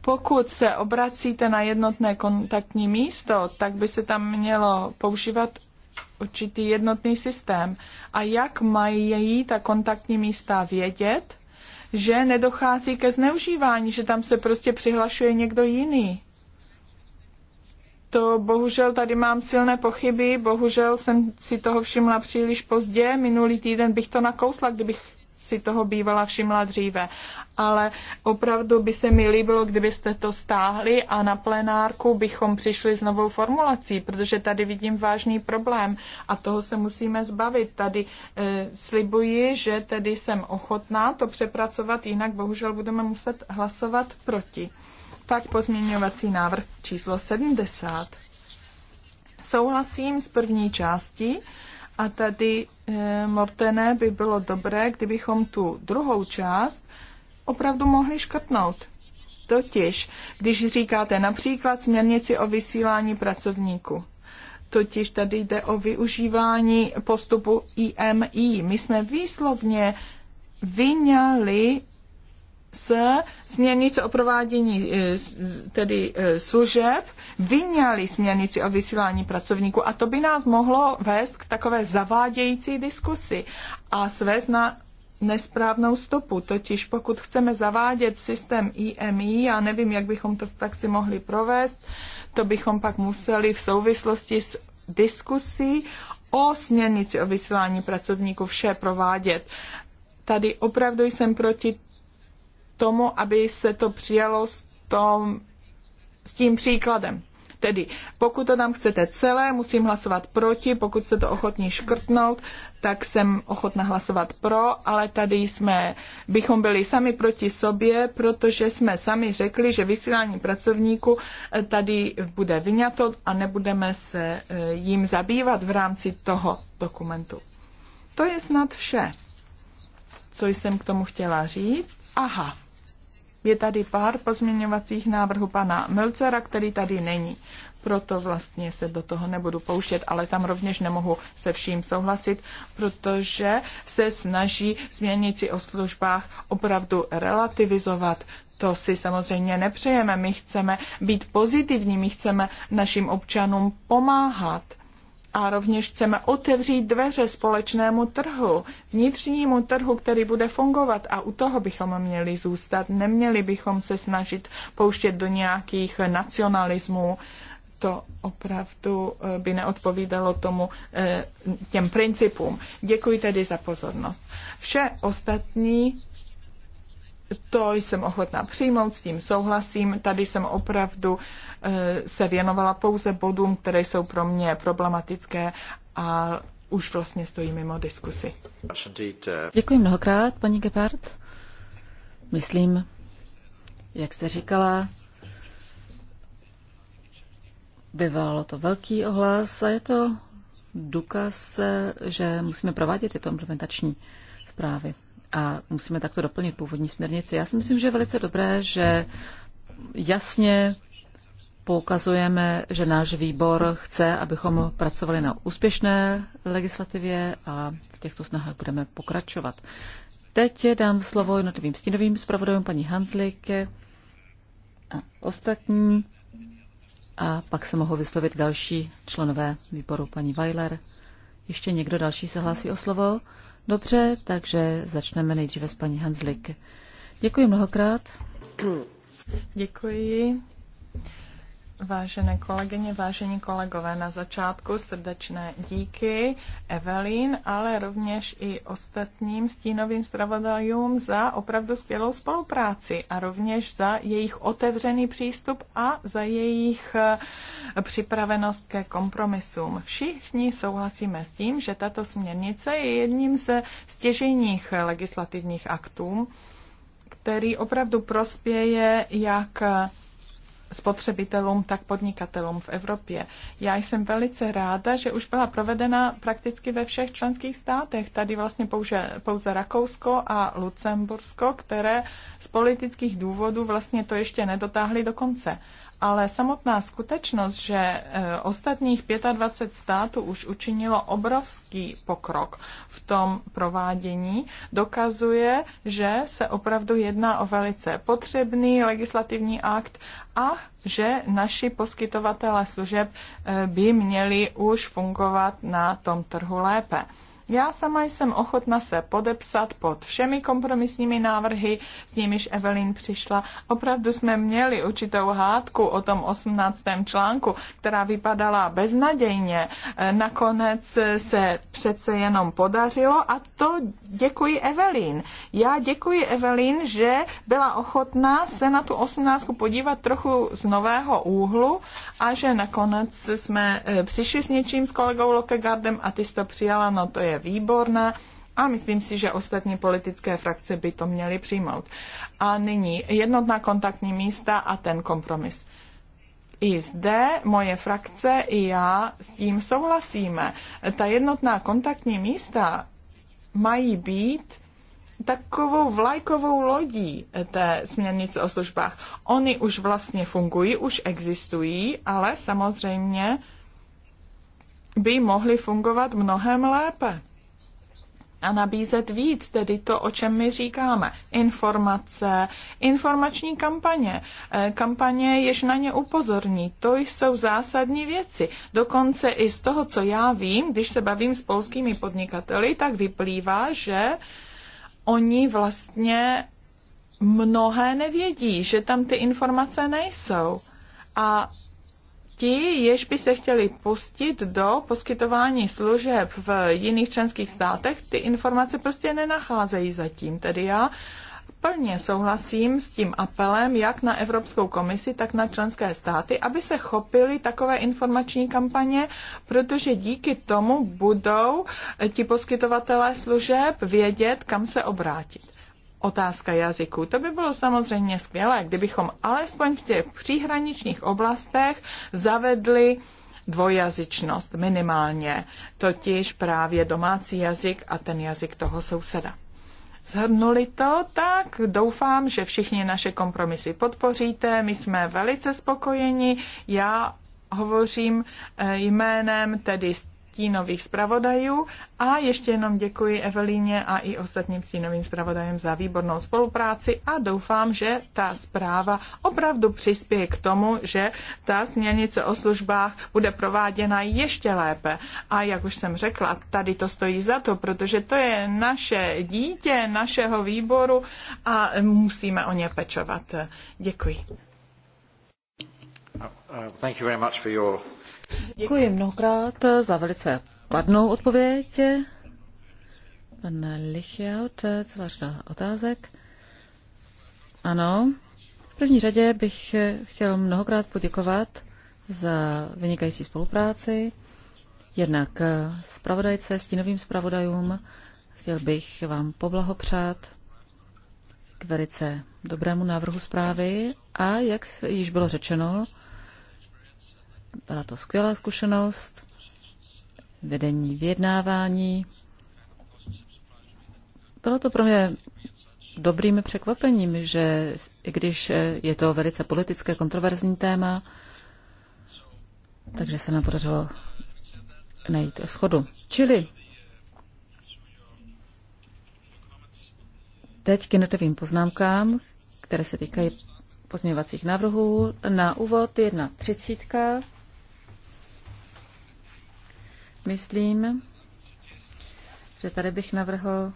pokud se obracíte na jednotné kontaktní místo, tak by se tam mělo používat určitý jednotný systém. A jak mají ta kontaktní místa vědět, že nedochází ke zneužívání, že tam se prostě přihlašuje někdo jiný? To bohužel tady mám silné pochyby, bohužel jsem si toho všimla příliš pozdě. Minulý týden bych to nakousla, kdybych si toho bývala všimla dříve. Ale opravdu by se mi líbilo, kdybyste to stáhli a na plenárku bychom přišli s novou formulací, protože tady vidím vážný problém a toho se musíme zbavit. Tady e, slibuji, že tedy jsem ochotná to přepracovat, jinak bohužel budeme muset hlasovat proti. Tak pozměňovací návrh číslo 70. Souhlasím s první částí, a tady, eh, Mortene, by bylo dobré, kdybychom tu druhou část opravdu mohli škrtnout. Totiž, když říkáte například směrnici o vysílání pracovníků, totiž tady jde o využívání postupu IMI. My jsme výslovně vyňali se směrnice o provádění e, tedy e, služeb vyňali směrnici o vysílání pracovníků a to by nás mohlo vést k takové zavádějící diskusi a svést na nesprávnou stopu. Totiž pokud chceme zavádět systém IMI, já nevím, jak bychom to v praxi mohli provést, to bychom pak museli v souvislosti s diskusí o směrnici o vysílání pracovníků vše provádět. Tady opravdu jsem proti tomu, aby se to přijalo s, tom, s tím příkladem. Tedy pokud to tam chcete celé, musím hlasovat proti, pokud jste to ochotní škrtnout, tak jsem ochotna hlasovat pro, ale tady jsme, bychom byli sami proti sobě, protože jsme sami řekli, že vysílání pracovníků eh, tady bude vyňato a nebudeme se eh, jim zabývat v rámci toho dokumentu. To je snad vše, co jsem k tomu chtěla říct. Aha, je tady pár pozměňovacích návrhů pana Melcera, který tady není. Proto vlastně se do toho nebudu pouštět, ale tam rovněž nemohu se vším souhlasit, protože se snaží změnici o službách opravdu relativizovat to si samozřejmě nepřejeme. My chceme být pozitivní, my chceme našim občanům pomáhat a rovněž chceme otevřít dveře společnému trhu, vnitřnímu trhu, který bude fungovat a u toho bychom měli zůstat. Neměli bychom se snažit pouštět do nějakých nacionalismů. To opravdu eh, by neodpovídalo tomu eh, těm principům. Děkuji tedy za pozornost. Vše ostatní to jsem ochotná přijmout, s tím souhlasím. Tady jsem opravdu eh, se věnovala pouze bodům, které jsou pro mě problematické a už vlastně stojí mimo diskusy. Děkuji mnohokrát, paní Gebhardt. Myslím, jak jste říkala, vyvolalo to velký ohlas a je to důkaz, eh, že musíme provádět tyto implementační zprávy a musíme takto doplnit původní směrnici. Já si myslím, že je velice dobré, že jasně poukazujeme, že náš výbor chce, abychom pracovali na úspěšné legislativě a v těchto snahách budeme pokračovat. Teď dám slovo jednotlivým stínovým zpravodajům paní Hanslik a ostatní a pak se mohou vyslovit další členové výboru paní Weiler. Ještě někdo další se hlásí o slovo? Dobře, takže začneme nejdříve s paní Hanzlik. Děkuji mnohokrát. Děkuji. Vážené kolegyně, vážení kolegové, na začátku srdečné díky Evelyn, ale rovněž i ostatním stínovým zpravodajům za opravdu skvělou spolupráci a rovněž za jejich otevřený přístup a za jejich eh, připravenost ke kompromisům. Všichni souhlasíme s tím, že tato směrnice je jedním ze stěžejních legislativních aktů, který opravdu prospěje jak spotřebitelům, tak podnikatelům v Evropě. Já jsem velice ráda, že už byla provedena prakticky ve všech členských státech. Tady vlastně pouze, pouze Rakousko a Lucembursko, které z politických důvodů vlastně to ještě nedotáhly do konce ale samotná skutečnost, že e, ostatních 25 států už učinilo obrovský pokrok v tom provádění, dokazuje, že se opravdu jedná o velice potřebný legislativní akt a že naši poskytovatelé služeb e, by měli už fungovat na tom trhu lépe. Já sama jsem ochotna se podepsat pod všemi kompromisními návrhy, s nimiž Evelyn přišla. Opravdu jsme měli určitou hádku o tom 18. článku, která vypadala beznadějně. Nakonec se přece jenom podařilo a to děkuji Evelyn. Já děkuji Evelyn, že byla ochotná se na tu 18. podívat trochu z nového úhlu a že nakonec jsme eh, přišli s něčím s kolegou Lokegardem a ty jsi to přijala, no to je výborné a myslím si, že ostatní politické frakce by to měly přijmout. A nyní jednotná kontaktní místa a ten kompromis. I zde moje frakce i já s tím souhlasíme. Ta jednotná kontaktní místa mají být takovou vlajkovou lodí té směrnice o službách. Oni už vlastně fungují, už existují, ale samozřejmě by mohly fungovat mnohem lépe a nabízet víc, tedy to, o čem my říkáme. Informace, informační kampaně, e, kampaně, jež na ně upozorní, to jsou zásadní věci. Dokonce i z toho, co já vím, když se bavím s polskými podnikateli, tak vyplývá, že oni vlastně mnohé nevědí, že tam ty informace nejsou. A ti, jež by se chtěli pustit do poskytování služeb v jiných členských státech, ty informace prostě nenacházejí zatím. Tedy já plně souhlasím s tím apelem jak na Evropskou komisi, tak na členské státy, aby se chopili takové informační kampaně, protože díky tomu budou ti poskytovatelé služeb vědět, kam se obrátit otázka jazyku. To by bylo samozřejmě skvělé, kdybychom alespoň v těch příhraničních oblastech zavedli dvojazyčnost minimálně, totiž právě domácí jazyk a ten jazyk toho souseda. Zhrnuli to, tak doufám, že všichni naše kompromisy podpoříte. My jsme velice spokojeni. Já hovořím eh, jménem tedy stínových zpravodajů a ještě jenom děkuji Evelíně a i ostatním stínovým zpravodajem za výbornou spolupráci a doufám, že ta zpráva opravdu přispěje k tomu, že ta směrnice o službách bude prováděna ještě lépe. A jak už jsem řekla, tady to stojí za to, protože to je naše dítě, našeho výboru a musíme o ně pečovat. Děkuji. Uh, uh, thank you very much for your Děkuji mnohokrát za velice kladnou odpověď. Pan Lichiaut, celá řada otázek. Ano. V první řadě bych chtěl mnohokrát poděkovat za vynikající spolupráci. Jednak zpravodajce, stínovým zpravodajům, chtěl bych vám poblahopřát k velice dobrému návrhu zprávy a, jak již bylo řečeno, byla to skvělá zkušenost, vedení vyjednávání. Bylo to pro mě dobrým překvapením, že i když je to velice politické, kontroverzní téma, takže se nám podařilo najít schodu. Čili teď k jednotlivým poznámkám, které se týkají pozměňovacích návrhů. Na úvod jedna třicítka. Myslím, že tady bych navrhl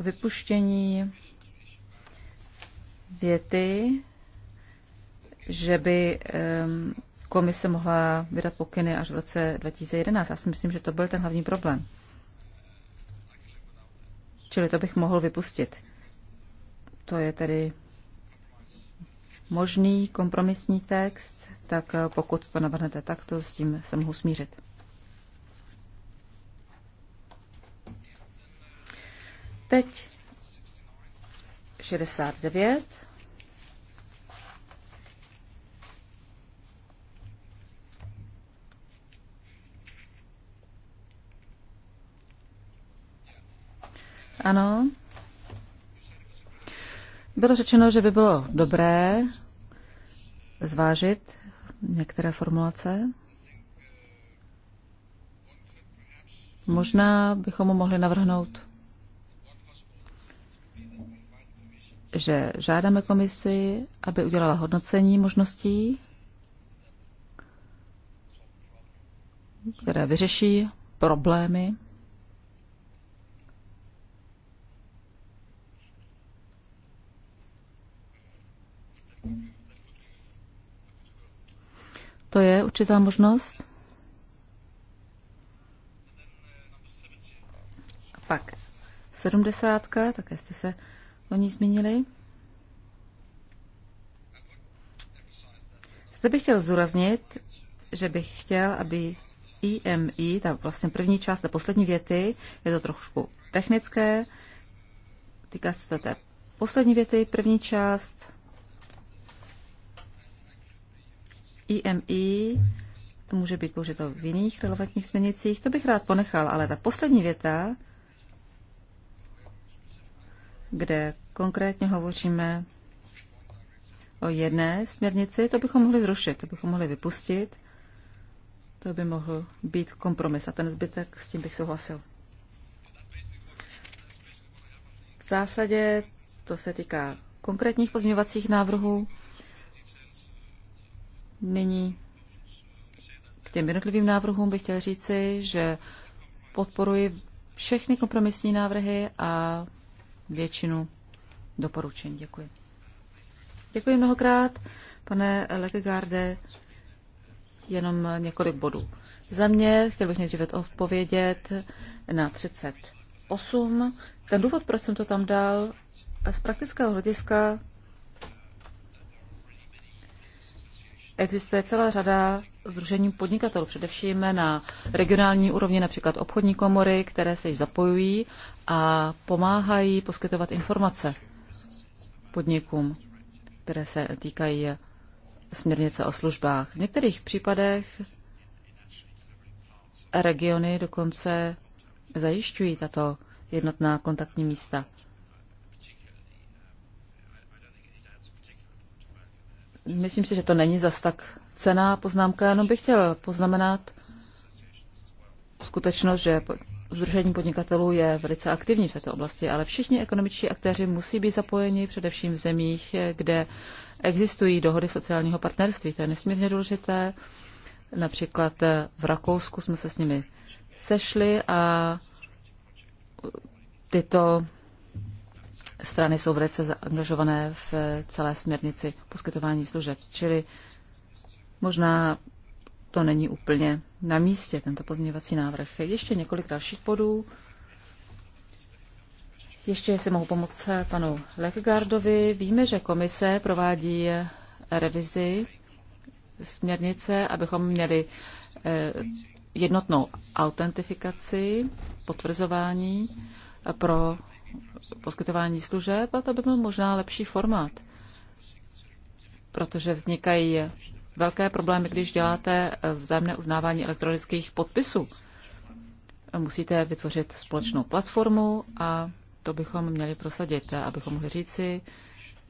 vypuštění věty, že by ehm, komise mohla vydat pokyny až v roce 2011. Já si myslím, že to byl ten hlavní problém. Čili to bych mohl vypustit. To je tedy možný kompromisní text, tak eh, pokud to navrhnete takto, s tím se mohu smířit. Teď 69. Ano. Bylo řečeno, že by bylo dobré zvážit některé formulace. Možná bychom mu mohli navrhnout, že žádáme komisi, aby udělala hodnocení možností, které vyřeší problémy To je určitá možnost. A pak sedmdesátka, také jste se o ní zmínili. Zde bych chtěl zúraznit, že bych chtěl, aby IMI, ta vlastně první část ta poslední věty, je to trošku technické, týká se to té poslední věty, první část, IMI může být použito v jiných relevantních směrnicích. To bych rád ponechal, ale ta poslední věta, kde konkrétně hovoříme o jedné směrnici, to bychom mohli zrušit, to bychom mohli vypustit. To by mohl být kompromis a ten zbytek s tím bych souhlasil. V zásadě to se týká konkrétních pozměňovacích návrhů. Nyní k těm jednotlivým návrhům bych chtěl říci, že podporuji všechny kompromisní návrhy a většinu doporučení. Děkuji. Děkuji mnohokrát, pane Lekegarde. Jenom několik bodů. Za mě chtěl bych nejdříve odpovědět na 38. Ten důvod, proč jsem to tam dal, z praktického hlediska Existuje celá řada združení podnikatelů, především na regionální úrovni, například obchodní komory, které se již zapojují a pomáhají poskytovat informace podnikům, které se týkají směrnice o službách. V některých případech regiony dokonce zajišťují tato jednotná kontaktní místa. Myslím si, že to není zas tak cená poznámka, jenom bych chtěl poznamenat skutečnost, že Združení podnikatelů je velice aktivní v této oblasti, ale všichni ekonomičtí aktéři musí být zapojeni především v zemích, kde existují dohody sociálního partnerství. To je nesmírně důležité. Například v Rakousku jsme se s nimi sešli a tyto strany jsou velice zaangažované v celé směrnici poskytování služeb, čili možná to není úplně na místě, tento pozměňovací návrh. Ještě několik dalších bodů. Ještě si mohu pomoct panu Lekgardovi. Víme, že komise provádí revizi směrnice, abychom měli eh, jednotnou autentifikaci, potvrzování pro poskytování služeb a to by byl možná lepší formát, protože vznikají velké problémy, když děláte vzájemné uznávání elektronických podpisů. Musíte vytvořit společnou platformu a to bychom měli prosadit, abychom mohli říci,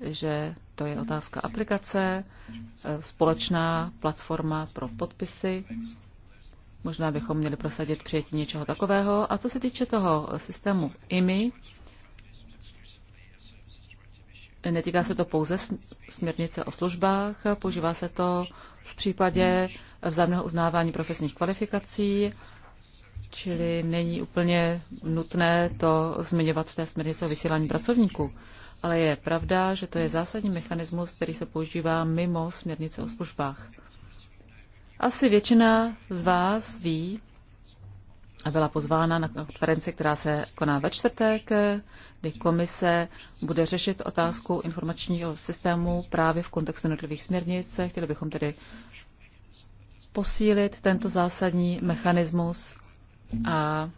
že to je otázka aplikace, společná platforma pro podpisy. Možná bychom měli prosadit přijetí něčeho takového. A co se týče toho systému IMI, netýká se to pouze směrnice o službách, používá se to v případě vzájemného uznávání profesních kvalifikací, čili není úplně nutné to zmiňovat v té směrnici o vysílání pracovníků. Ale je pravda, že to je zásadní mechanismus, který se používá mimo směrnice o službách. Asi většina z vás ví, a byla pozvána na konferenci, která se koná ve čtvrtek, kdy komise bude řešit otázku informačního systému právě v kontextu jednotlivých směrnic. Chtěli bychom tedy posílit tento zásadní mechanismus a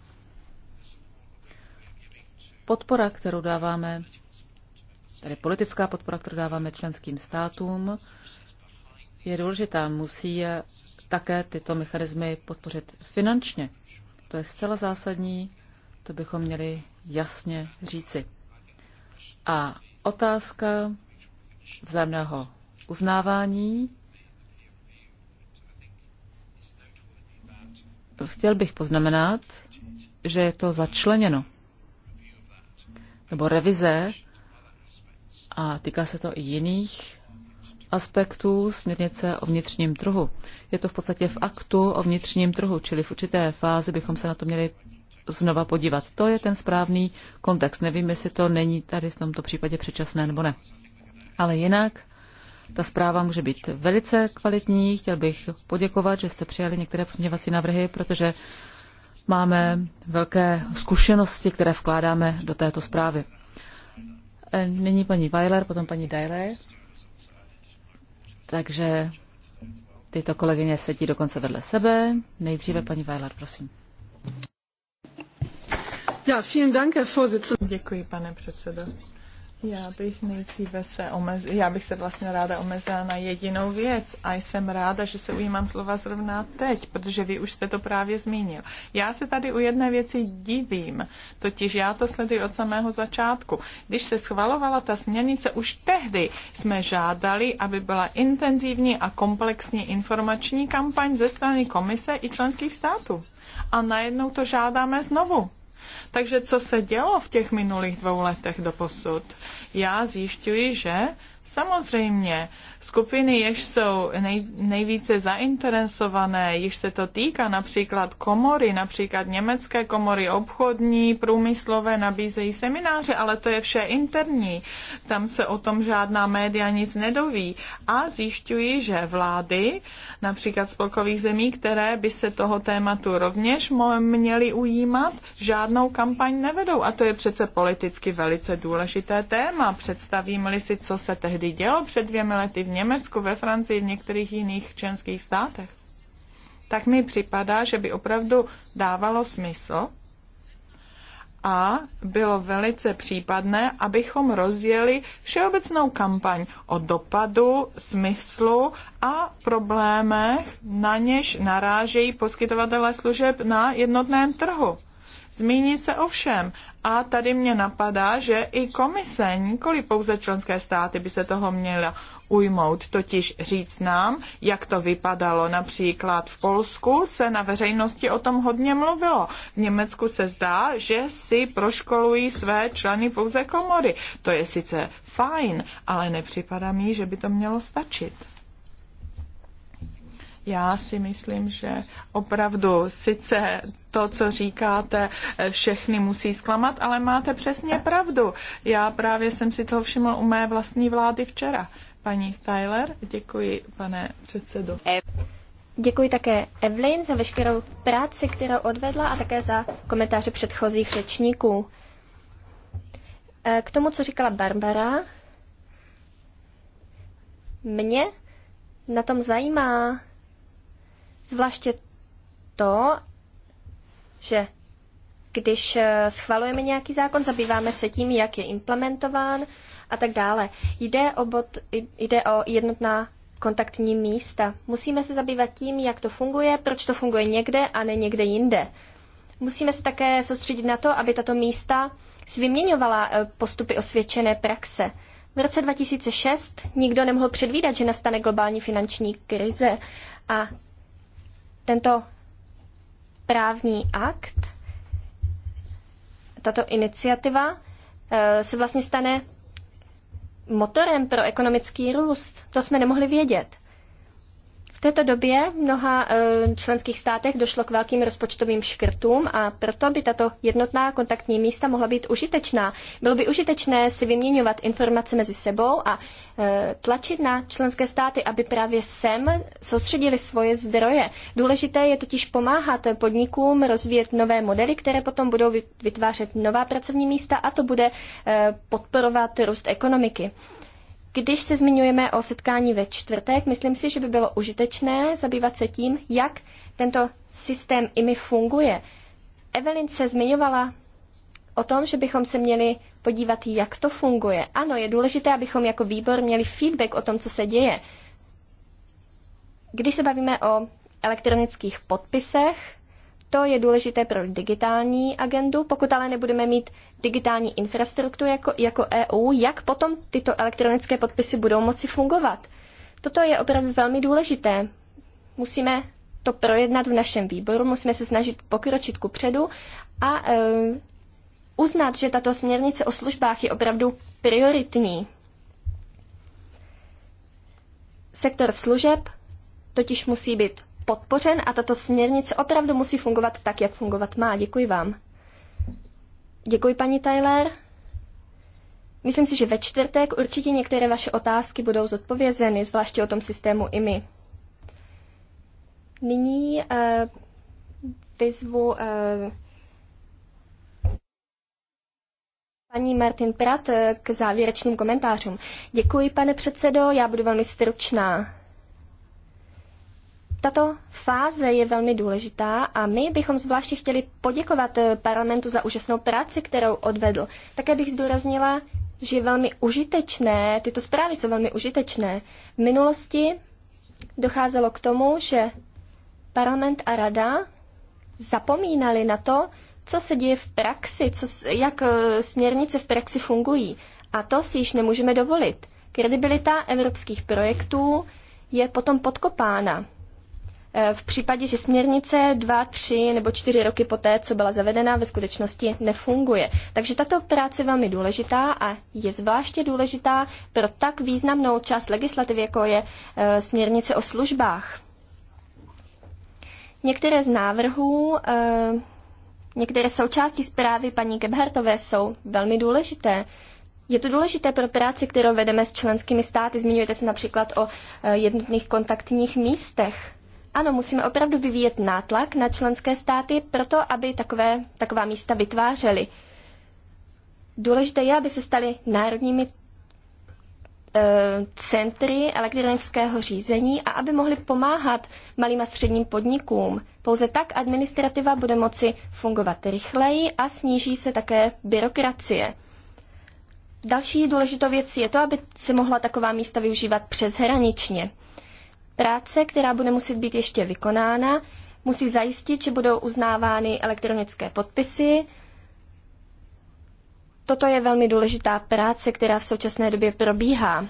podpora, kterou dáváme, tedy politická podpora, kterou dáváme členským státům, je důležitá. Musí také tyto mechanismy podpořit finančně. To je zcela zásadní to bychom měli jasně říci. A otázka vzájemného uznávání. Chtěl bych poznamenat, že je to začleněno, nebo revize, a týká se to i jiných aspektů směrnice o vnitřním trhu. Je to v podstatě v aktu o vnitřním trhu, čili v určité fázi bychom se na to měli znova podívat. To je ten správný kontext. Nevím, jestli to není tady v tomto případě předčasné nebo ne. Ale jinak ta zpráva může být velice kvalitní. Chtěl bych poděkovat, že jste přijali některé pozměňovací návrhy, protože máme velké zkušenosti, které vkládáme do této zprávy. E, nyní paní Weiler, potom paní Dailer. Takže tyto kolegyně sedí dokonce vedle sebe. Nejdříve paní Weiler, prosím. Ja, vielen Dank, Herr Vorsitzender. Děkuji, pane předsedo. Já bych nejdříve se omez... já bych se vlastně ráda omezila na jedinou věc a jsem ráda, že se ujímám slova zrovna teď, protože vy už jste to právě zmínil. Já se tady u jedné věci divím, totiž já to sleduji od samého začátku. Když se schvalovala ta směrnice, už tehdy jsme žádali, aby byla intenzivní a komplexní informační kampaň ze strany komise i členských států. A najednou to žádáme znovu takže co se dělo v těch minulých dvou letech do posud? Já zjišťuji, že samozřejmě Skupiny, jež jsou nej, nejvíce zainteresované, již se to týká například komory, například německé komory obchodní, průmyslové, nabízejí semináře, ale to je vše interní. Tam se o tom žádná média nic nedoví. A zjišťují, že vlády, například spolkových zemí, které by se toho tématu rovněž měly ujímat, žádnou kampaň nevedou. A to je přece politicky velice důležité téma. Představím-li si, co se tehdy dělo před dvěmi lety v Německu, ve Francii, v některých jiných členských státech, tak mi připadá, že by opravdu dávalo smysl a bylo velice případné, abychom rozjeli všeobecnou kampaň o dopadu, smyslu a problémech, na něž narážejí poskytovatele služeb na jednotném trhu Zmíní se o všem. A tady mě napadá, že i komise, nikoli pouze členské státy, by se toho měla ujmout, totiž říct nám, jak to vypadalo. Například v Polsku se na veřejnosti o tom hodně mluvilo. V Německu se zdá, že si proškolují své členy pouze komory. To je sice fajn, ale nepřipadá mi, že by to mělo stačit. Já si myslím, že opravdu sice to, co říkáte, všechny musí zklamat, ale máte přesně pravdu. Já právě jsem si toho všiml u mé vlastní vlády včera. Paní Styler, děkuji, pane předsedo. Děkuji také Evelyn za veškerou práci, kterou odvedla a také za komentáře předchozích řečníků. K tomu, co říkala Barbara, mě na tom zajímá Zvláště to, že když eh, schvalujeme nějaký zákon, zabýváme se tím, jak je implementován a tak dále. Jde o, bod, jde o jednotná kontaktní místa. Musíme se zabývat tím, jak to funguje, proč to funguje někde a ne někde jinde. Musíme se také soustředit na to, aby tato místa vyměňovala eh, postupy osvědčené praxe. V roce 2006 nikdo nemohl předvídat, že nastane globální finanční krize a tento právní akt, tato iniciativa eh, se vlastně stane motorem pro ekonomický růst. To jsme nemohli vědět této době v mnoha eh, členských státech došlo k velkým rozpočtovým škrtům a proto by tato jednotná kontaktní místa mohla být užitečná. Bylo by užitečné si vyměňovat informace mezi sebou a eh, tlačit na členské státy, aby právě sem soustředili svoje zdroje. Důležité je totiž pomáhat podnikům rozvíjet nové modely, které potom budou vytvářet nová pracovní místa a to bude eh, podporovat růst ekonomiky. Když se zmiňujeme o setkání ve čtvrtek, myslím si, že by bylo užitečné zabývat se tím, jak tento systém IMI funguje. Evelyn se zmiňovala o tom, že bychom se měli podívat, jak to funguje. Ano, je důležité, abychom jako výbor měli feedback o tom, co se děje. Když se bavíme o elektronických podpisech, to je důležité pro digitální agendu. Pokud ale nebudeme mít digitální infrastrukturu jako, jako EU, jak potom tyto elektronické podpisy budou moci fungovat? Toto je opravdu velmi důležité. Musíme to projednat v našem výboru, musíme se snažit pokročit ku předu a e, uznat, že tato směrnice o službách je opravdu prioritní. Sektor služeb totiž musí být podpořen a tato směrnice opravdu musí fungovat tak, jak fungovat má. Děkuji vám. Děkuji, paní Tyler. Myslím si, že ve čtvrtek určitě některé vaše otázky budou zodpovězeny, zvláště o tom systému IMI. Nyní uh, vyzvu uh, paní Martin Prat eh, k závěrečným komentářům. Děkuji, pane předsedo, já budu velmi stručná. Tato fáze je velmi důležitá a my bychom zvláště chtěli poděkovat eh, parlamentu za úžasnou práci, kterou odvedl. Také bych zdůraznila, že je velmi užitečné, tyto zprávy jsou velmi užitečné. V minulosti docházelo k tomu, že parlament a rada zapomínali na to, co se děje v praxi, co, jak eh, směrnice v praxi fungují. A to si již nemůžeme dovolit. Kredibilita evropských projektů je potom podkopána. Eh, v případě, že směrnice dva, tři nebo čtyři roky poté, co byla zavedena, ve skutečnosti nefunguje. Takže tato práce je velmi důležitá a je zvláště důležitá pro tak významnou část legislativy, jako je eh, směrnice o službách. Některé z návrhů, eh, některé součásti zprávy paní Gebhartové jsou velmi důležité. Je to důležité pro práci, kterou vedeme s členskými státy. Zmiňujete se například o jednotných kontaktních místech. Ano, musíme opravdu vyvíjet nátlak na členské státy proto, aby takové, taková místa vytvářely. Důležité je, aby se staly národními eh, centry elektronického řízení a aby mohli pomáhat malým a středním podnikům. Pouze tak administrativa bude moci fungovat rychleji a sníží se také byrokracie. Další důležitou věcí je to, aby se mohla taková místa využívat přeshraničně. Práce, která bude muset být ještě vykonána, musí zajistit, že budou uznávány elektronické podpisy. Toto je velmi důležitá práce, která v současné době probíhá.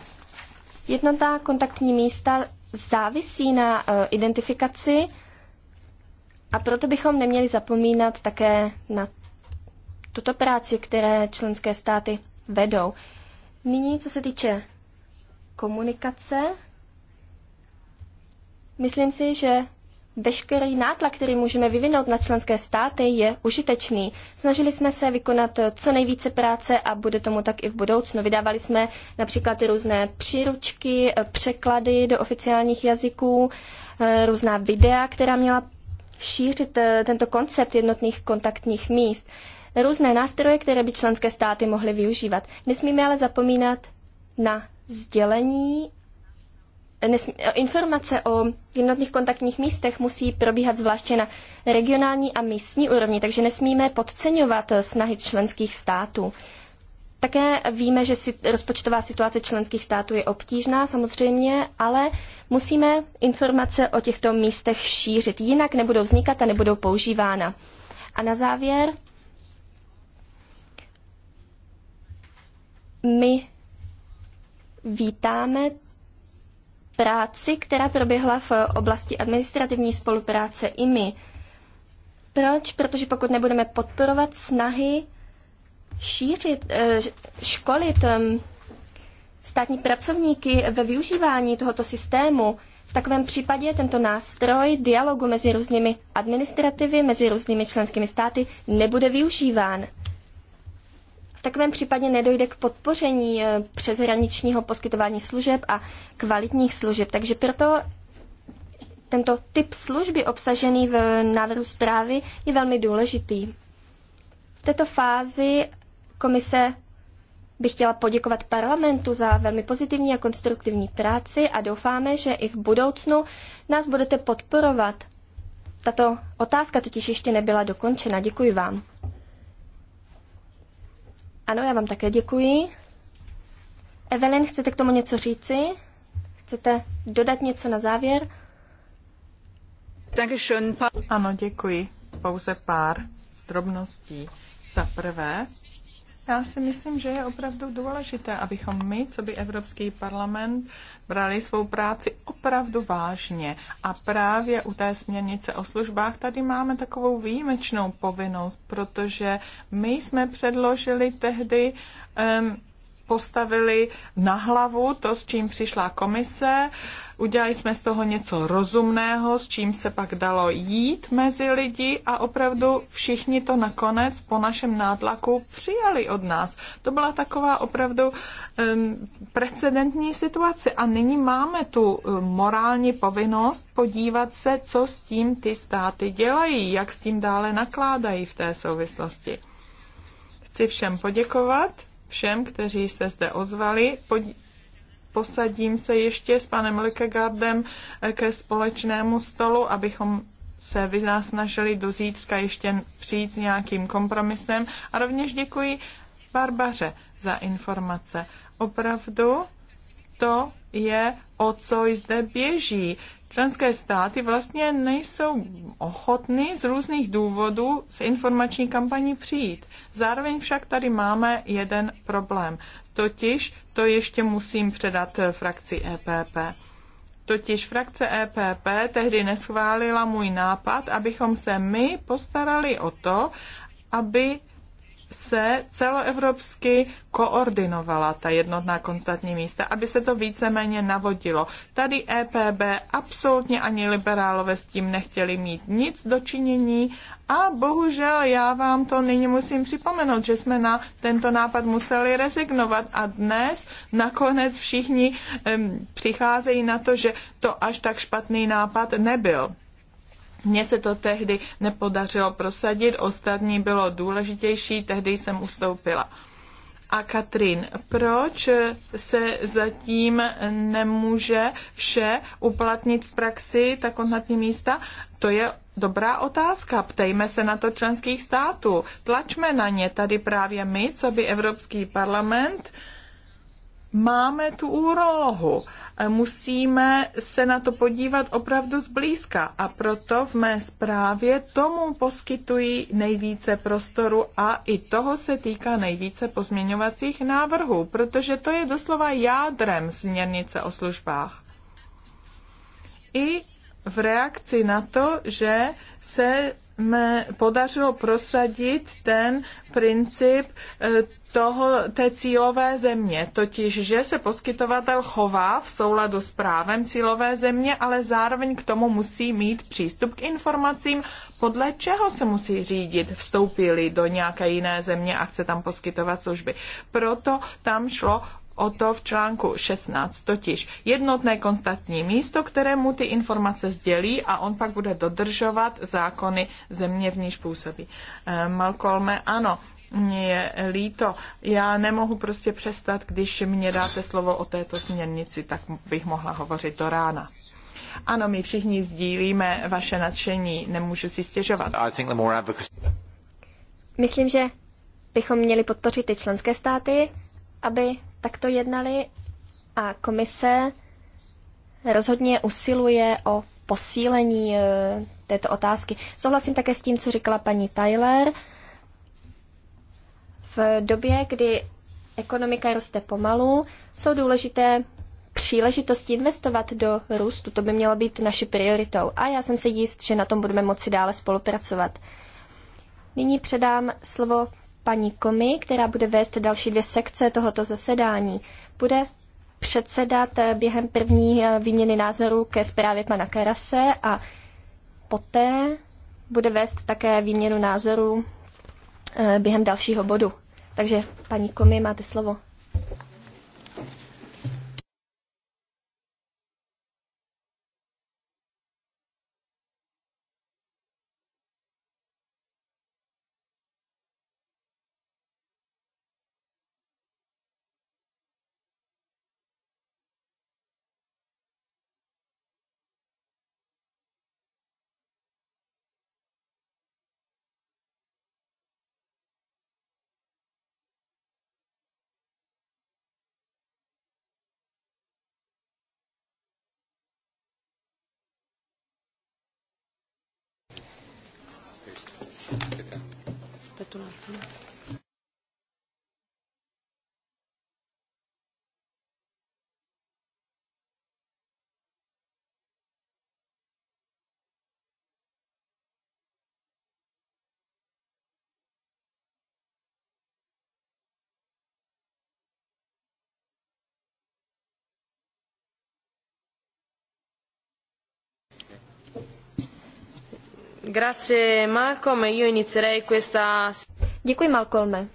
Jednotná kontaktní místa závisí na e, identifikaci a proto bychom neměli zapomínat také na tuto práci, které členské státy vedou. Nyní, co se týče komunikace, Myslím si, že veškerý nátlak, který můžeme vyvinout na členské státy, je užitečný. Snažili jsme se vykonat co nejvíce práce a bude tomu tak i v budoucnu. Vydávali jsme například různé příručky, překlady do oficiálních jazyků, eh, různá videa, která měla šířit eh, tento koncept jednotných kontaktních míst. Různé nástroje, které by členské státy mohly využívat. Nesmíme ale zapomínat na sdělení informace o jednotných kontaktních místech musí probíhat zvláště na regionální a místní úrovni, takže nesmíme podceňovat snahy členských států. Také víme, že si, rozpočtová situace členských států je obtížná samozřejmě, ale musíme informace o těchto místech šířit, jinak nebudou vznikat a nebudou používána. A na závěr, my vítáme práci, která proběhla v oblasti administrativní spolupráce i my. Proč? Protože pokud nebudeme podporovat snahy šířit, eh, školit ehm, státní pracovníky ve využívání tohoto systému, v takovém případě tento nástroj dialogu mezi různými administrativy, mezi různými členskými státy nebude využíván takovém případě nedojde k podpoření eh, přeshraničního poskytování služeb a kvalitních služeb. Takže proto tento typ služby obsažený v návrhu zprávy je velmi důležitý. V této fázi komise bych chtěla poděkovat parlamentu za velmi pozitivní a konstruktivní práci a doufáme, že i v budoucnu nás budete podporovat. Tato otázka totiž ještě nebyla dokončena. Děkuji vám. Ano, já vám také děkuji. Evelyn, chcete k tomu něco říci? Chcete dodat něco na závěr? Ano, děkuji. Pouze pár drobností. Za prvé, já si myslím, že je opravdu důležité, abychom my, co by Evropský parlament, brali svou práci opravdu vážně. A právě u té směrnice o službách tady máme takovou výjimečnou povinnost, protože my jsme předložili tehdy um, postavili na hlavu to, s čím přišla komise. Udělali jsme z toho něco rozumného, s čím se pak dalo jít mezi lidi a opravdu všichni to nakonec po našem nátlaku přijali od nás. To byla taková opravdu um, precedentní situace a nyní máme tu morální povinnost podívat se, co s tím ty státy dělají, jak s tím dále nakládají v té souvislosti. Chci všem poděkovat všem, kteří se zde ozvali. Pod... posadím se ještě s panem Likegardem eh, ke společnému stolu, abychom se vynásnažili do zítřka ještě přijít s nějakým kompromisem. A rovněž děkuji Barbaře za informace. Opravdu to je, o co zde běží členské státy vlastně nejsou ochotny z různých důvodů s informační kampaní přijít. Zároveň však tady máme jeden problém. Totiž, to ještě musím předat frakci EPP. Totiž frakce EPP tehdy neschválila můj nápad, abychom se my postarali o to, aby se celoevropsky koordinovala ta jednotná konstantní místa, aby se to víceméně navodilo. Tady EPB absolutně ani liberálové s tím nechtěli mít nic dočinění a bohužel já vám to nyní musím připomenout, že jsme na tento nápad museli rezignovat a dnes nakonec všichni um, přicházejí na to, že to až tak špatný nápad nebyl. Mně se to tehdy nepodařilo prosadit, ostatní bylo důležitější, tehdy jsem ustoupila. A Katrin, proč se zatím nemůže vše uplatnit v praxi, ta kontaktní místa? To je dobrá otázka. Ptejme se na to členských států. Tlačme na ně tady právě my, co by Evropský parlament. Máme tu úrolohu. Musíme se na to podívat opravdu zblízka a proto v mé zprávě tomu poskytují nejvíce prostoru a i toho se týká nejvíce pozměňovacích návrhů, protože to je doslova jádrem směrnice o službách. I v reakci na to, že se me podařilo prosadit ten princip e, toho, té cílové země, totiž, že se poskytovatel chová v souladu s právem cílové země, ale zároveň k tomu musí mít přístup k informacím, podle čeho se musí řídit, vstoupili do nějaké jiné země a chce tam poskytovat služby. Proto tam šlo o to v článku 16, totiž jednotné kontaktní místo, kterému ty informace sdělí a on pak bude dodržovat zákony země, v níž působí. Eh, Malcolme, ano, mě je líto. Já nemohu prostě přestat, když mě dáte slovo o této směrnici, tak bych mohla hovořit do rána. Ano, my všichni sdílíme vaše nadšení, nemůžu si stěžovat. Myslím, že bychom měli podpořit ty členské státy, aby takto jednali a komise rozhodně usiluje o posílení eh, této otázky. Souhlasím také s tím, co říkala paní Tyler. V době, kdy ekonomika roste pomalu, jsou důležité příležitosti investovat do růstu. To by mělo být naší prioritou. A já jsem si jist, že na tom budeme moci dále spolupracovat. Nyní předám slovo paní Komi, která bude vést další dvě sekce tohoto zasedání. Bude předsedat eh, během první eh, výměny názorů ke zprávě pana Karase a poté bude vést také výměnu názorů eh, během dalšího bodu. Takže paní Komi, máte slovo. aspettato E Děkuji Malcolme.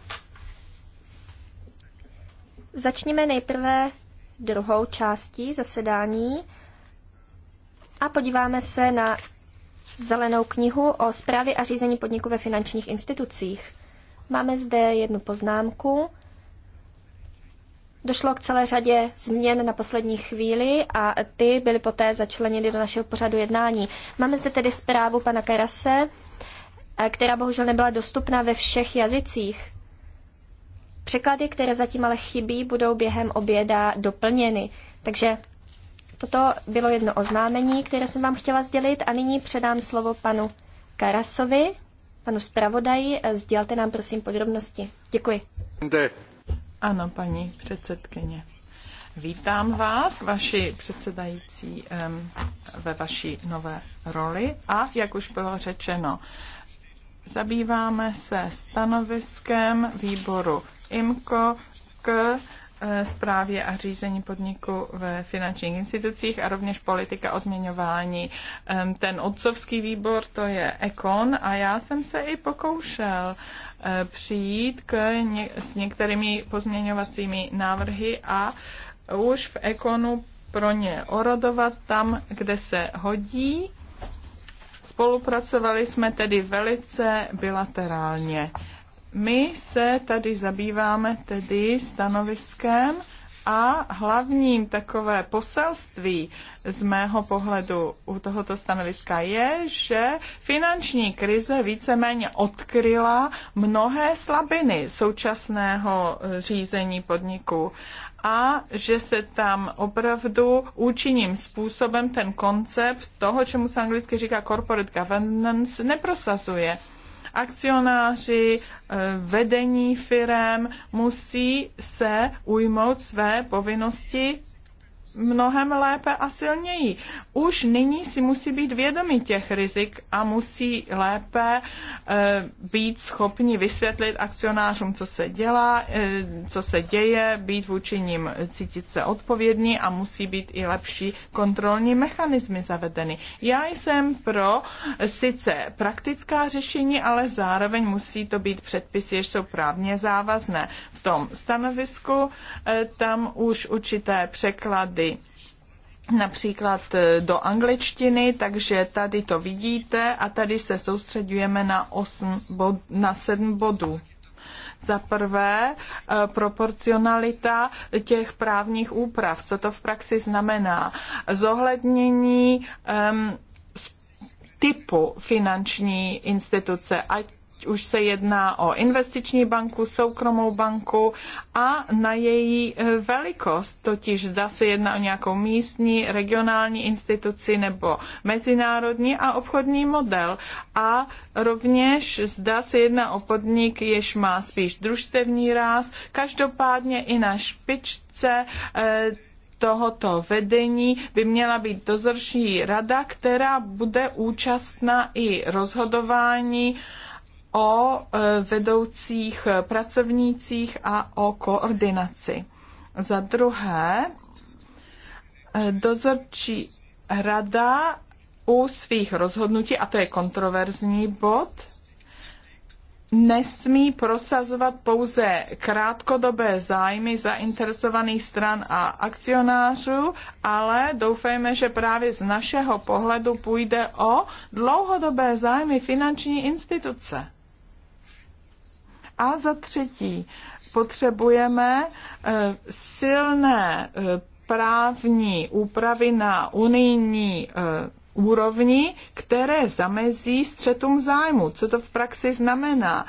Začněme nejprve druhou částí zasedání a podíváme se na zelenou knihu o zprávě a řízení podniku ve finančních institucích. Máme zde jednu poznámku Došlo k celé řadě změn na poslední chvíli a ty byly poté začleněny do našeho pořadu jednání. Máme zde tedy zprávu pana Karase, která bohužel nebyla dostupná ve všech jazycích. Překlady, které zatím ale chybí, budou během oběda doplněny. Takže toto bylo jedno oznámení, které jsem vám chtěla sdělit a nyní předám slovo panu Karasovi, panu zpravodaji. Sdělte nám prosím podrobnosti. Děkuji. De. Ano, paní předsedkyně. Vítám vás, vaši předsedající, ve vaší nové roli a, jak už bylo řečeno, zabýváme se stanoviskem výboru IMCO k e, zprávě a řízení podniku ve finančních institucích a rovněž politika odměňování. Ten otcovský výbor, to je Ekon a já jsem se i pokoušel Eh, přijít k ně, s některými pozměňovacími návrhy a už v ekonu pro ně orodovat tam, kde se hodí. Spolupracovali jsme tedy velice bilaterálně. My se tady zabýváme tedy stanoviskem, a hlavním takové poselství z mého pohledu u tohoto stanoviska je, že finanční krize víceméně odkryla mnohé slabiny současného eh, řízení podniku a že se tam opravdu účinným způsobem ten koncept toho, čemu se anglicky říká corporate governance, neprosazuje akcionáři, eh, vedení firem musí se ujmout své povinnosti mnohem lépe a silněji. Už nyní si musí být vědomi těch rizik a musí lépe e, být schopni vysvětlit akcionářům, co se dělá, e, co se děje, být vůči ním, eh, cítit se odpovědní a musí být i lepší kontrolní mechanismy zavedeny. Já jsem pro sice praktická řešení, ale zároveň musí to být předpisy, jež jsou právně závazné. V tom stanovisku e, tam už určité překlady překlady například do angličtiny, takže tady to vidíte a tady se soustředujeme na, osm bod, na sedm bodů. Za prvé, eh, proporcionalita těch právních úprav, co to v praxi znamená. Zohlednění um, typu finanční instituce, ať už se jedná o investiční banku, soukromou banku a na její e, velikost, totiž zda se jedná o nějakou místní, regionální instituci nebo mezinárodní a obchodní model. A rovněž zda se jedná o podnik, jež má spíš družstevní ráz. Každopádně i na špičce e, tohoto vedení by měla být dozorčí rada, která bude účastna i rozhodování o e, vedoucích pracovnících a o koordinaci. Za druhé, e, dozorčí rada u svých rozhodnutí, a to je kontroverzní bod, nesmí prosazovat pouze krátkodobé zájmy zainteresovaných stran a akcionářů, ale doufejme, že právě z našeho pohledu půjde o dlouhodobé zájmy finanční instituce. A za třetí, potřebujeme eh, silné eh, právní úpravy na unijní eh, úrovni, které zamezí střetům zájmu. Co to v praxi znamená?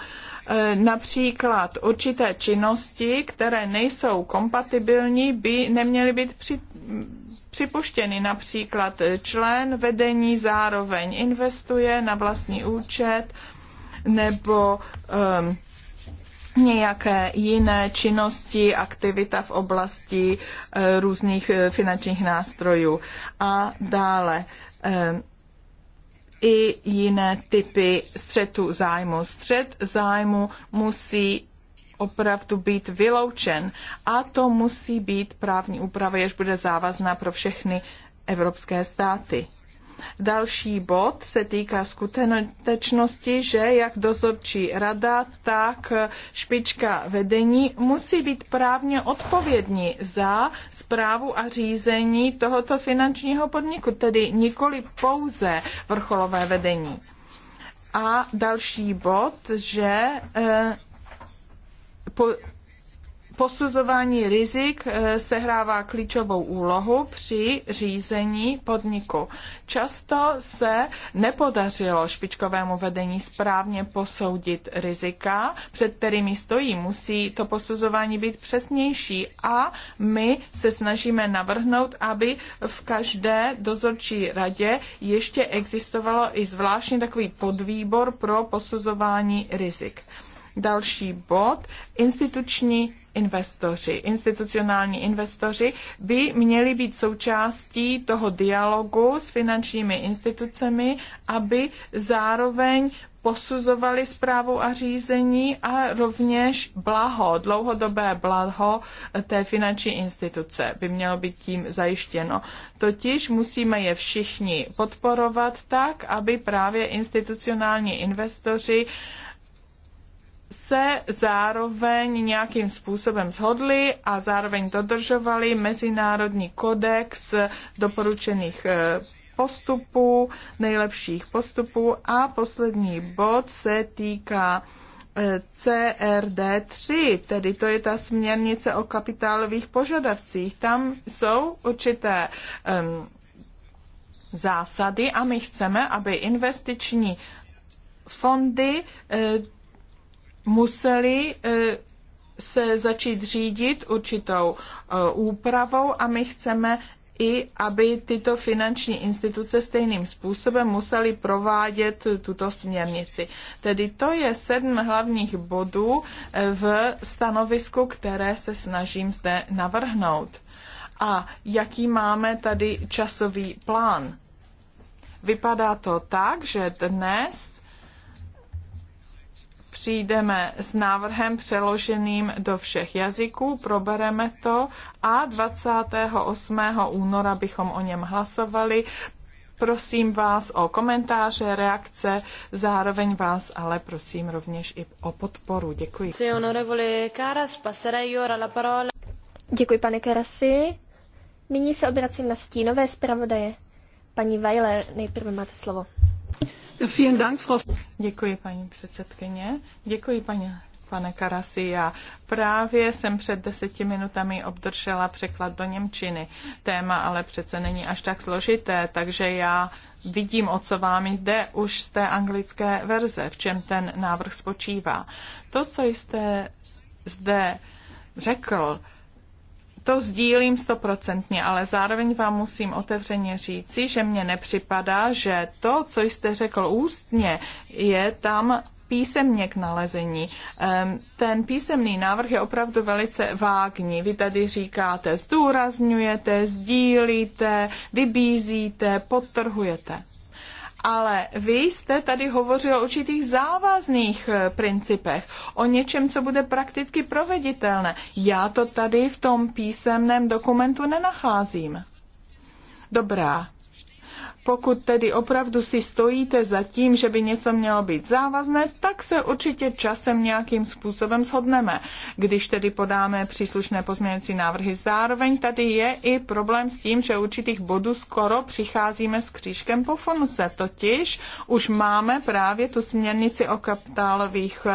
Například určité činnosti, které nejsou kompatibilní, by neměly být při, připuštěny. Například člen vedení zároveň investuje na vlastní účet nebo um, nějaké jiné činnosti, aktivita v oblasti eh, různých eh, finančních nástrojů a dále eh, i jiné typy střetu zájmu. Střet zájmu musí opravdu být vyloučen a to musí být právní úprava, jež bude závazná pro všechny evropské státy. Další bod se týká skutečnosti, že jak dozorčí rada, tak špička vedení musí být právně odpovědní za zprávu a řízení tohoto finančního podniku, tedy nikoli pouze vrcholové vedení. A další bod, že eh, po, Posuzování rizik eh, sehrává klíčovou úlohu při řízení podniku. Často se nepodařilo špičkovému vedení správně posoudit rizika, před kterými stojí. Musí to posuzování být přesnější a my se snažíme navrhnout, aby v každé dozorčí radě ještě existovalo i zvláštní takový podvýbor pro posuzování rizik. Další bod, instituční investoři, institucionální investoři by měli být součástí toho dialogu s finančními institucemi, aby zároveň posuzovali zprávu a řízení a rovněž blaho, dlouhodobé blaho té finanční instituce by mělo být tím zajištěno. Totiž musíme je všichni podporovat tak, aby právě institucionální investoři uh, se zároveň nějakým způsobem shodli a zároveň dodržovali Mezinárodní kodex doporučených eh, postupů, nejlepších postupů a poslední bod se týká eh, CRD3, tedy to je ta směrnice o kapitálových požadavcích. Tam jsou určité um, zásady a my chceme, aby investiční fondy uh, museli eh, se začít řídit určitou eh, úpravou a my chceme i aby tyto finanční instituce stejným způsobem museli provádět tuto směrnici. Tedy to je sedm hlavních bodů eh, v stanovisku, které se snažím zde navrhnout. A jaký máme tady časový plán? Vypadá to tak, že dnes přijdeme s návrhem přeloženým do všech jazyků, probereme to a 28. února bychom o něm hlasovali. Prosím vás o komentáře, reakce, zároveň vás ale prosím rovněž i o podporu. Děkuji. Děkuji, pane Karasi. Nyní se obracím na stínové zpravodaje. Paní Weiler, nejprve máte slovo. Děkuji, paní předsedkyně. Děkuji, paní pane Karasi, já právě jsem před deseti minutami obdržela překlad do Němčiny. Téma ale přece není až tak složité, takže já vidím, o co vám jde už z té anglické verze, v čem ten návrh spočívá. To, co jste zde řekl, to sdílím stoprocentně, ale zároveň vám musím otevřeně říci, že mně nepřipadá, že to, co jste řekl ústně, je tam písemně k nalezení. Ehm, ten písemný návrh je opravdu velice vágní. Vy tady říkáte, zdůrazňujete, sdílíte, vybízíte, podtrhujete ale vy jste tady hovořil o určitých závazných eh, principech, o něčem, co bude prakticky proveditelné. Já to tady v tom písemném dokumentu nenacházím. Dobrá, pokud tedy opravdu si stojíte za tím, že by něco mělo být závazné, tak se určitě časem nějakým způsobem shodneme. Když tedy podáme příslušné pozměňující návrhy, zároveň tady je i problém s tím, že určitých bodů skoro přicházíme s křížkem po funuse. Totiž už máme právě tu směrnici o kapitálových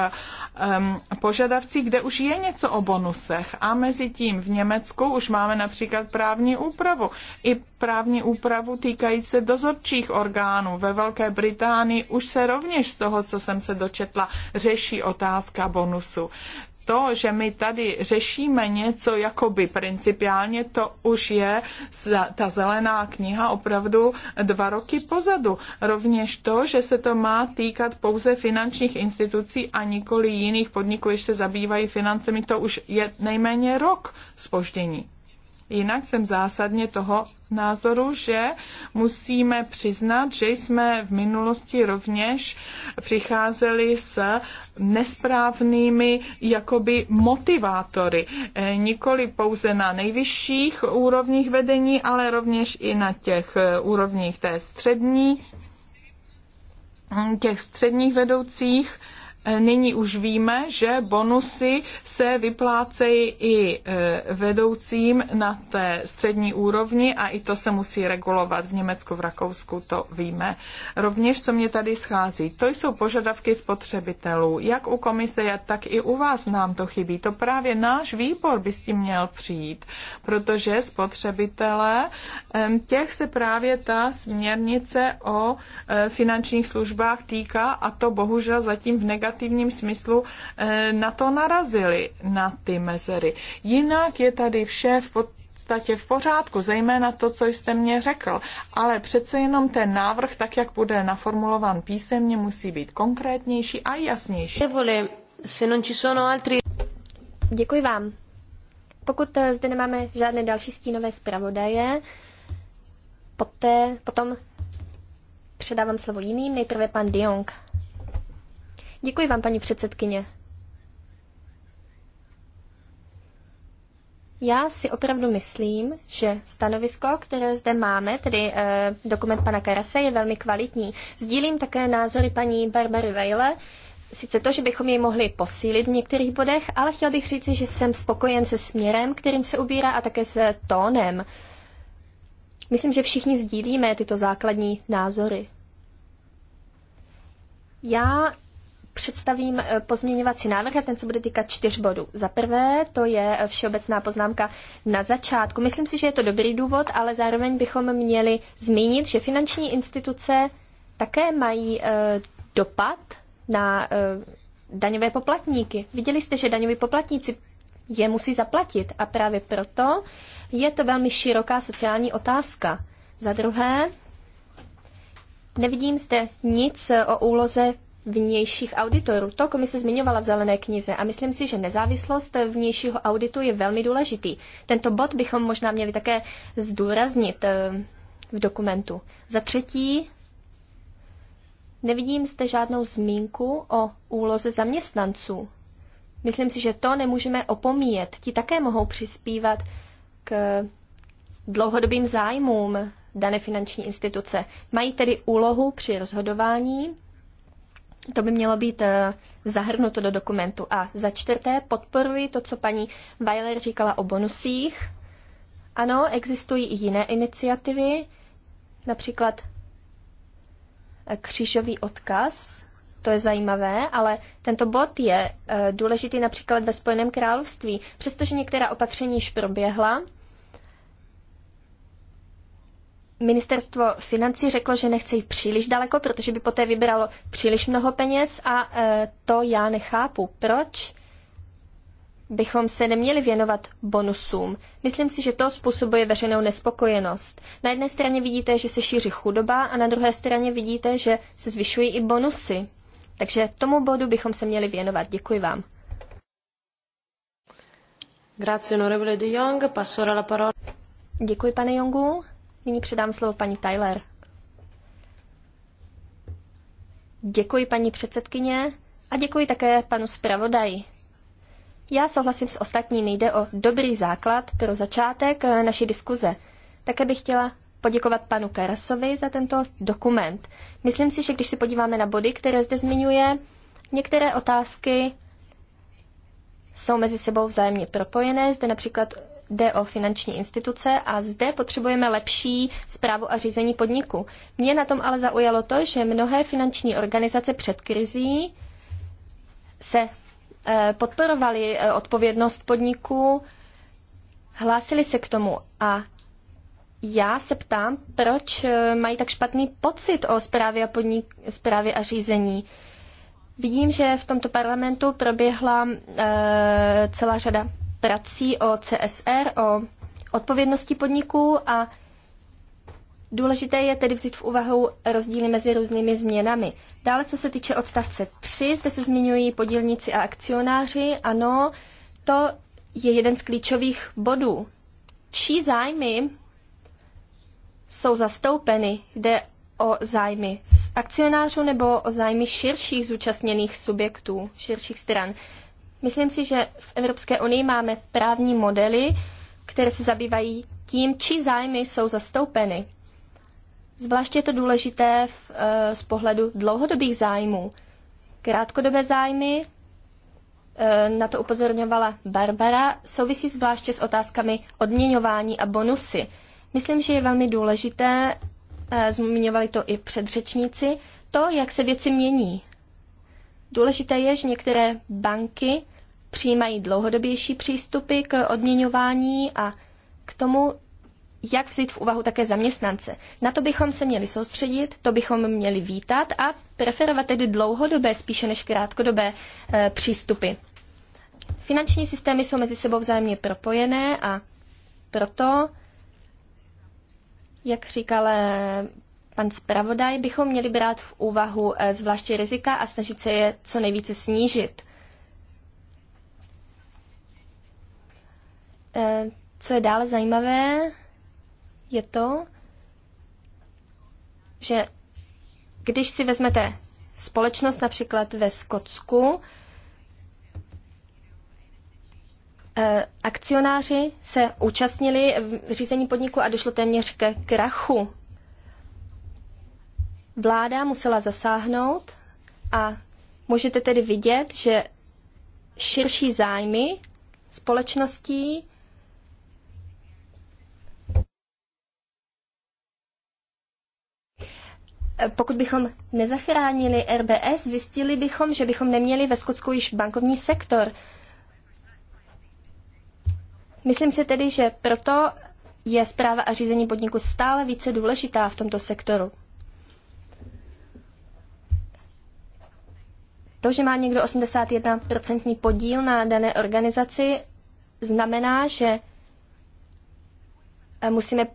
um, požadavcích, kde už je něco o bonusech. A mezi tím v Německu už máme například právní úpravu. I právní úpravu týkající se do dozorčích orgánů ve Velké Británii už se rovněž z toho, co jsem se dočetla, řeší otázka bonusu to, že my tady řešíme něco jakoby principiálně, to už je ta zelená kniha opravdu dva roky pozadu. Rovněž to, že se to má týkat pouze finančních institucí a nikoli jiných podniků, jež se zabývají financemi, to už je nejméně rok spoždění. Jinak jsem zásadně toho názoru, že musíme přiznat, že jsme v minulosti rovněž přicházeli s nesprávnými jakoby motivátory. E, nikoli pouze na nejvyšších úrovních vedení, ale rovněž i na těch e, úrovních té střední, těch středních vedoucích Nyní už víme, že bonusy se vyplácejí i e, vedoucím na té střední úrovni a i to se musí regulovat v Německu, v Rakousku, to víme. Rovněž, co mě tady schází, to jsou požadavky spotřebitelů. Jak u komise, tak i u vás nám to chybí. To právě náš výbor by s tím měl přijít, protože spotřebitelé, e, těch se právě ta směrnice o e, finančních službách týká a to bohužel zatím v negativní negativním smyslu eh, na to narazili, na ty mezery. Jinak je tady vše v podstatě v pořádku, zejména to, co jste mě řekl, ale přece jenom ten návrh, tak jak bude naformulovan písemně, musí být konkrétnější a jasnější. Děkuji vám. Pokud eh, zde nemáme žádné další stínové zpravodaje, poté, potom předávám slovo jiným, nejprve pan Diong. Děkuji vám, paní předsedkyně. Já si opravdu myslím, že stanovisko, které zde máme, tedy eh, dokument pana Karase, je velmi kvalitní. Sdílím také názory paní Barbary Weile, sice to, že bychom jej mohli posílit v některých bodech, ale chtěl bych říct, že jsem spokojen se směrem, kterým se ubírá a také se tónem. Myslím, že všichni sdílíme tyto základní názory. Já představím eh, pozměňovací návrh a ten se bude týkat čtyř bodů. Za prvé, to je eh, všeobecná poznámka na začátku. Myslím si, že je to dobrý důvod, ale zároveň bychom měli zmínit, že finanční instituce také mají eh, dopad na daňové poplatníky. Viděli jste, že daňoví poplatníci je musí zaplatit a právě proto je to velmi široká sociální otázka. Za druhé, nevidím zde nic o úloze vnějších auditorů. To komise zmiňovala v zelené knize a myslím si, že nezávislost vnějšího auditu je velmi důležitý. Tento bod bychom možná měli také zdůraznit eh, v dokumentu. Za třetí, nevidím zde žádnou zmínku o úloze zaměstnanců. Myslím si, že to nemůžeme opomíjet. Ti také mohou přispívat k dlouhodobým zájmům dané finanční instituce. Mají tedy úlohu při rozhodování to by mělo být eh, zahrnuto do dokumentu. A za čtvrté podporuji to, co paní Weiler říkala o bonusích. Ano, existují i jiné iniciativy, například eh, křížový odkaz, to je zajímavé, ale tento bod je eh, důležitý například ve Spojeném království. Přestože některá opatření již proběhla, Ministerstvo financí řeklo, že nechce jít příliš daleko, protože by poté vybralo příliš mnoho peněz a e, to já nechápu. Proč bychom se neměli věnovat bonusům? Myslím si, že to způsobuje veřejnou nespokojenost. Na jedné straně vidíte, že se šíří chudoba a na druhé straně vidíte, že se zvyšují i bonusy. Takže tomu bodu bychom se měli věnovat. Děkuji vám. Grazie, onorevole De Jong. Passo la parola. Děkuji, pane Jongu. Nyní předám slovo paní Tyler. Děkuji paní předsedkyně a děkuji také panu zpravodaji. Já souhlasím s ostatními, jde o dobrý základ pro začátek eh, naší diskuze. Také bych chtěla poděkovat panu Karasovi za tento dokument. Myslím si, že když se podíváme na body, které zde zmiňuje, některé otázky jsou mezi sebou vzájemně propojené. Zde například jde o finanční instituce a zde potřebujeme lepší zprávu a řízení podniku. Mě na tom ale zaujalo to, že mnohé finanční organizace před krizí se eh, podporovaly eh, odpovědnost podniku, hlásili se k tomu a já se ptám, proč eh, mají tak špatný pocit o zprávě a, podnik, zprávě a řízení. Vidím, že v tomto parlamentu proběhla e, celá řada prací o CSR, o odpovědnosti podniků a důležité je tedy vzít v úvahu rozdíly mezi různými změnami. Dále, co se týče odstavce 3, zde se zmiňují podílníci a akcionáři. Ano, to je jeden z klíčových bodů. Čí zájmy jsou zastoupeny? Jde o zájmy z akcionářů nebo o zájmy širších zúčastněných subjektů, širších stran. Myslím si, že v Evropské unii máme právní modely, které se zabývají tím, či zájmy jsou zastoupeny. Zvláště je to důležité v, eh, z pohledu dlouhodobých zájmů. Krátkodobé zájmy, eh, na to upozorňovala Barbara, souvisí zvláště s otázkami odměňování a bonusy. Myslím, že je velmi důležité, eh, zmiňovali to i předřečníci, to, jak se věci mění. Důležité je, že některé banky přijímají dlouhodobější přístupy k odměňování a k tomu, jak vzít v úvahu také zaměstnance. Na to bychom se měli soustředit, to bychom měli vítat a preferovat tedy dlouhodobé spíše než krátkodobé e, přístupy. Finanční systémy jsou mezi sebou vzájemně propojené a proto, jak říkal pan zpravodaj, bychom měli brát v úvahu eh, zvláště rizika a snažit se je co nejvíce snížit. Eh, co je dále zajímavé, je to, že když si vezmete společnost například ve Skotsku, eh, akcionáři se účastnili v řízení podniku a došlo téměř ke krachu Vláda musela zasáhnout a můžete tedy vidět, že širší zájmy společností Pokud bychom nezachránili RBS, zjistili bychom, že bychom neměli ve Skotsku již bankovní sektor. Myslím si tedy, že proto je zpráva a řízení podniku stále více důležitá v tomto sektoru. To, že má někdo 81% podíl na dané organizaci, znamená, že eh, musíme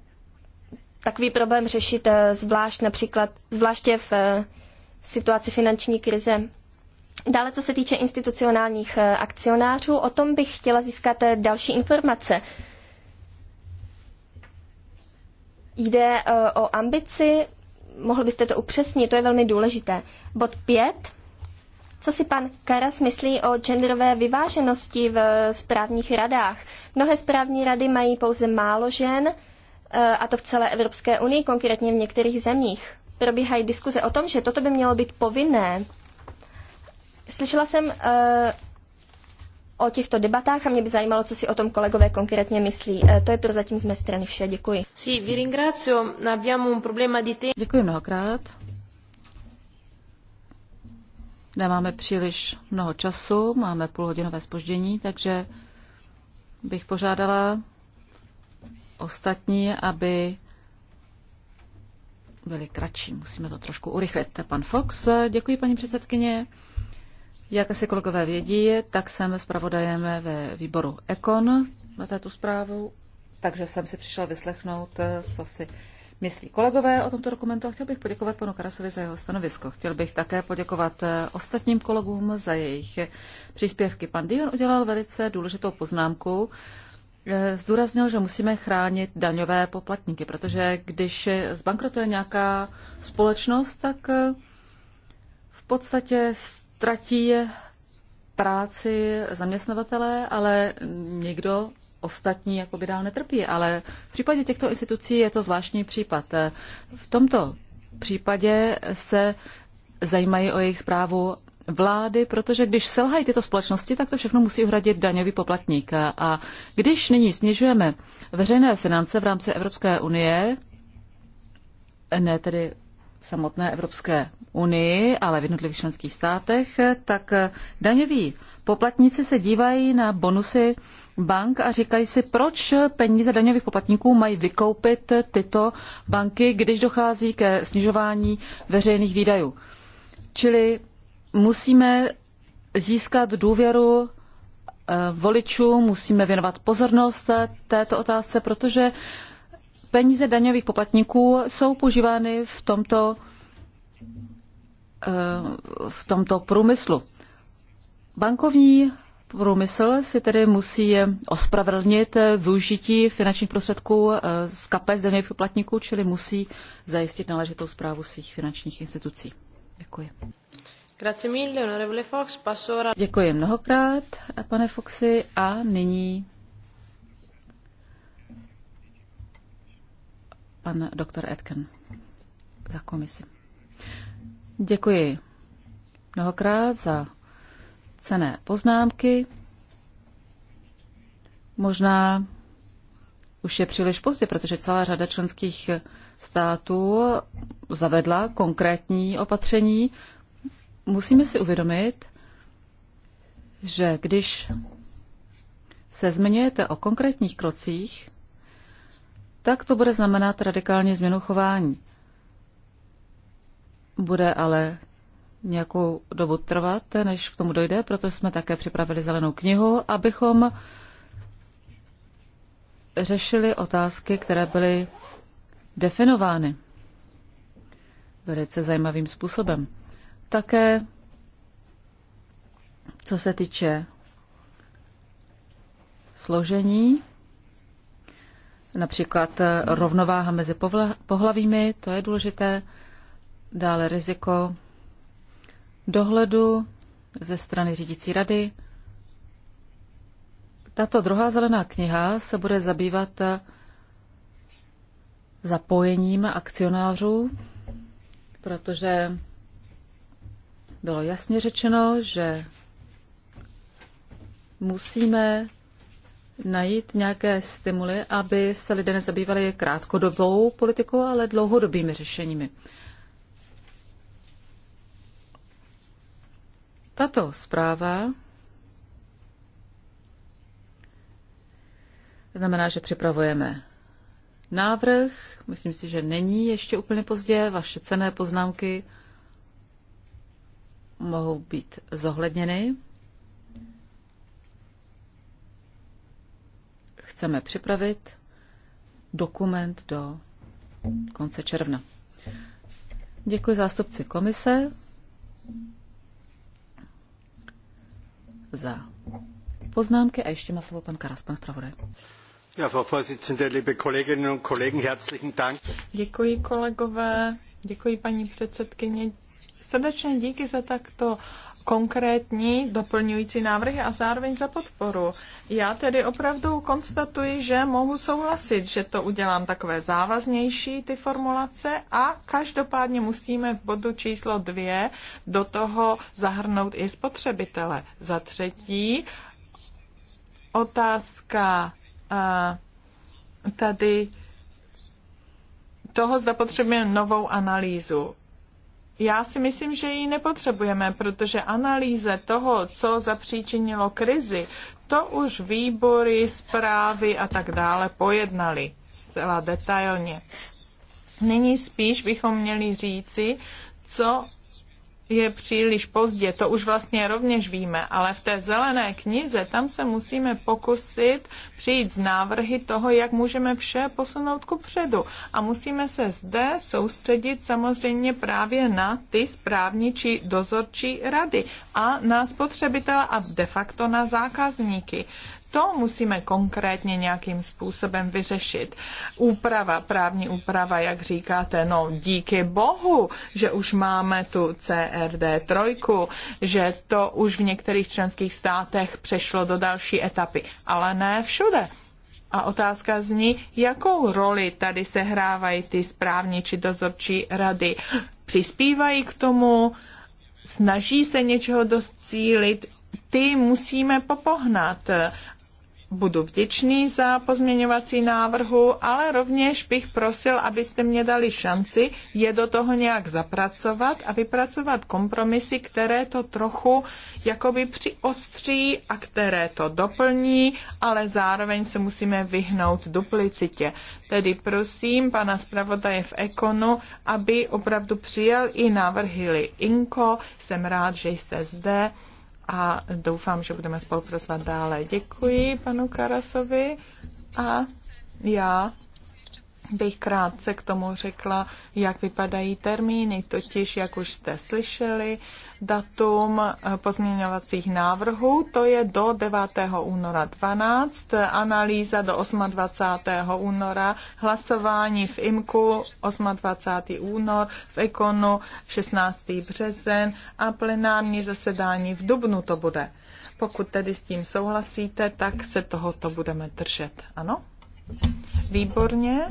takový problém řešit eh, zvlášť například, zvláště v eh, situaci finanční krize. Dále, co se týče institucionálních akcionářů, o tom bych chtěla získat další informace. Jde o ambici, mohl byste to upřesnit, to je velmi důležité. Bod 5 co si pan Karas myslí o genderové vyváženosti v správních radách? Mnohé správní rady mají pouze málo žen, eh, a to v celé Evropské unii, konkrétně v některých zemích. Probíhají diskuze o tom, že toto by mělo být povinné. Slyšela jsem eh, o těchto debatách a mě by zajímalo, co si o tom kolegové konkrétně myslí. Eh, to je prozatím z mé strany vše. Děkuji. Děkuji mnohokrát. Nemáme příliš mnoho času, máme půlhodinové spoždění, takže bych požádala ostatní, aby byli kratší. Musíme to trošku urychlit. Pan Fox, děkuji paní předsedkyně. Jak asi kolegové vědí, tak jsem zpravodajem ve výboru Ekon na této zprávu, takže jsem si přišla vyslechnout, co si myslí kolegové o tomto dokumentu a chtěl bych poděkovat panu Karasovi za jeho stanovisko. Chtěl bych také poděkovat eh, ostatním kolegům za jejich příspěvky. Pan Dion udělal velice důležitou poznámku, eh, Zdůraznil, že musíme chránit daňové poplatníky, protože když zbankrotuje nějaká společnost, tak eh, v podstatě ztratí práci zaměstnavatele, ale nikdo ostatní jakoby dál netrpí, ale v případě těchto institucí je to zvláštní případ. V tomto případě se zajímají o jejich zprávu vlády, protože když selhají tyto společnosti, tak to všechno musí uhradit daňový poplatník. A když nyní snižujeme veřejné finance v rámci Evropské unie, ne tedy samotné Evropské unii, ale v jednotlivých členských státech, tak daňoví poplatníci se dívají na bonusy bank a říkají si, proč peníze daňových poplatníků mají vykoupit tyto banky, když dochází ke snižování veřejných výdajů. Čili musíme získat důvěru eh, voličů, musíme věnovat pozornost této otázce, protože peníze daňových poplatníků jsou používány v tomto, eh, v tomto průmyslu. Bankovní průmysl si tedy musí ospravedlnit využití finančních prostředků eh, z kapes daňových poplatníků, čili musí zajistit náležitou zprávu svých finančních institucí. Děkuji. Děkuji mnohokrát, pane Foxy, a nyní pan doktor Etken za komisi. Děkuji mnohokrát za cené poznámky. Možná už je příliš pozdě, protože celá řada členských států zavedla konkrétní opatření. Musíme si uvědomit, že když se zmiňujete o konkrétních krocích, tak to bude znamenat radikální změnu chování. Bude ale nějakou dobu trvat, než k tomu dojde, proto jsme také připravili zelenou knihu, abychom řešili otázky, které byly definovány velice zajímavým způsobem. Také, co se týče složení například eh, rovnováha mezi pohlavími, to je důležité, dále riziko dohledu ze strany řídící rady. Tato druhá zelená kniha se bude zabývat eh, zapojením akcionářů, protože bylo jasně řečeno, že musíme najít nějaké stimuly, aby se lidé nezabývali krátkodobou politikou, ale dlouhodobými řešeními. Tato zpráva znamená, že připravujeme návrh. Myslím si, že není ještě úplně pozdě. Vaše cené poznámky mohou být zohledněny. chceme připravit dokument do konce června. Děkuji zástupci komise za poznámky a ještě má slovo pan Karas, pan zpravodaj. Děkuji kolegové, děkuji paní předsedkyně, Srdečně díky za takto konkrétní doplňující návrhy a zároveň za podporu. Já tedy opravdu konstatuji, že mohu souhlasit, že to udělám takové závaznější ty formulace a každopádně musíme v bodu číslo dvě do toho zahrnout i spotřebitele. Za třetí otázka tady toho, zda potřebujeme novou analýzu. Já si myslím, že ji nepotřebujeme, protože analýze toho, co zapříčinilo krizi, to už výbory, zprávy a tak dále pojednali zcela detailně. Nyní spíš bychom měli říci, co je příliš pozdě, to už vlastně rovněž víme, ale v té zelené knize tam se musíme pokusit přijít z návrhy toho, jak můžeme vše posunout ku předu. A musíme se zde soustředit samozřejmě právě na ty správní či dozorčí rady a na spotřebitele a de facto na zákazníky. To musíme konkrétně nějakým způsobem vyřešit. Úprava, právní úprava, jak říkáte, no díky bohu, že už máme tu CRD trojku, že to už v některých členských státech přešlo do další etapy, ale ne všude. A otázka zní, jakou roli tady se hrávají ty správní či dozorčí rady. Přispívají k tomu, snaží se něčeho docílit, ty musíme popohnat budu vděčný za pozměňovací návrhu, ale rovněž bych prosil, abyste mě dali šanci je do toho nějak zapracovat a vypracovat kompromisy, které to trochu jakoby přiostří a které to doplní, ale zároveň se musíme vyhnout duplicitě. Tedy prosím pana zpravodaje v Ekonu, aby opravdu přijel i návrhy Inko. Jsem rád, že jste zde a doufám, že budeme spolupracovat dále. Děkuji panu Karasovi a já bych krátce k tomu řekla, jak vypadají termíny, totiž, jak už jste slyšeli, datum eh, pozměňovacích návrhů, to je do 9. února 12, analýza do 28. února, hlasování v IMKU 28. únor, v EKONu 16. březen a plenární zasedání v Dubnu to bude. Pokud tedy s tím souhlasíte, tak se tohoto budeme držet. Ano? Výborně.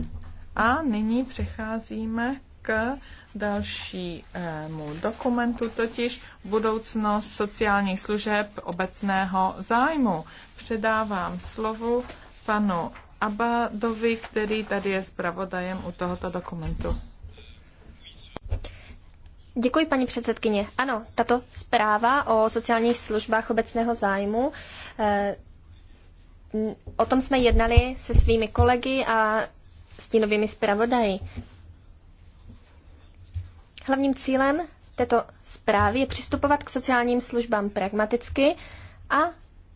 A nyní přecházíme k dalšímu dokumentu, totiž budoucnost sociálních služeb obecného zájmu. Předávám slovu panu Abadovi, který tady je zpravodajem u tohoto dokumentu. Děkuji, paní předsedkyně. Ano, tato zpráva o sociálních službách obecného zájmu, eh, o tom jsme jednali se svými kolegy a stínovými zpravodaji. Hlavním cílem této zprávy je přistupovat k sociálním službám pragmaticky a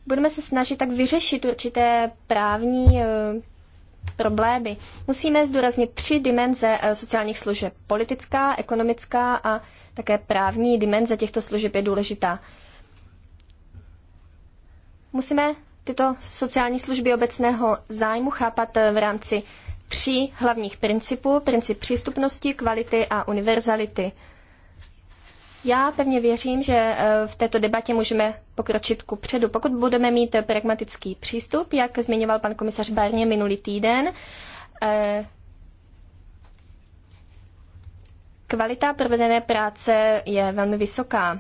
budeme se snažit tak vyřešit určité právní eh, problémy. Musíme zdůraznit tři dimenze eh, sociálních služeb. Politická, ekonomická a také právní dimenze těchto služeb je důležitá. Musíme tyto sociální služby obecného zájmu chápat eh, v rámci tří hlavních principů. Princip přístupnosti, kvality a univerzality. Já pevně věřím, že eh, v této debatě můžeme pokročit ku předu. Pokud budeme mít pragmatický přístup, jak zmiňoval pan komisař Barně minulý týden, eh, kvalita provedené práce je velmi vysoká.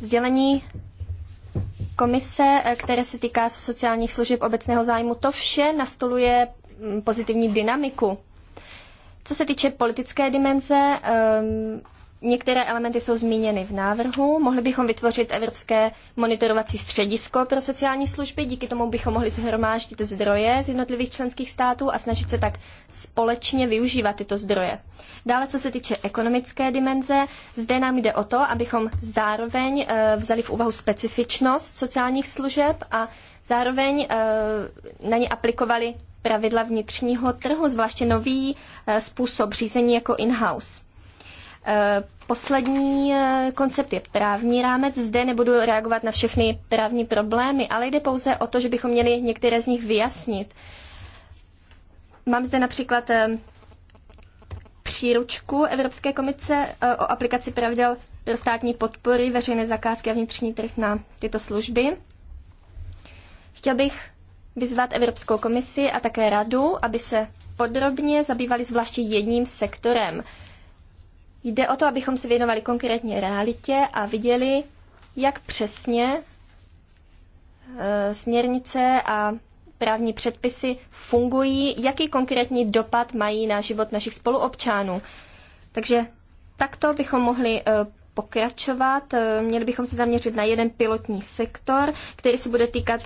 Sdělení komise, eh, které se týká sociálních služeb obecného zájmu, to vše nastoluje mm, pozitivní dynamiku. Co se týče politické dimenze, ehm, Některé elementy jsou zmíněny v návrhu. Mohli bychom vytvořit evropské monitorovací středisko pro sociální služby. Díky tomu bychom mohli shromáždit zdroje z jednotlivých členských států a snažit se tak společně využívat tyto zdroje. Dále, co se týče ekonomické dimenze, zde nám jde o to, abychom zároveň eh, vzali v úvahu specifičnost sociálních služeb a zároveň eh, na ně aplikovali pravidla vnitřního trhu, zvláště nový eh, způsob řízení jako in-house. Poslední eh, koncept je právní rámec. Zde nebudu reagovat na všechny právní problémy, ale jde pouze o to, že bychom měli některé z nich vyjasnit. Mám zde například eh, příručku Evropské komise eh, o aplikaci pravidel pro státní podpory, veřejné zakázky a vnitřní trh na tyto služby. Chtěl bych vyzvat Evropskou komisi a také radu, aby se podrobně zabývali zvláště jedním sektorem – Jde o to, abychom se věnovali konkrétně realitě a viděli, jak přesně e, směrnice a právní předpisy fungují, jaký konkrétní dopad mají na život našich spoluobčanů. Takže takto bychom mohli e, pokračovat. E, měli bychom se zaměřit na jeden pilotní sektor, který se bude týkat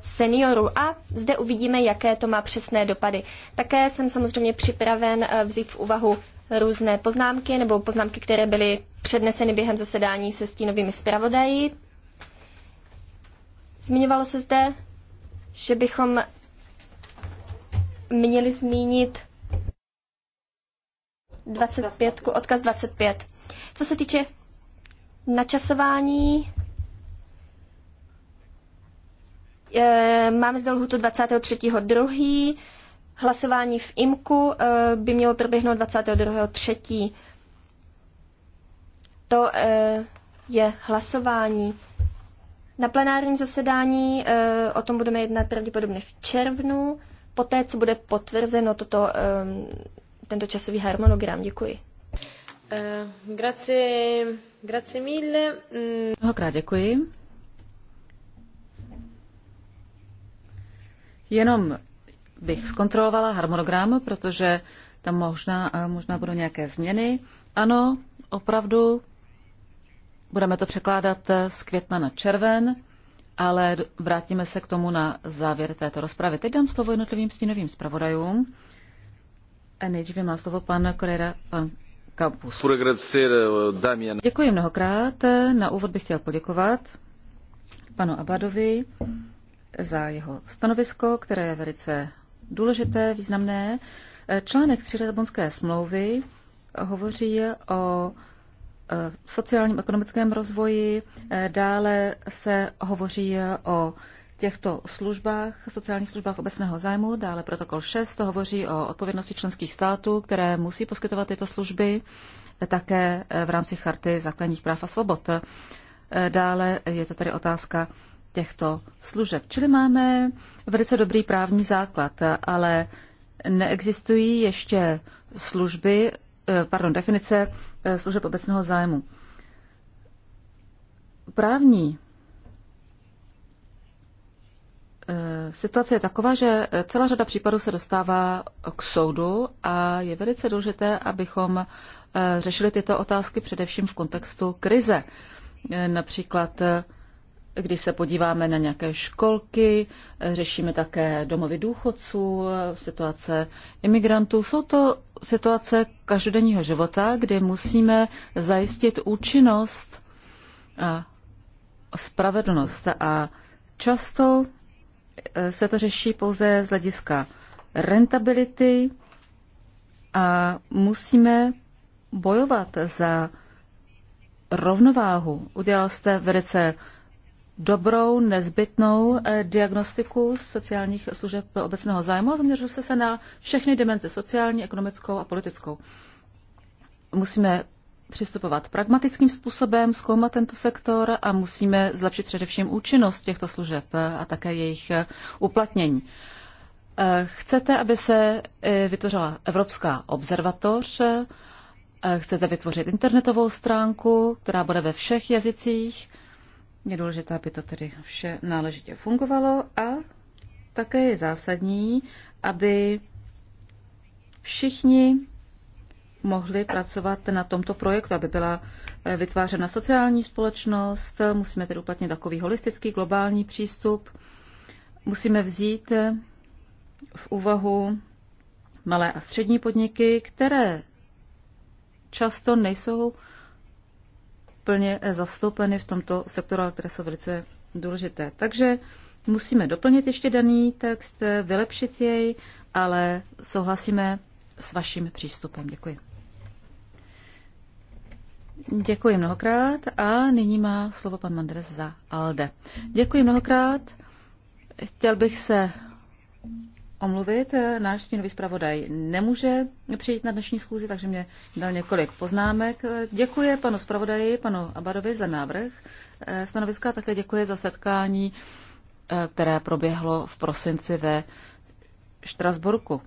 seniorů a zde uvidíme, jaké to má přesné dopady. Také jsem samozřejmě připraven vzít v úvahu různé poznámky nebo poznámky, které byly předneseny během zasedání se stínovými zpravodaji. Zmiňovalo se zde, že bychom měli zmínit 25, odkaz 25. Co se týče načasování, eh, máme zde lhutu 23.2. Hlasování v IMKU eh, by mělo proběhnout 22.3. To eh, je hlasování. Na plenárním zasedání eh, o tom budeme jednat pravděpodobně v červnu, poté, co bude potvrzeno toto, tento časový harmonogram. Děkuji. Uh, grazie, grazie mille. Mm. Mnohokrát děkuji. Jenom bych zkontrolovala harmonogram, protože tam možná, eh, možná budou nějaké změny. Ano, opravdu budeme to překládat eh, z května na červen, ale vrátíme se k tomu na závěr této rozpravy. Teď dám slovo jednotlivým stínovým zpravodajům. Nejdříve má slovo pan Korera, pan Kampus. Eh, Děkuji mnohokrát. Na úvod bych chtěl poděkovat panu Abadovi za jeho stanovisko, které je velice důležité, významné. Eh, článek 3 Lisabonské smlouvy hovoří o eh, sociálním ekonomickém rozvoji, eh, dále se hovoří o těchto službách, sociálních službách obecného zájmu, dále protokol 6 hovoří o odpovědnosti členských států, které musí poskytovat tyto služby také v rámci charty základních práv a svobod. Dále je to tedy otázka těchto služeb. Čili máme velice dobrý právní základ, ale neexistují ještě služby, eh, pardon, definice eh, služeb obecného zájmu. Právní eh, situace je taková, že celá řada případů se dostává k soudu a je velice důležité, abychom řešili tyto otázky především v kontextu krize. Například když se podíváme na nějaké školky, řešíme také domovy důchodců, situace imigrantů. Jsou to situace každodenního života, kde musíme zajistit účinnost a spravedlnost. A často eh, se to řeší pouze z hlediska rentability a musíme bojovat za rovnováhu. Udělal jste velice dobrou, nezbytnou eh, diagnostiku sociálních služeb obecného zájmu a zaměřil se, se na všechny dimenze sociální, ekonomickou a politickou. Musíme přistupovat pragmatickým způsobem, zkoumat tento sektor a musíme zlepšit především účinnost těchto služeb eh, a také jejich eh, uplatnění. Chcete, aby se vytvořila Evropská observatoř, chcete vytvořit internetovou stránku, která bude ve všech jazycích, je důležité, aby to tedy vše náležitě fungovalo a také je zásadní, aby všichni mohli pracovat na tomto projektu, aby byla eh, vytvářena sociální společnost. Musíme tedy uplatnit takový holistický globální přístup. Musíme vzít eh, v úvahu malé a střední podniky, které často nejsou plně zastoupeny v tomto sektoru, které jsou velice důležité. Takže musíme doplnit ještě daný text, vylepšit jej, ale souhlasíme s vaším přístupem. Děkuji. Děkuji mnohokrát a nyní má slovo pan Mandres za ALDE. Děkuji mnohokrát. Chtěl bych se omluvit. Eh, náš stínový zpravodaj nemůže přijít na dnešní schůzi, takže mě dal několik poznámek. Eh, děkuji panu zpravodaji, panu Abadovi za návrh eh, stanoviska. Také děkuji za setkání, které proběhlo v prosinci ve Štrasburku.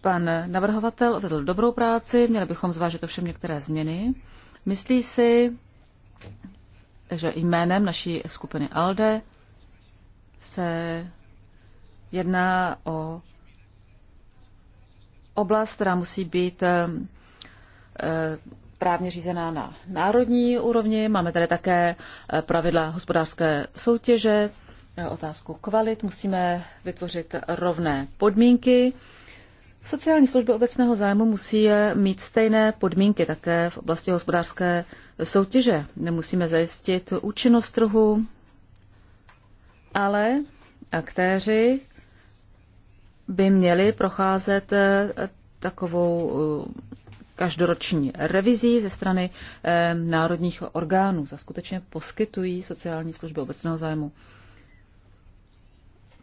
Pan navrhovatel vedl dobrou práci, měli bychom zvážit ovšem některé změny. Myslí si, že jménem naší skupiny ALDE se jedná o oblast, která musí být eh, eh, právně řízená na národní úrovni. Máme tady také eh, pravidla hospodářské soutěže, otázku kvalit. Musíme vytvořit rovné podmínky. Sociální služby obecného zájmu musí mít stejné podmínky také v oblasti hospodářské soutěže. Nemusíme zajistit účinnost trhu, ale aktéři, by měly procházet eh, takovou eh, každoroční revizí ze strany eh, národních orgánů. Za skutečně poskytují sociální služby obecného zájmu.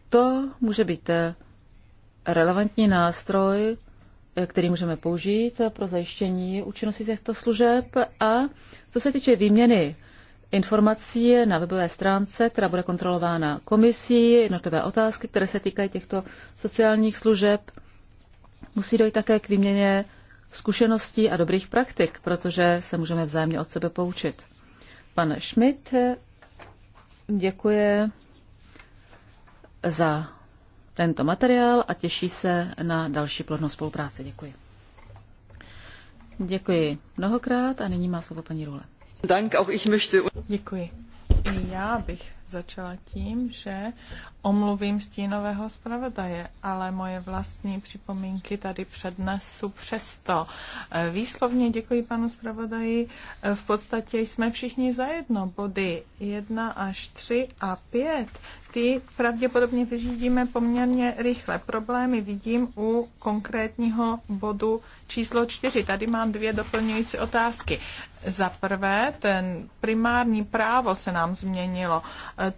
To může být relevantní nástroj, který můžeme použít pro zajištění účinnosti těchto služeb. A co se týče výměny informací na webové stránce, která bude kontrolována komisí, jednotlivé otázky, které se týkají těchto sociálních služeb. Musí dojít také k výměně zkušeností a dobrých praktik, protože se můžeme vzájemně od sebe poučit. Pan Schmidt děkuje za tento materiál a těší se na další plodnou spolupráci. Děkuji. Děkuji mnohokrát a nyní má slovo paní Rule. Děkuji. I já bych začala tím, že omluvím stínového zpravodaje, ale moje vlastní připomínky tady přednesu přesto. E, výslovně děkuji panu zpravodaji. E, v podstatě jsme všichni zajedno. Body 1 až 3 a 5 ty pravděpodobně vyřídíme poměrně rychle. Problémy vidím u konkrétního bodu číslo čtyři. Tady mám dvě doplňující otázky. Za prvé, ten primární právo se nám změnilo.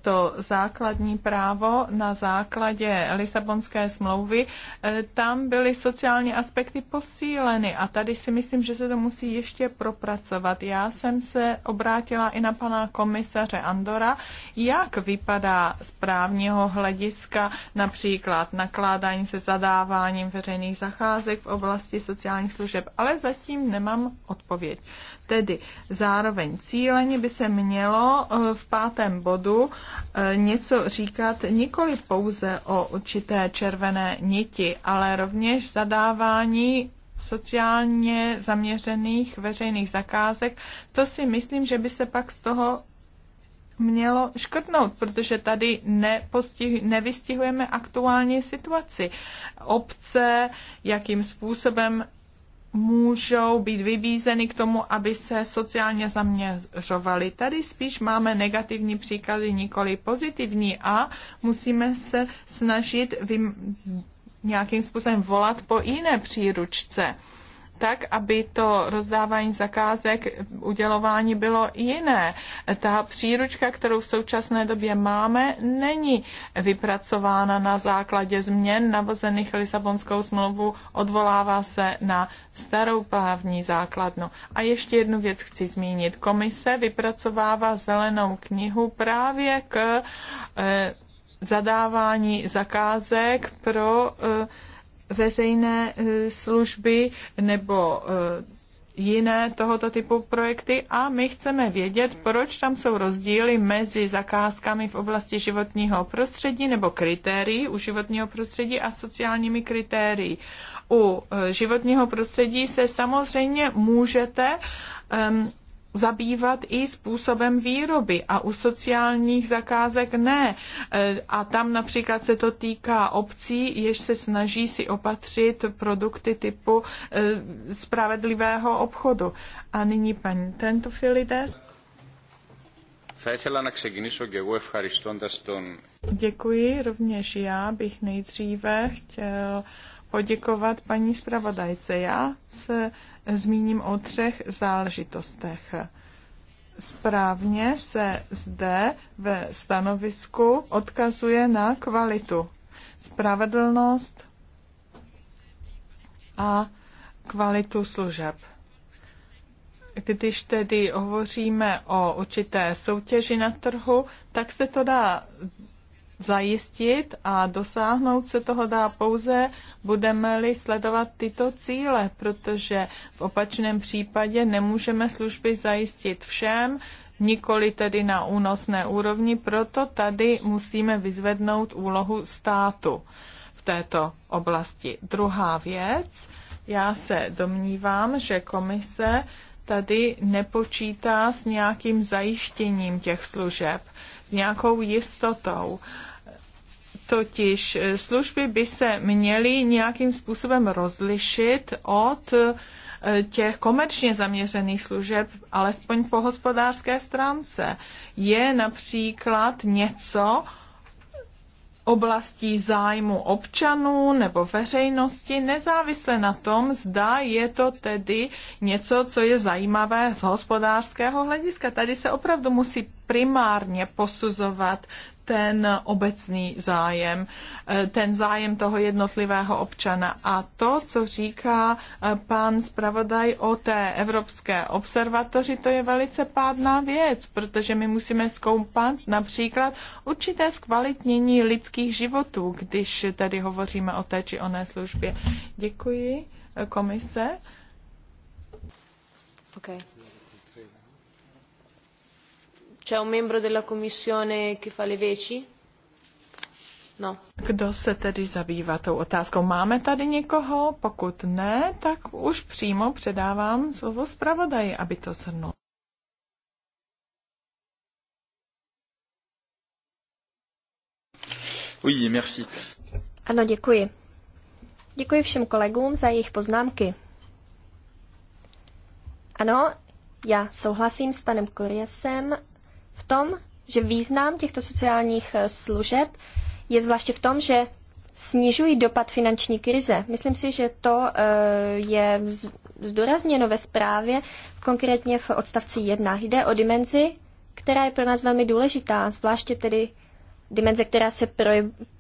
To základní právo na základě Lisabonské smlouvy, e, tam byly sociální aspekty posíleny a tady si myslím, že se to musí ještě propracovat. Já jsem se obrátila i na pana komisaře Andora, jak vypadá z právního hlediska například nakládání se zadáváním veřejných zacházek v oblasti sociálních služeb, ale zatím nemám odpověď. Tedy zároveň cíleně by se mělo eh, v pátém bodu eh, něco říkat nikoli pouze o určité červené niti, ale rovněž zadávání sociálně zaměřených veřejných zakázek. To si myslím, že by se pak z toho mělo škrtnout, protože tady nepostih, nevystihujeme aktuální situaci. Obce, jakým způsobem můžou být vybízeny k tomu, aby se sociálně zaměřovali. Tady spíš máme negativní příklady, nikoli pozitivní a musíme se snažit vy... nějakým způsobem volat po jiné příručce tak, aby to rozdávání zakázek, udělování bylo jiné. Ta příručka, kterou v současné době máme, není vypracována na základě změn navozených Lisabonskou smlouvu, odvolává se na starou právní základnu. A ještě jednu věc chci zmínit. Komise vypracovává zelenou knihu právě k eh, zadávání zakázek pro e, veřejné eh, služby nebo eh, jiné tohoto typu projekty a my chceme vědět, proč tam jsou rozdíly mezi zakázkami v oblasti životního prostředí nebo kritérií u životního prostředí a sociálními kritérií. U eh, životního prostředí se samozřejmě můžete um, zabývat i způsobem výroby a u sociálních zakázek ne. E, a tam například se to týká obcí, jež se snaží si opatřit produkty typu e, spravedlivého obchodu. A nyní paní Tentofilides. Děkuji, rovněž já bych nejdříve chtěl poděkovat paní zpravodajce. Já se zmíním o třech záležitostech. Správně se zde ve stanovisku odkazuje na kvalitu, spravedlnost a kvalitu služeb. Když tedy hovoříme o určité soutěži na trhu, tak se to dá zajistit a dosáhnout se toho dá pouze, budeme-li sledovat tyto cíle, protože v opačném případě nemůžeme služby zajistit všem, nikoli tedy na únosné úrovni, proto tady musíme vyzvednout úlohu státu v této oblasti. Druhá věc, já se domnívám, že komise tady nepočítá s nějakým zajištěním těch služeb, s nějakou jistotou. Uh, Totiž eh, služby by se měly nějakým způsobem rozlišit od eh, těch komerčně zaměřených služeb, alespoň po hospodářské stránce. Je například něco, oblastí zájmu občanů nebo veřejnosti, nezávisle na tom, zda je to tedy něco, co je zajímavé z hospodářského hlediska. Tady se opravdu musí primárně posuzovat ten obecný zájem, eh, ten zájem toho jednotlivého občana. A to, co říká eh, pan zpravodaj o té Evropské observatoři, to je velice pádná věc, protože my musíme zkoumat například určité zkvalitnění lidských životů, když tedy hovoříme o té či oné službě. Děkuji eh, komise. Okay. C'è un membro della commissione che fa le veci? No. Kdo se tedy zabývá tou otázkou? Máme tady někoho? Pokud ne, tak už přímo předávám slovo zpravodaji, aby to zhrnul. Oui, merci. Ano, děkuji. Děkuji všem kolegům za jejich poznámky. Ano, já souhlasím s panem Koriasem v tom, že význam těchto sociálních eh, služeb je zvláště v tom, že snižují dopad finanční krize. Myslím si, že to eh, je zdůrazněno ve zprávě, konkrétně v odstavci 1. Jde o dimenzi, která je pro nás velmi důležitá, zvláště tedy dimenze, která se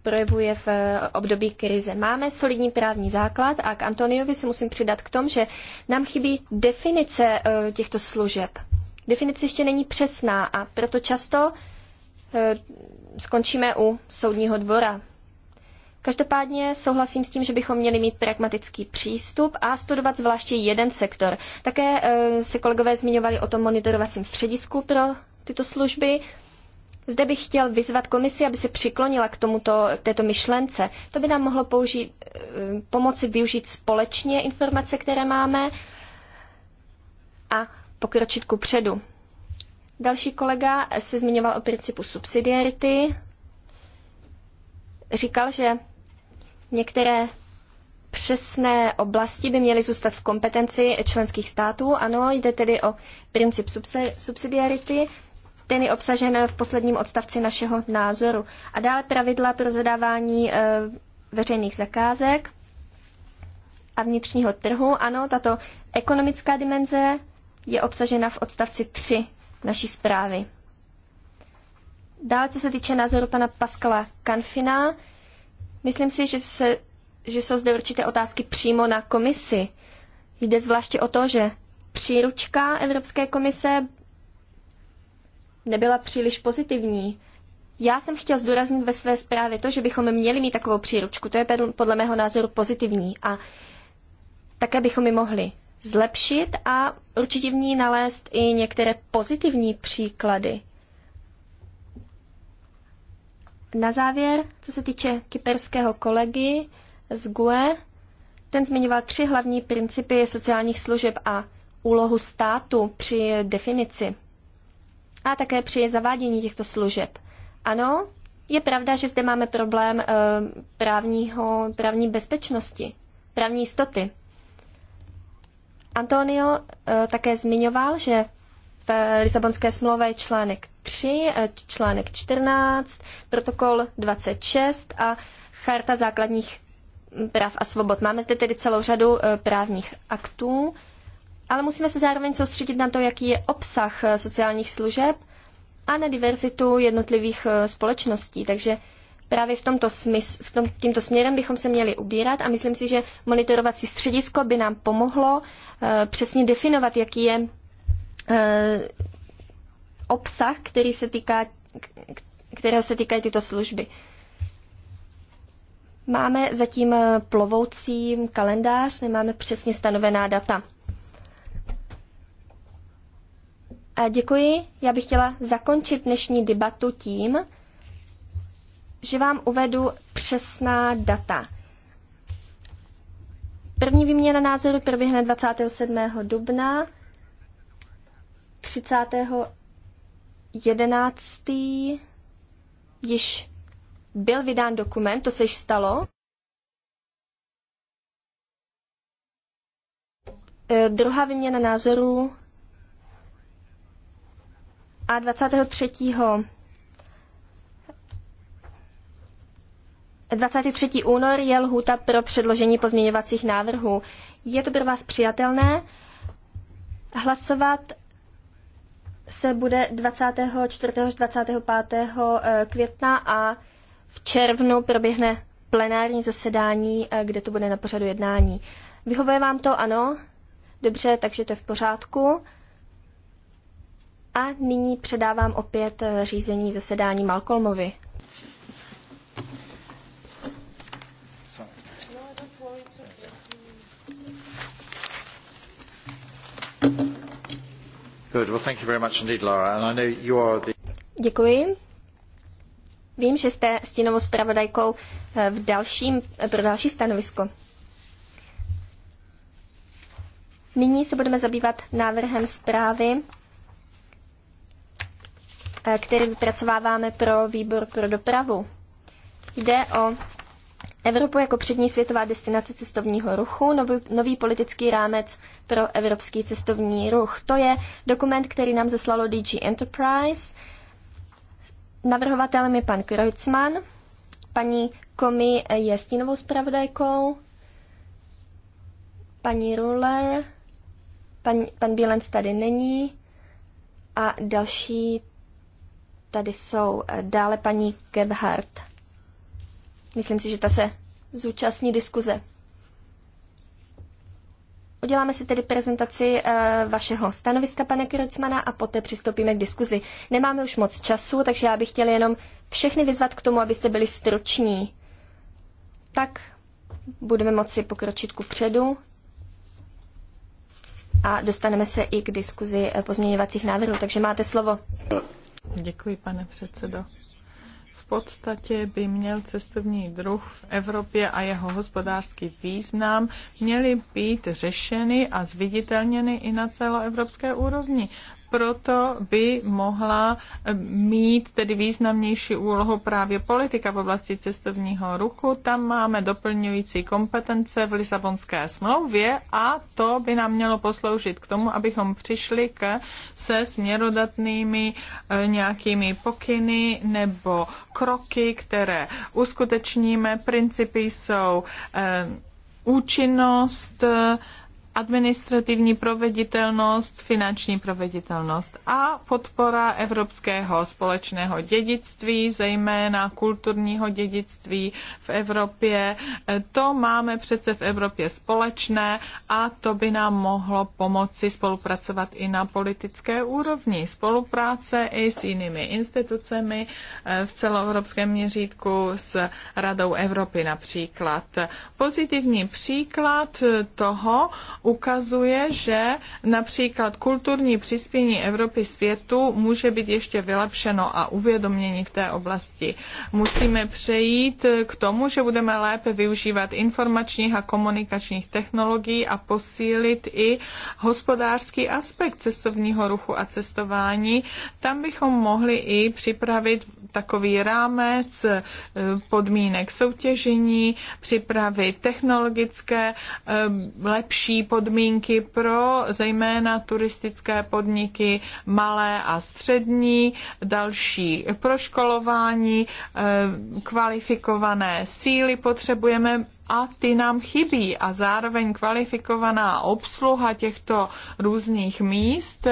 projevuje v eh, období krize. Máme solidní právní základ a k Antoniovi se musím přidat k tomu, že nám chybí definice těchto služeb definice ještě není přesná a proto často eh, skončíme u soudního dvora. Každopádně souhlasím s tím, že bychom měli mít pragmatický přístup a studovat zvláště jeden sektor. Také eh, se kolegové zmiňovali o tom monitorovacím středisku pro tyto služby. Zde bych chtěl vyzvat komisi, aby se přiklonila k tomuto, k této myšlence. To by nám mohlo použít, eh, pomoci využít společně informace, které máme a pokročit ku předu. Další kolega se zmiňoval o principu subsidiarity. Říkal, že některé přesné oblasti by měly zůstat v kompetenci členských států. Ano, jde tedy o princip subsidiarity. Ten je obsažen v posledním odstavci našeho názoru. A dále pravidla pro zadávání eh, veřejných zakázek a vnitřního trhu. Ano, tato ekonomická dimenze je obsažena v odstavci 3 naší zprávy. Dále, co se týče názoru pana Paskala Kanfina, myslím si, že, se, že jsou zde určité otázky přímo na komisi. Jde zvláště o to, že příručka Evropské komise nebyla příliš pozitivní. Já jsem chtěl zdůraznit ve své zprávě to, že bychom měli mít takovou příručku. To je podle mého názoru pozitivní a také bychom ji mohli zlepšit a určitě v ní nalézt i některé pozitivní příklady. Na závěr, co se týče kyperského kolegy z GUE, ten zmiňoval tři hlavní principy sociálních služeb a úlohu státu při definici a také při zavádění těchto služeb. Ano, je pravda, že zde máme problém e, právního, právní bezpečnosti, právní jistoty. Antonio eh, také zmiňoval, že v Lisabonské smlouvě je článek 3, eh, článek 14, protokol 26 a charta základních mm, práv a svobod. Máme zde tedy celou řadu eh, právních aktů, ale musíme se zároveň soustředit na to, jaký je obsah sociálních služeb a na diverzitu jednotlivých společností. Takže právě v tomto smys, v tom, tímto směrem bychom se měli ubírat a myslím si, že monitorovací středisko by nám pomohlo Eh, přesně definovat, jaký je eh, obsah, který se týká, kterého se týkají tyto služby. Máme zatím eh, plovoucí kalendář, nemáme přesně stanovená data. A děkuji. Já bych chtěla zakončit dnešní debatu tím, že vám uvedu přesná data. První výměna názoru proběhne 27. dubna, 30. 11. již byl vydán dokument, to se již stalo. E, druhá výměna názorů a 23. 23. únor je lhůta pro předložení pozměňovacích návrhů. Je to pro vás přijatelné? Hlasovat se bude 24. až 25. Eh, května a v červnu proběhne plenární zasedání, eh, kde to bude na pořadu jednání. Vyhovuje vám to? Ano? Dobře, takže to je v pořádku. A nyní předávám opět eh, řízení zasedání Malcolmovi. Děkuji. Vím, že jste stínovou zpravodajkou eh, v dalším, eh, pro další stanovisko. Nyní se budeme zabývat návrhem zprávy, eh, který vypracováváme pro výbor pro dopravu. Jde o Evropu jako přední světová destinace cestovního ruchu, nový, nový politický rámec pro evropský cestovní ruch. To je dokument, který nám zaslalo DG Enterprise. Navrhovatelem je pan Kreutzmann. Paní Komi je stínovou zpravodajkou. Paní Ruler. Pan, pan Bielenc tady není. A další tady jsou dále paní Gebhardt. Myslím si, že ta se zúčastní diskuze. Uděláme si tedy prezentaci eh, vašeho stanoviska, pane Kirocmana, a poté přistoupíme k diskuzi. Nemáme už moc času, takže já bych chtěl jenom všechny vyzvat k tomu, abyste byli struční. Tak budeme moci pokročit ku předu a dostaneme se i k diskuzi eh, pozměňovacích návrhů. Takže máte slovo. Děkuji, pane předsedo podstatě by měl cestovní druh v Evropě a jeho hospodářský význam měly být řešeny a zviditelněny i na celoevropské úrovni proto by mohla eh, mít tedy významnější úlohu právě politika v oblasti cestovního ruchu. Tam máme doplňující kompetence v Lisabonské smlouvě a to by nám mělo posloužit k tomu, abychom přišli k se směrodatnými eh, nějakými pokyny nebo kroky, které uskutečníme. Principy jsou eh, účinnost, administrativní proveditelnost, finanční proveditelnost a podpora evropského společného dědictví, zejména kulturního dědictví v Evropě. To máme přece v Evropě společné a to by nám mohlo pomoci spolupracovat i na politické úrovni. Spolupráce i s jinými institucemi eh, v celoevropském měřítku s Radou Evropy například. Pozitivní příklad toho, ukazuje, že například kulturní přispění Evropy světu může být ještě vylepšeno a uvědomění v té oblasti. Musíme přejít k tomu, že budeme lépe využívat informačních a komunikačních technologií a posílit i hospodářský aspekt cestovního ruchu a cestování. Tam bychom mohli i připravit takový rámec eh, podmínek soutěžení, připravit technologické eh, lepší podmínky pro zejména turistické podniky malé a střední, další proškolování, eh, kvalifikované síly potřebujeme a ty nám chybí a zároveň kvalifikovaná obsluha těchto různých míst,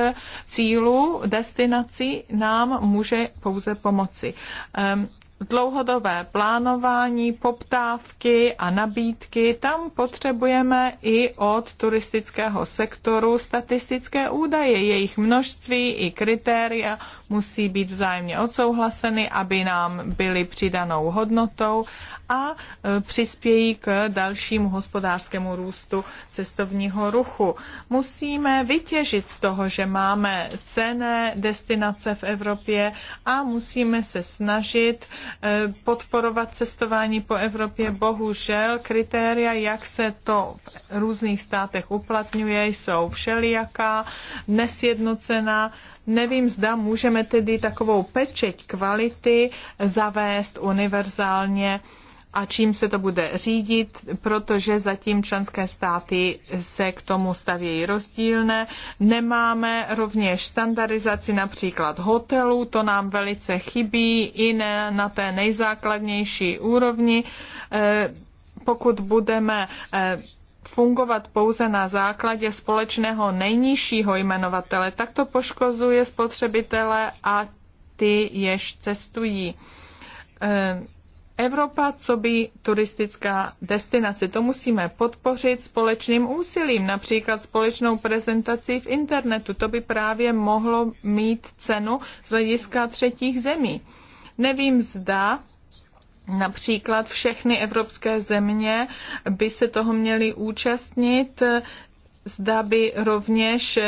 cílů, destinací nám může pouze pomoci. Ehm, dlouhodobé plánování, poptávky a nabídky, tam potřebujeme i od turistického sektoru statistické údaje. Jejich množství i kritéria musí být vzájemně odsouhlaseny, aby nám byly přidanou hodnotou a e, přispějí k dalšímu hospodářskému růstu cestovního ruchu. Musíme vytěžit z toho, že máme cené destinace v Evropě a musíme se snažit e, podporovat cestování po Evropě. Bohužel kritéria, jak se to v různých státech uplatňuje, jsou všelijaká, nesjednocená. Nevím, zda můžeme tedy takovou pečeť kvality zavést univerzálně a čím se to bude řídit, protože zatím členské státy se k tomu stavějí rozdílné. Nemáme rovněž standardizaci například hotelů, to nám velice chybí i ne na té nejzákladnější úrovni. E, pokud budeme e, fungovat pouze na základě společného nejnižšího jmenovatele, tak to poškozuje spotřebitele a ty, jež cestují e, Evropa co by turistická destinace. To musíme podpořit společným úsilím, například společnou prezentací v internetu. To by právě mohlo mít cenu z hlediska třetích zemí. Nevím, zda například všechny evropské země by se toho měly účastnit, zda by rovněž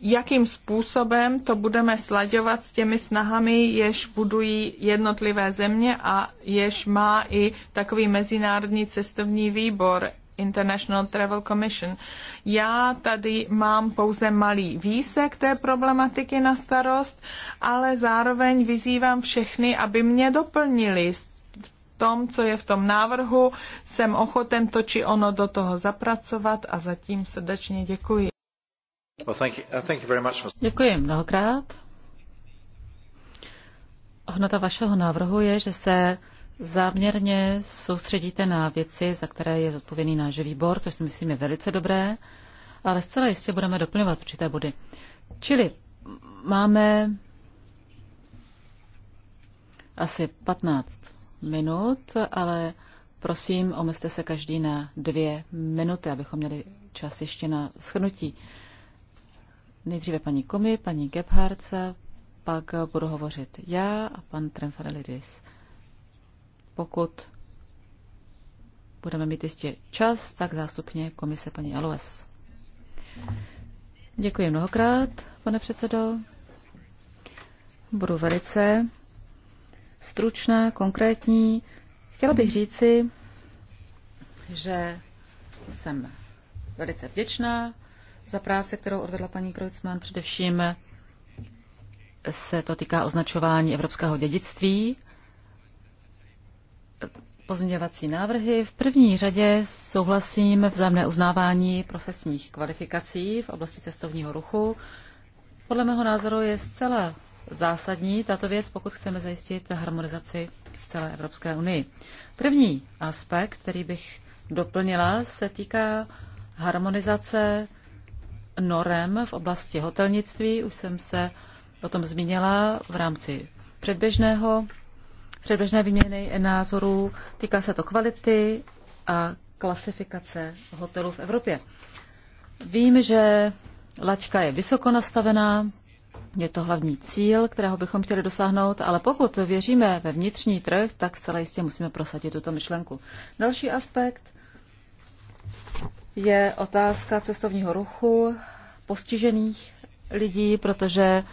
jakým způsobem to budeme slaďovat s těmi snahami, jež budují jednotlivé země a jež má i takový mezinárodní cestovní výbor International Travel Commission. Já tady mám pouze malý výsek té problematiky na starost, ale zároveň vyzývám všechny, aby mě doplnili v tom, co je v tom návrhu. Jsem ochoten to či ono do toho zapracovat a zatím srdečně děkuji. Uh, Děkuji mnohokrát. Hodnota vašeho návrhu je, že se záměrně soustředíte na věci, za které je zodpovědný náš výbor, což si myslím je velice dobré, ale zcela jistě budeme doplňovat určité body. Čili máme asi 15 minut, ale prosím, omezte se každý na dvě minuty, abychom měli čas ještě na shrnutí. Nejdříve paní Komi, paní Gebhardt, pak budu hovořit já a pan Trenfarelidis. Pokud budeme mít ještě čas, tak zástupně komise paní Alves. Děkuji mnohokrát, pane předsedo. Budu velice stručná, konkrétní. Chtěla bych říci, že jsem velice vděčná za práci, kterou odvedla paní Kreutzmann. Především se to týká označování evropského dědictví. Pozměňovací návrhy. V první řadě souhlasím vzájemné uznávání profesních kvalifikací v oblasti cestovního ruchu. Podle mého názoru je zcela zásadní tato věc, pokud chceme zajistit harmonizaci v celé Evropské unii. První aspekt, který bych doplnila, se týká harmonizace norem v oblasti hotelnictví. Už jsem se o tom zmínila v rámci předběžného, předběžné výměny názorů. Týká se to kvality a klasifikace hotelů v Evropě. Vím, že laťka je vysoko nastavená, je to hlavní cíl, kterého bychom chtěli dosáhnout, ale pokud věříme ve vnitřní trh, tak zcela jistě musíme prosadit tuto myšlenku. Další aspekt je otázka cestovního ruchu postižených lidí, protože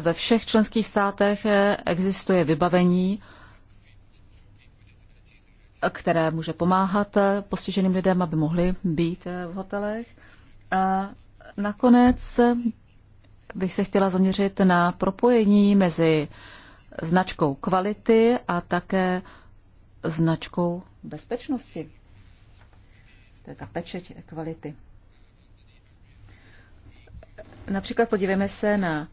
ve všech členských státech existuje vybavení, které může pomáhat postiženým lidem, aby mohli být v hotelech. A nakonec bych se chtěla zaměřit na propojení mezi značkou kvality a také značkou bezpečnosti. To je ta pečeť kvality. Například podívejme se na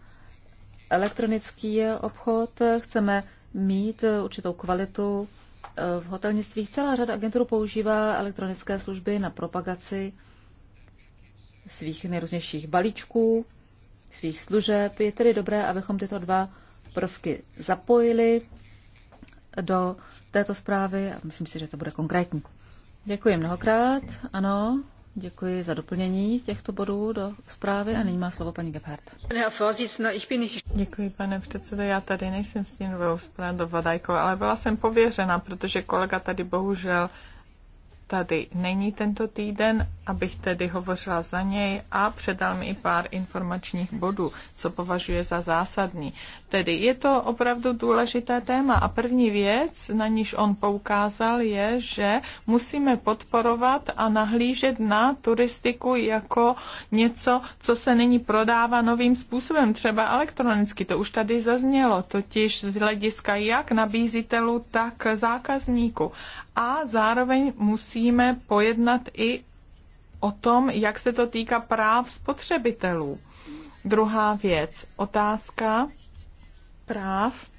elektronický obchod. Chceme mít určitou kvalitu eh, v hotelnictví. Celá řada agentů používá elektronické služby na propagaci svých nejrůznějších balíčků, svých služeb. Je tedy dobré, abychom tyto dva prvky zapojili do této zprávy myslím si, že to bude konkrétní. Děkuji mnohokrát. Ano, děkuji za doplnění těchto bodů do zprávy a nyní má slovo paní Gebhardt. No, děkuji, pane předsedo. Já tady nejsem s tím do zprávou ale byla jsem pověřena, protože kolega tady bohužel tady není tento týden, abych tedy hovořila za něj a předal mi i pár informačních bodů, co považuje za zásadní. Tedy je to opravdu důležité téma a první věc, na níž on poukázal, je, že musíme podporovat a nahlížet na turistiku jako něco, co se nyní prodává novým způsobem, třeba elektronicky. To už tady zaznělo, totiž z hlediska jak nabízitelů, tak zákazníků a zároveň musíme pojednat i o tom, jak se to týká práv spotřebitelů. Druhá věc, otázka práv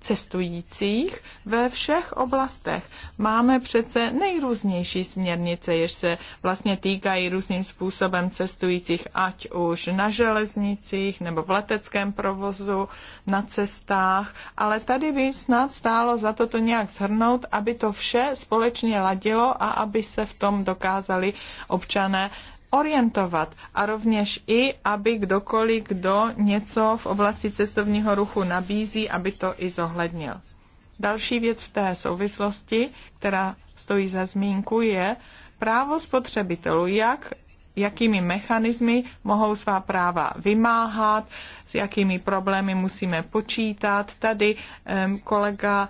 cestujících ve všech oblastech. Máme přece nejrůznější směrnice, jež se vlastně týkají různým způsobem cestujících, ať už na železnicích nebo v leteckém provozu, na cestách, ale tady by snad stálo za to to nějak shrnout, aby to vše společně ladilo a aby se v tom dokázali občané orientovat a rovněž i, aby kdokoliv, kdo něco v oblasti cestovního ruchu nabízí, aby to i zohlednil. Další věc v té souvislosti, která stojí za zmínku, je právo spotřebitelů, jak jakými mechanismy mohou svá práva vymáhat, s jakými problémy musíme počítat. Tady kolega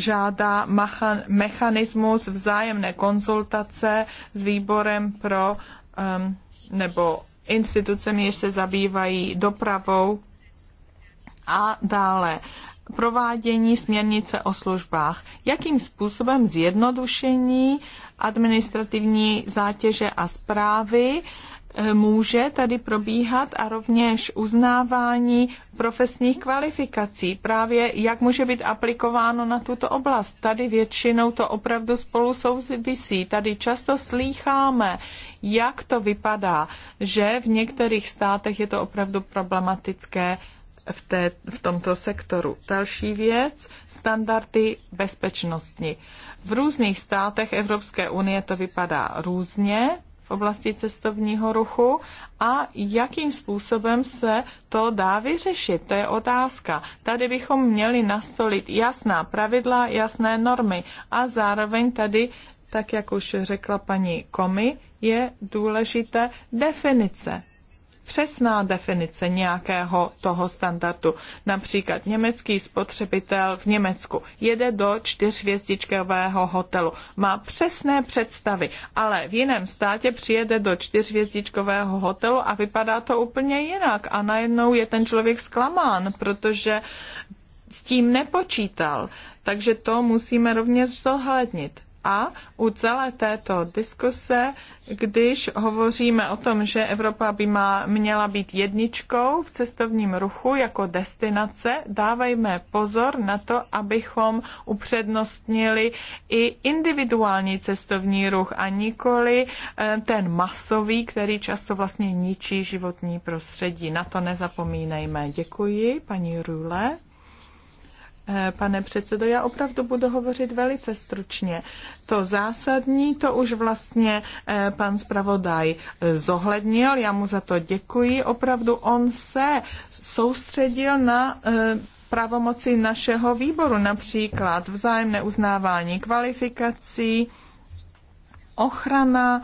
žádá mechanismus vzájemné konzultace s výborem pro um, nebo institucemi, jež se zabývají dopravou a dále provádění směrnice o službách. Jakým způsobem zjednodušení administrativní zátěže a zprávy může tady probíhat a rovněž uznávání profesních kvalifikací, právě jak může být aplikováno na tuto oblast. Tady většinou to opravdu spolu souvisí. Tady často slýcháme, jak to vypadá, že v některých státech je to opravdu problematické v, té, v tomto sektoru. Další věc, standardy bezpečnostní V různých státech Evropské unie to vypadá různě oblasti cestovního ruchu a jakým způsobem se to dá vyřešit. To je otázka. Tady bychom měli nastolit jasná pravidla, jasné normy a zároveň tady, tak jak už řekla paní Komi, je důležité definice přesná definice nějakého toho standardu. Například německý spotřebitel v Německu jede do čtyřvězdičkového hotelu. Má přesné představy, ale v jiném státě přijede do čtyřvězdičkového hotelu a vypadá to úplně jinak. A najednou je ten člověk zklamán, protože s tím nepočítal. Takže to musíme rovněž zohlednit a u celé této diskuse, když hovoříme o tom, že Evropa by má, měla být jedničkou v cestovním ruchu jako destinace, dávejme pozor na to, abychom upřednostnili i individuální cestovní ruch a nikoli eh, ten masový, který často vlastně ničí životní prostředí. Na to nezapomínejme. Děkuji, paní Rule. Eh, pane předsedo. Já opravdu budu hovořit velice stručně. To zásadní, to už vlastně eh, pan zpravodaj eh, zohlednil, já mu za to děkuji. Opravdu on se soustředil na pravomoci našeho výboru, například vzájemné uznávání kvalifikací, ochrana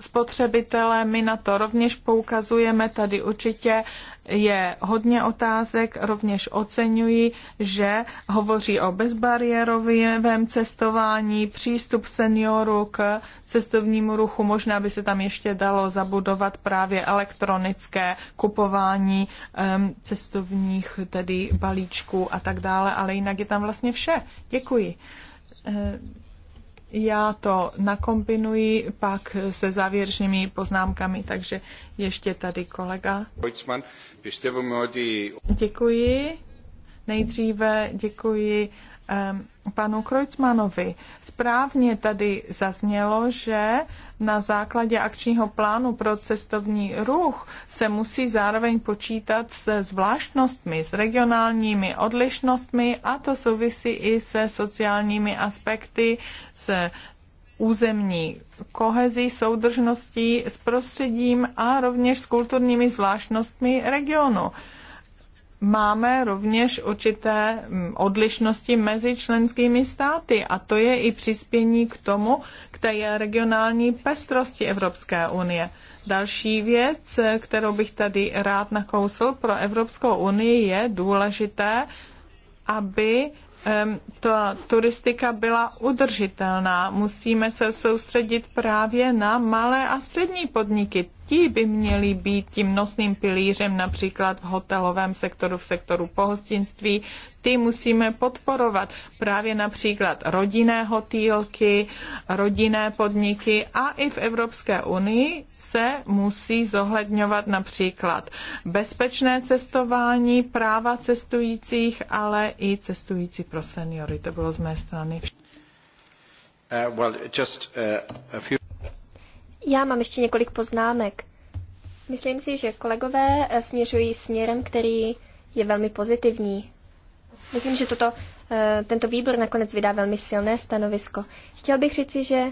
spotřebitele, my na to rovněž poukazujeme, tady určitě je hodně otázek, rovněž oceňuji, že hovoří o bezbariérovém cestování, přístup seniorů k cestovnímu ruchu, možná by se tam ještě dalo zabudovat právě elektronické kupování um, cestovních tedy balíčků a tak dále, ale jinak je tam vlastně vše. Děkuji. Uh, já to nakombinuji pak se závěrečnými poznámkami, takže ještě tady kolega. Děkuji. Nejdříve děkuji panu Krojcmanovi. Správně tady zaznělo, že na základě akčního plánu pro cestovní ruch se musí zároveň počítat se zvláštnostmi, s regionálními odlišnostmi a to souvisí i se sociálními aspekty, se územní kohezí, soudržností s prostředím a rovněž s kulturními zvláštnostmi regionu máme rovněž určité mm, odlišnosti mezi členskými státy a to je i přispění k tomu, k té regionální pestrosti Evropské unie. Další věc, kterou bych tady rád nakousl pro Evropskou unii, je důležité, aby ta turistika byla udržitelná. Musíme se soustředit právě na malé a střední podniky ti by měli být tím nosným pilířem například v hotelovém sektoru, v sektoru pohostinství. Ty musíme podporovat právě například rodinné hotýlky, rodinné podniky a i v Evropské unii se musí zohledňovat například bezpečné cestování, práva cestujících, ale i cestující pro seniory. To bylo z mé strany. Uh, well, just, uh, a few... Já mám ještě několik poznámek. Myslím si, že kolegové eh, směřují směrem, který je velmi pozitivní. Myslím, že toto, eh, tento výbor nakonec vydá velmi silné stanovisko. Chtěl bych říci, že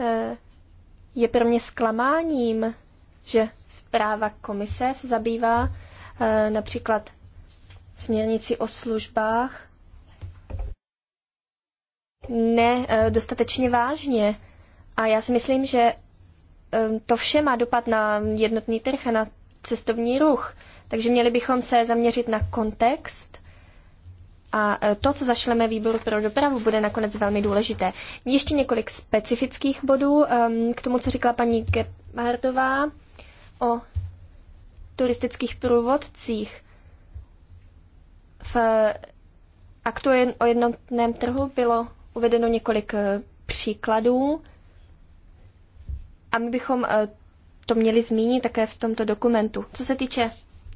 eh, je pro mě zklamáním, že zpráva komise se zabývá například směrnici o službách ne dostatečně vážně. A já si myslím, že ehm, to vše má dopad na jednotný trh a na cestovní ruch. Takže měli bychom se zaměřit na kontext a e, to, co zašleme výboru pro dopravu, bude nakonec velmi důležité. Ještě několik specifických bodů ehm, k tomu, co říkala paní Gebhardová o turistických průvodcích. V e, aktu o jednotném trhu bylo uvedeno několik e, příkladů a my bychom eh, to měli zmínit také v tomto dokumentu. Co se týče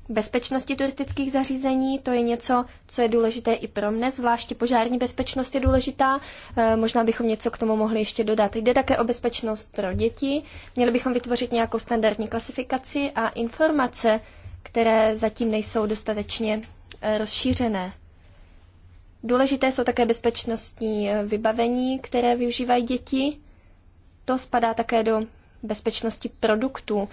bezpečnosti turistických zařízení, to je něco, co je důležité i pro mne, zvláště požární bezpečnost je důležitá. Eh, možná bychom něco k tomu mohli ještě dodat. Jde také o bezpečnost pro děti. Měli bychom vytvořit nějakou standardní klasifikaci a informace, které zatím nejsou dostatečně eh, rozšířené. Důležité jsou také bezpečnostní vybavení, které využívají děti. To spadá také do bezpečnosti produktů.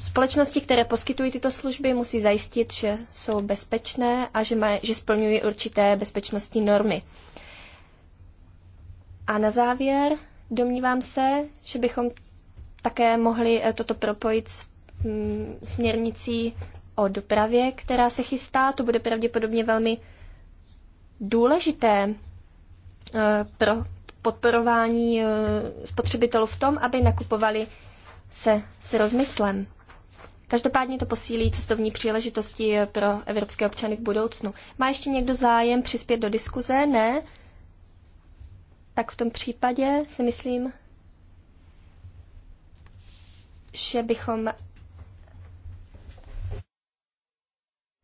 Společnosti, které poskytují tyto služby, musí zajistit, že jsou bezpečné a že, maj, že splňují určité bezpečnostní normy. A na závěr domnívám se, že bychom také mohli eh, toto propojit s mm, směrnicí o dopravě, která se chystá. To bude pravděpodobně velmi důležité eh, pro podporování eh, spotřebitelů v tom, aby nakupovali se s rozmyslem. Každopádně to posílí cestovní příležitosti eh, pro evropské občany v budoucnu. Má ještě někdo zájem přispět do diskuze? Ne? Tak v tom případě si myslím, že bychom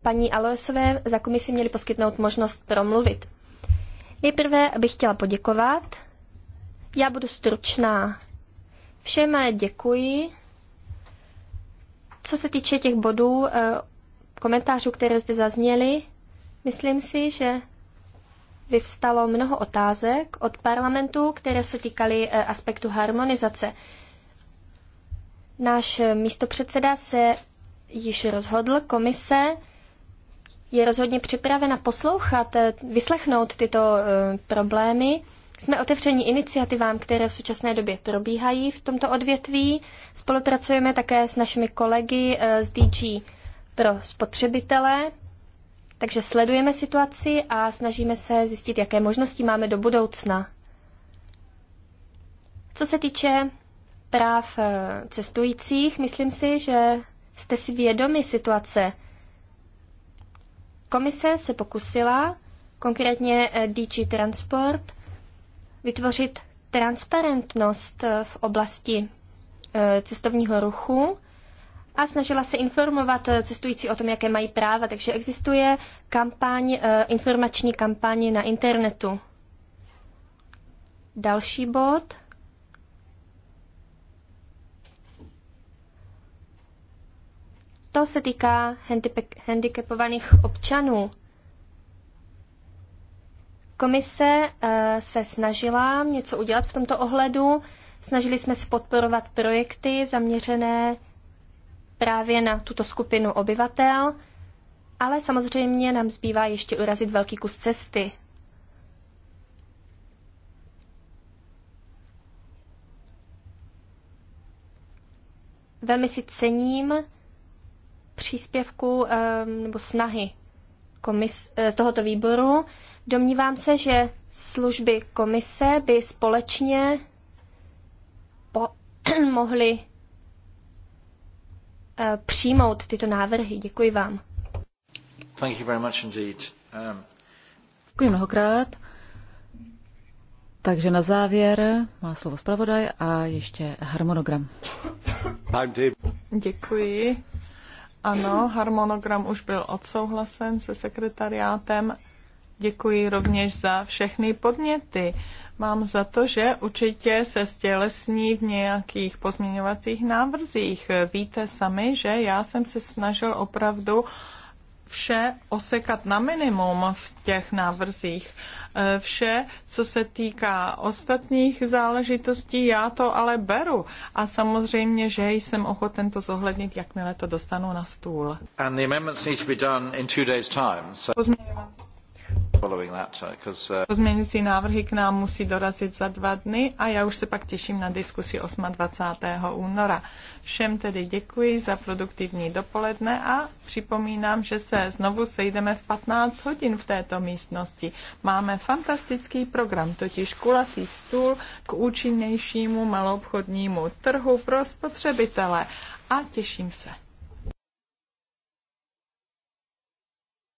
paní Aloesové za komisi měli poskytnout možnost promluvit. Nejprve bych chtěla poděkovat já budu stručná. Všem děkuji. Co se týče těch bodů, eh, komentářů, které zde zazněly, myslím si, že vyvstalo mnoho otázek od parlamentu, které se týkaly eh, aspektu harmonizace. Náš eh, místopředseda se již rozhodl, komise je rozhodně připravena poslouchat, vyslechnout tyto problémy jsme otevřeni iniciativám, které v současné době probíhají v tomto odvětví. Spolupracujeme také s našimi kolegy eh, z DG pro spotřebitele, takže sledujeme situaci a snažíme se zjistit, jaké možnosti máme do budoucna. Co se týče práv eh, cestujících, myslím si, že jste si vědomi situace. Komise se pokusila, konkrétně eh, DG Transport, vytvořit transparentnost v oblasti eh, cestovního ruchu a snažila se informovat eh, cestující o tom, jaké mají práva. Takže existuje kampaň, eh, informační kampaň na internetu. Další bod. To se týká handicapovaných občanů. Komise eh, se snažila něco udělat v tomto ohledu. Snažili jsme se podporovat projekty zaměřené právě na tuto skupinu obyvatel, ale samozřejmě nám zbývá ještě urazit velký kus cesty. Velmi si cením příspěvku eh, nebo snahy komis- eh, z tohoto výboru Domnívám se, že služby komise by společně po- mohly uh, přijmout tyto návrhy. Děkuji vám. Thank you very much indeed. Um... Děkuji mnohokrát. Takže na závěr má slovo zpravodaj a ještě harmonogram. Děkuji. Ano, harmonogram už byl odsouhlasen se sekretariátem. Děkuji rovněž za všechny podněty. Mám za to, že určitě se stělesní v nějakých pozměňovacích návrzích. Víte sami, že já jsem se snažil opravdu vše osekat na minimum v těch návrzích. E, vše, co se týká ostatních záležitostí, já to ale beru. A samozřejmě, že jsem ochoten to zohlednit, jakmile to dostanu na stůl. And the amendments need to be done in two days time. So... Uh, uh, Pozměňující návrhy k nám musí dorazit za dva dny a já už se pak těším na diskusi 28. února. Všem tedy děkuji za produktivní dopoledne a připomínám, že se znovu sejdeme v 15 hodin v této místnosti. Máme fantastický program, totiž kulatý stůl k účinnějšímu maloobchodnímu trhu pro spotřebitele a těším se.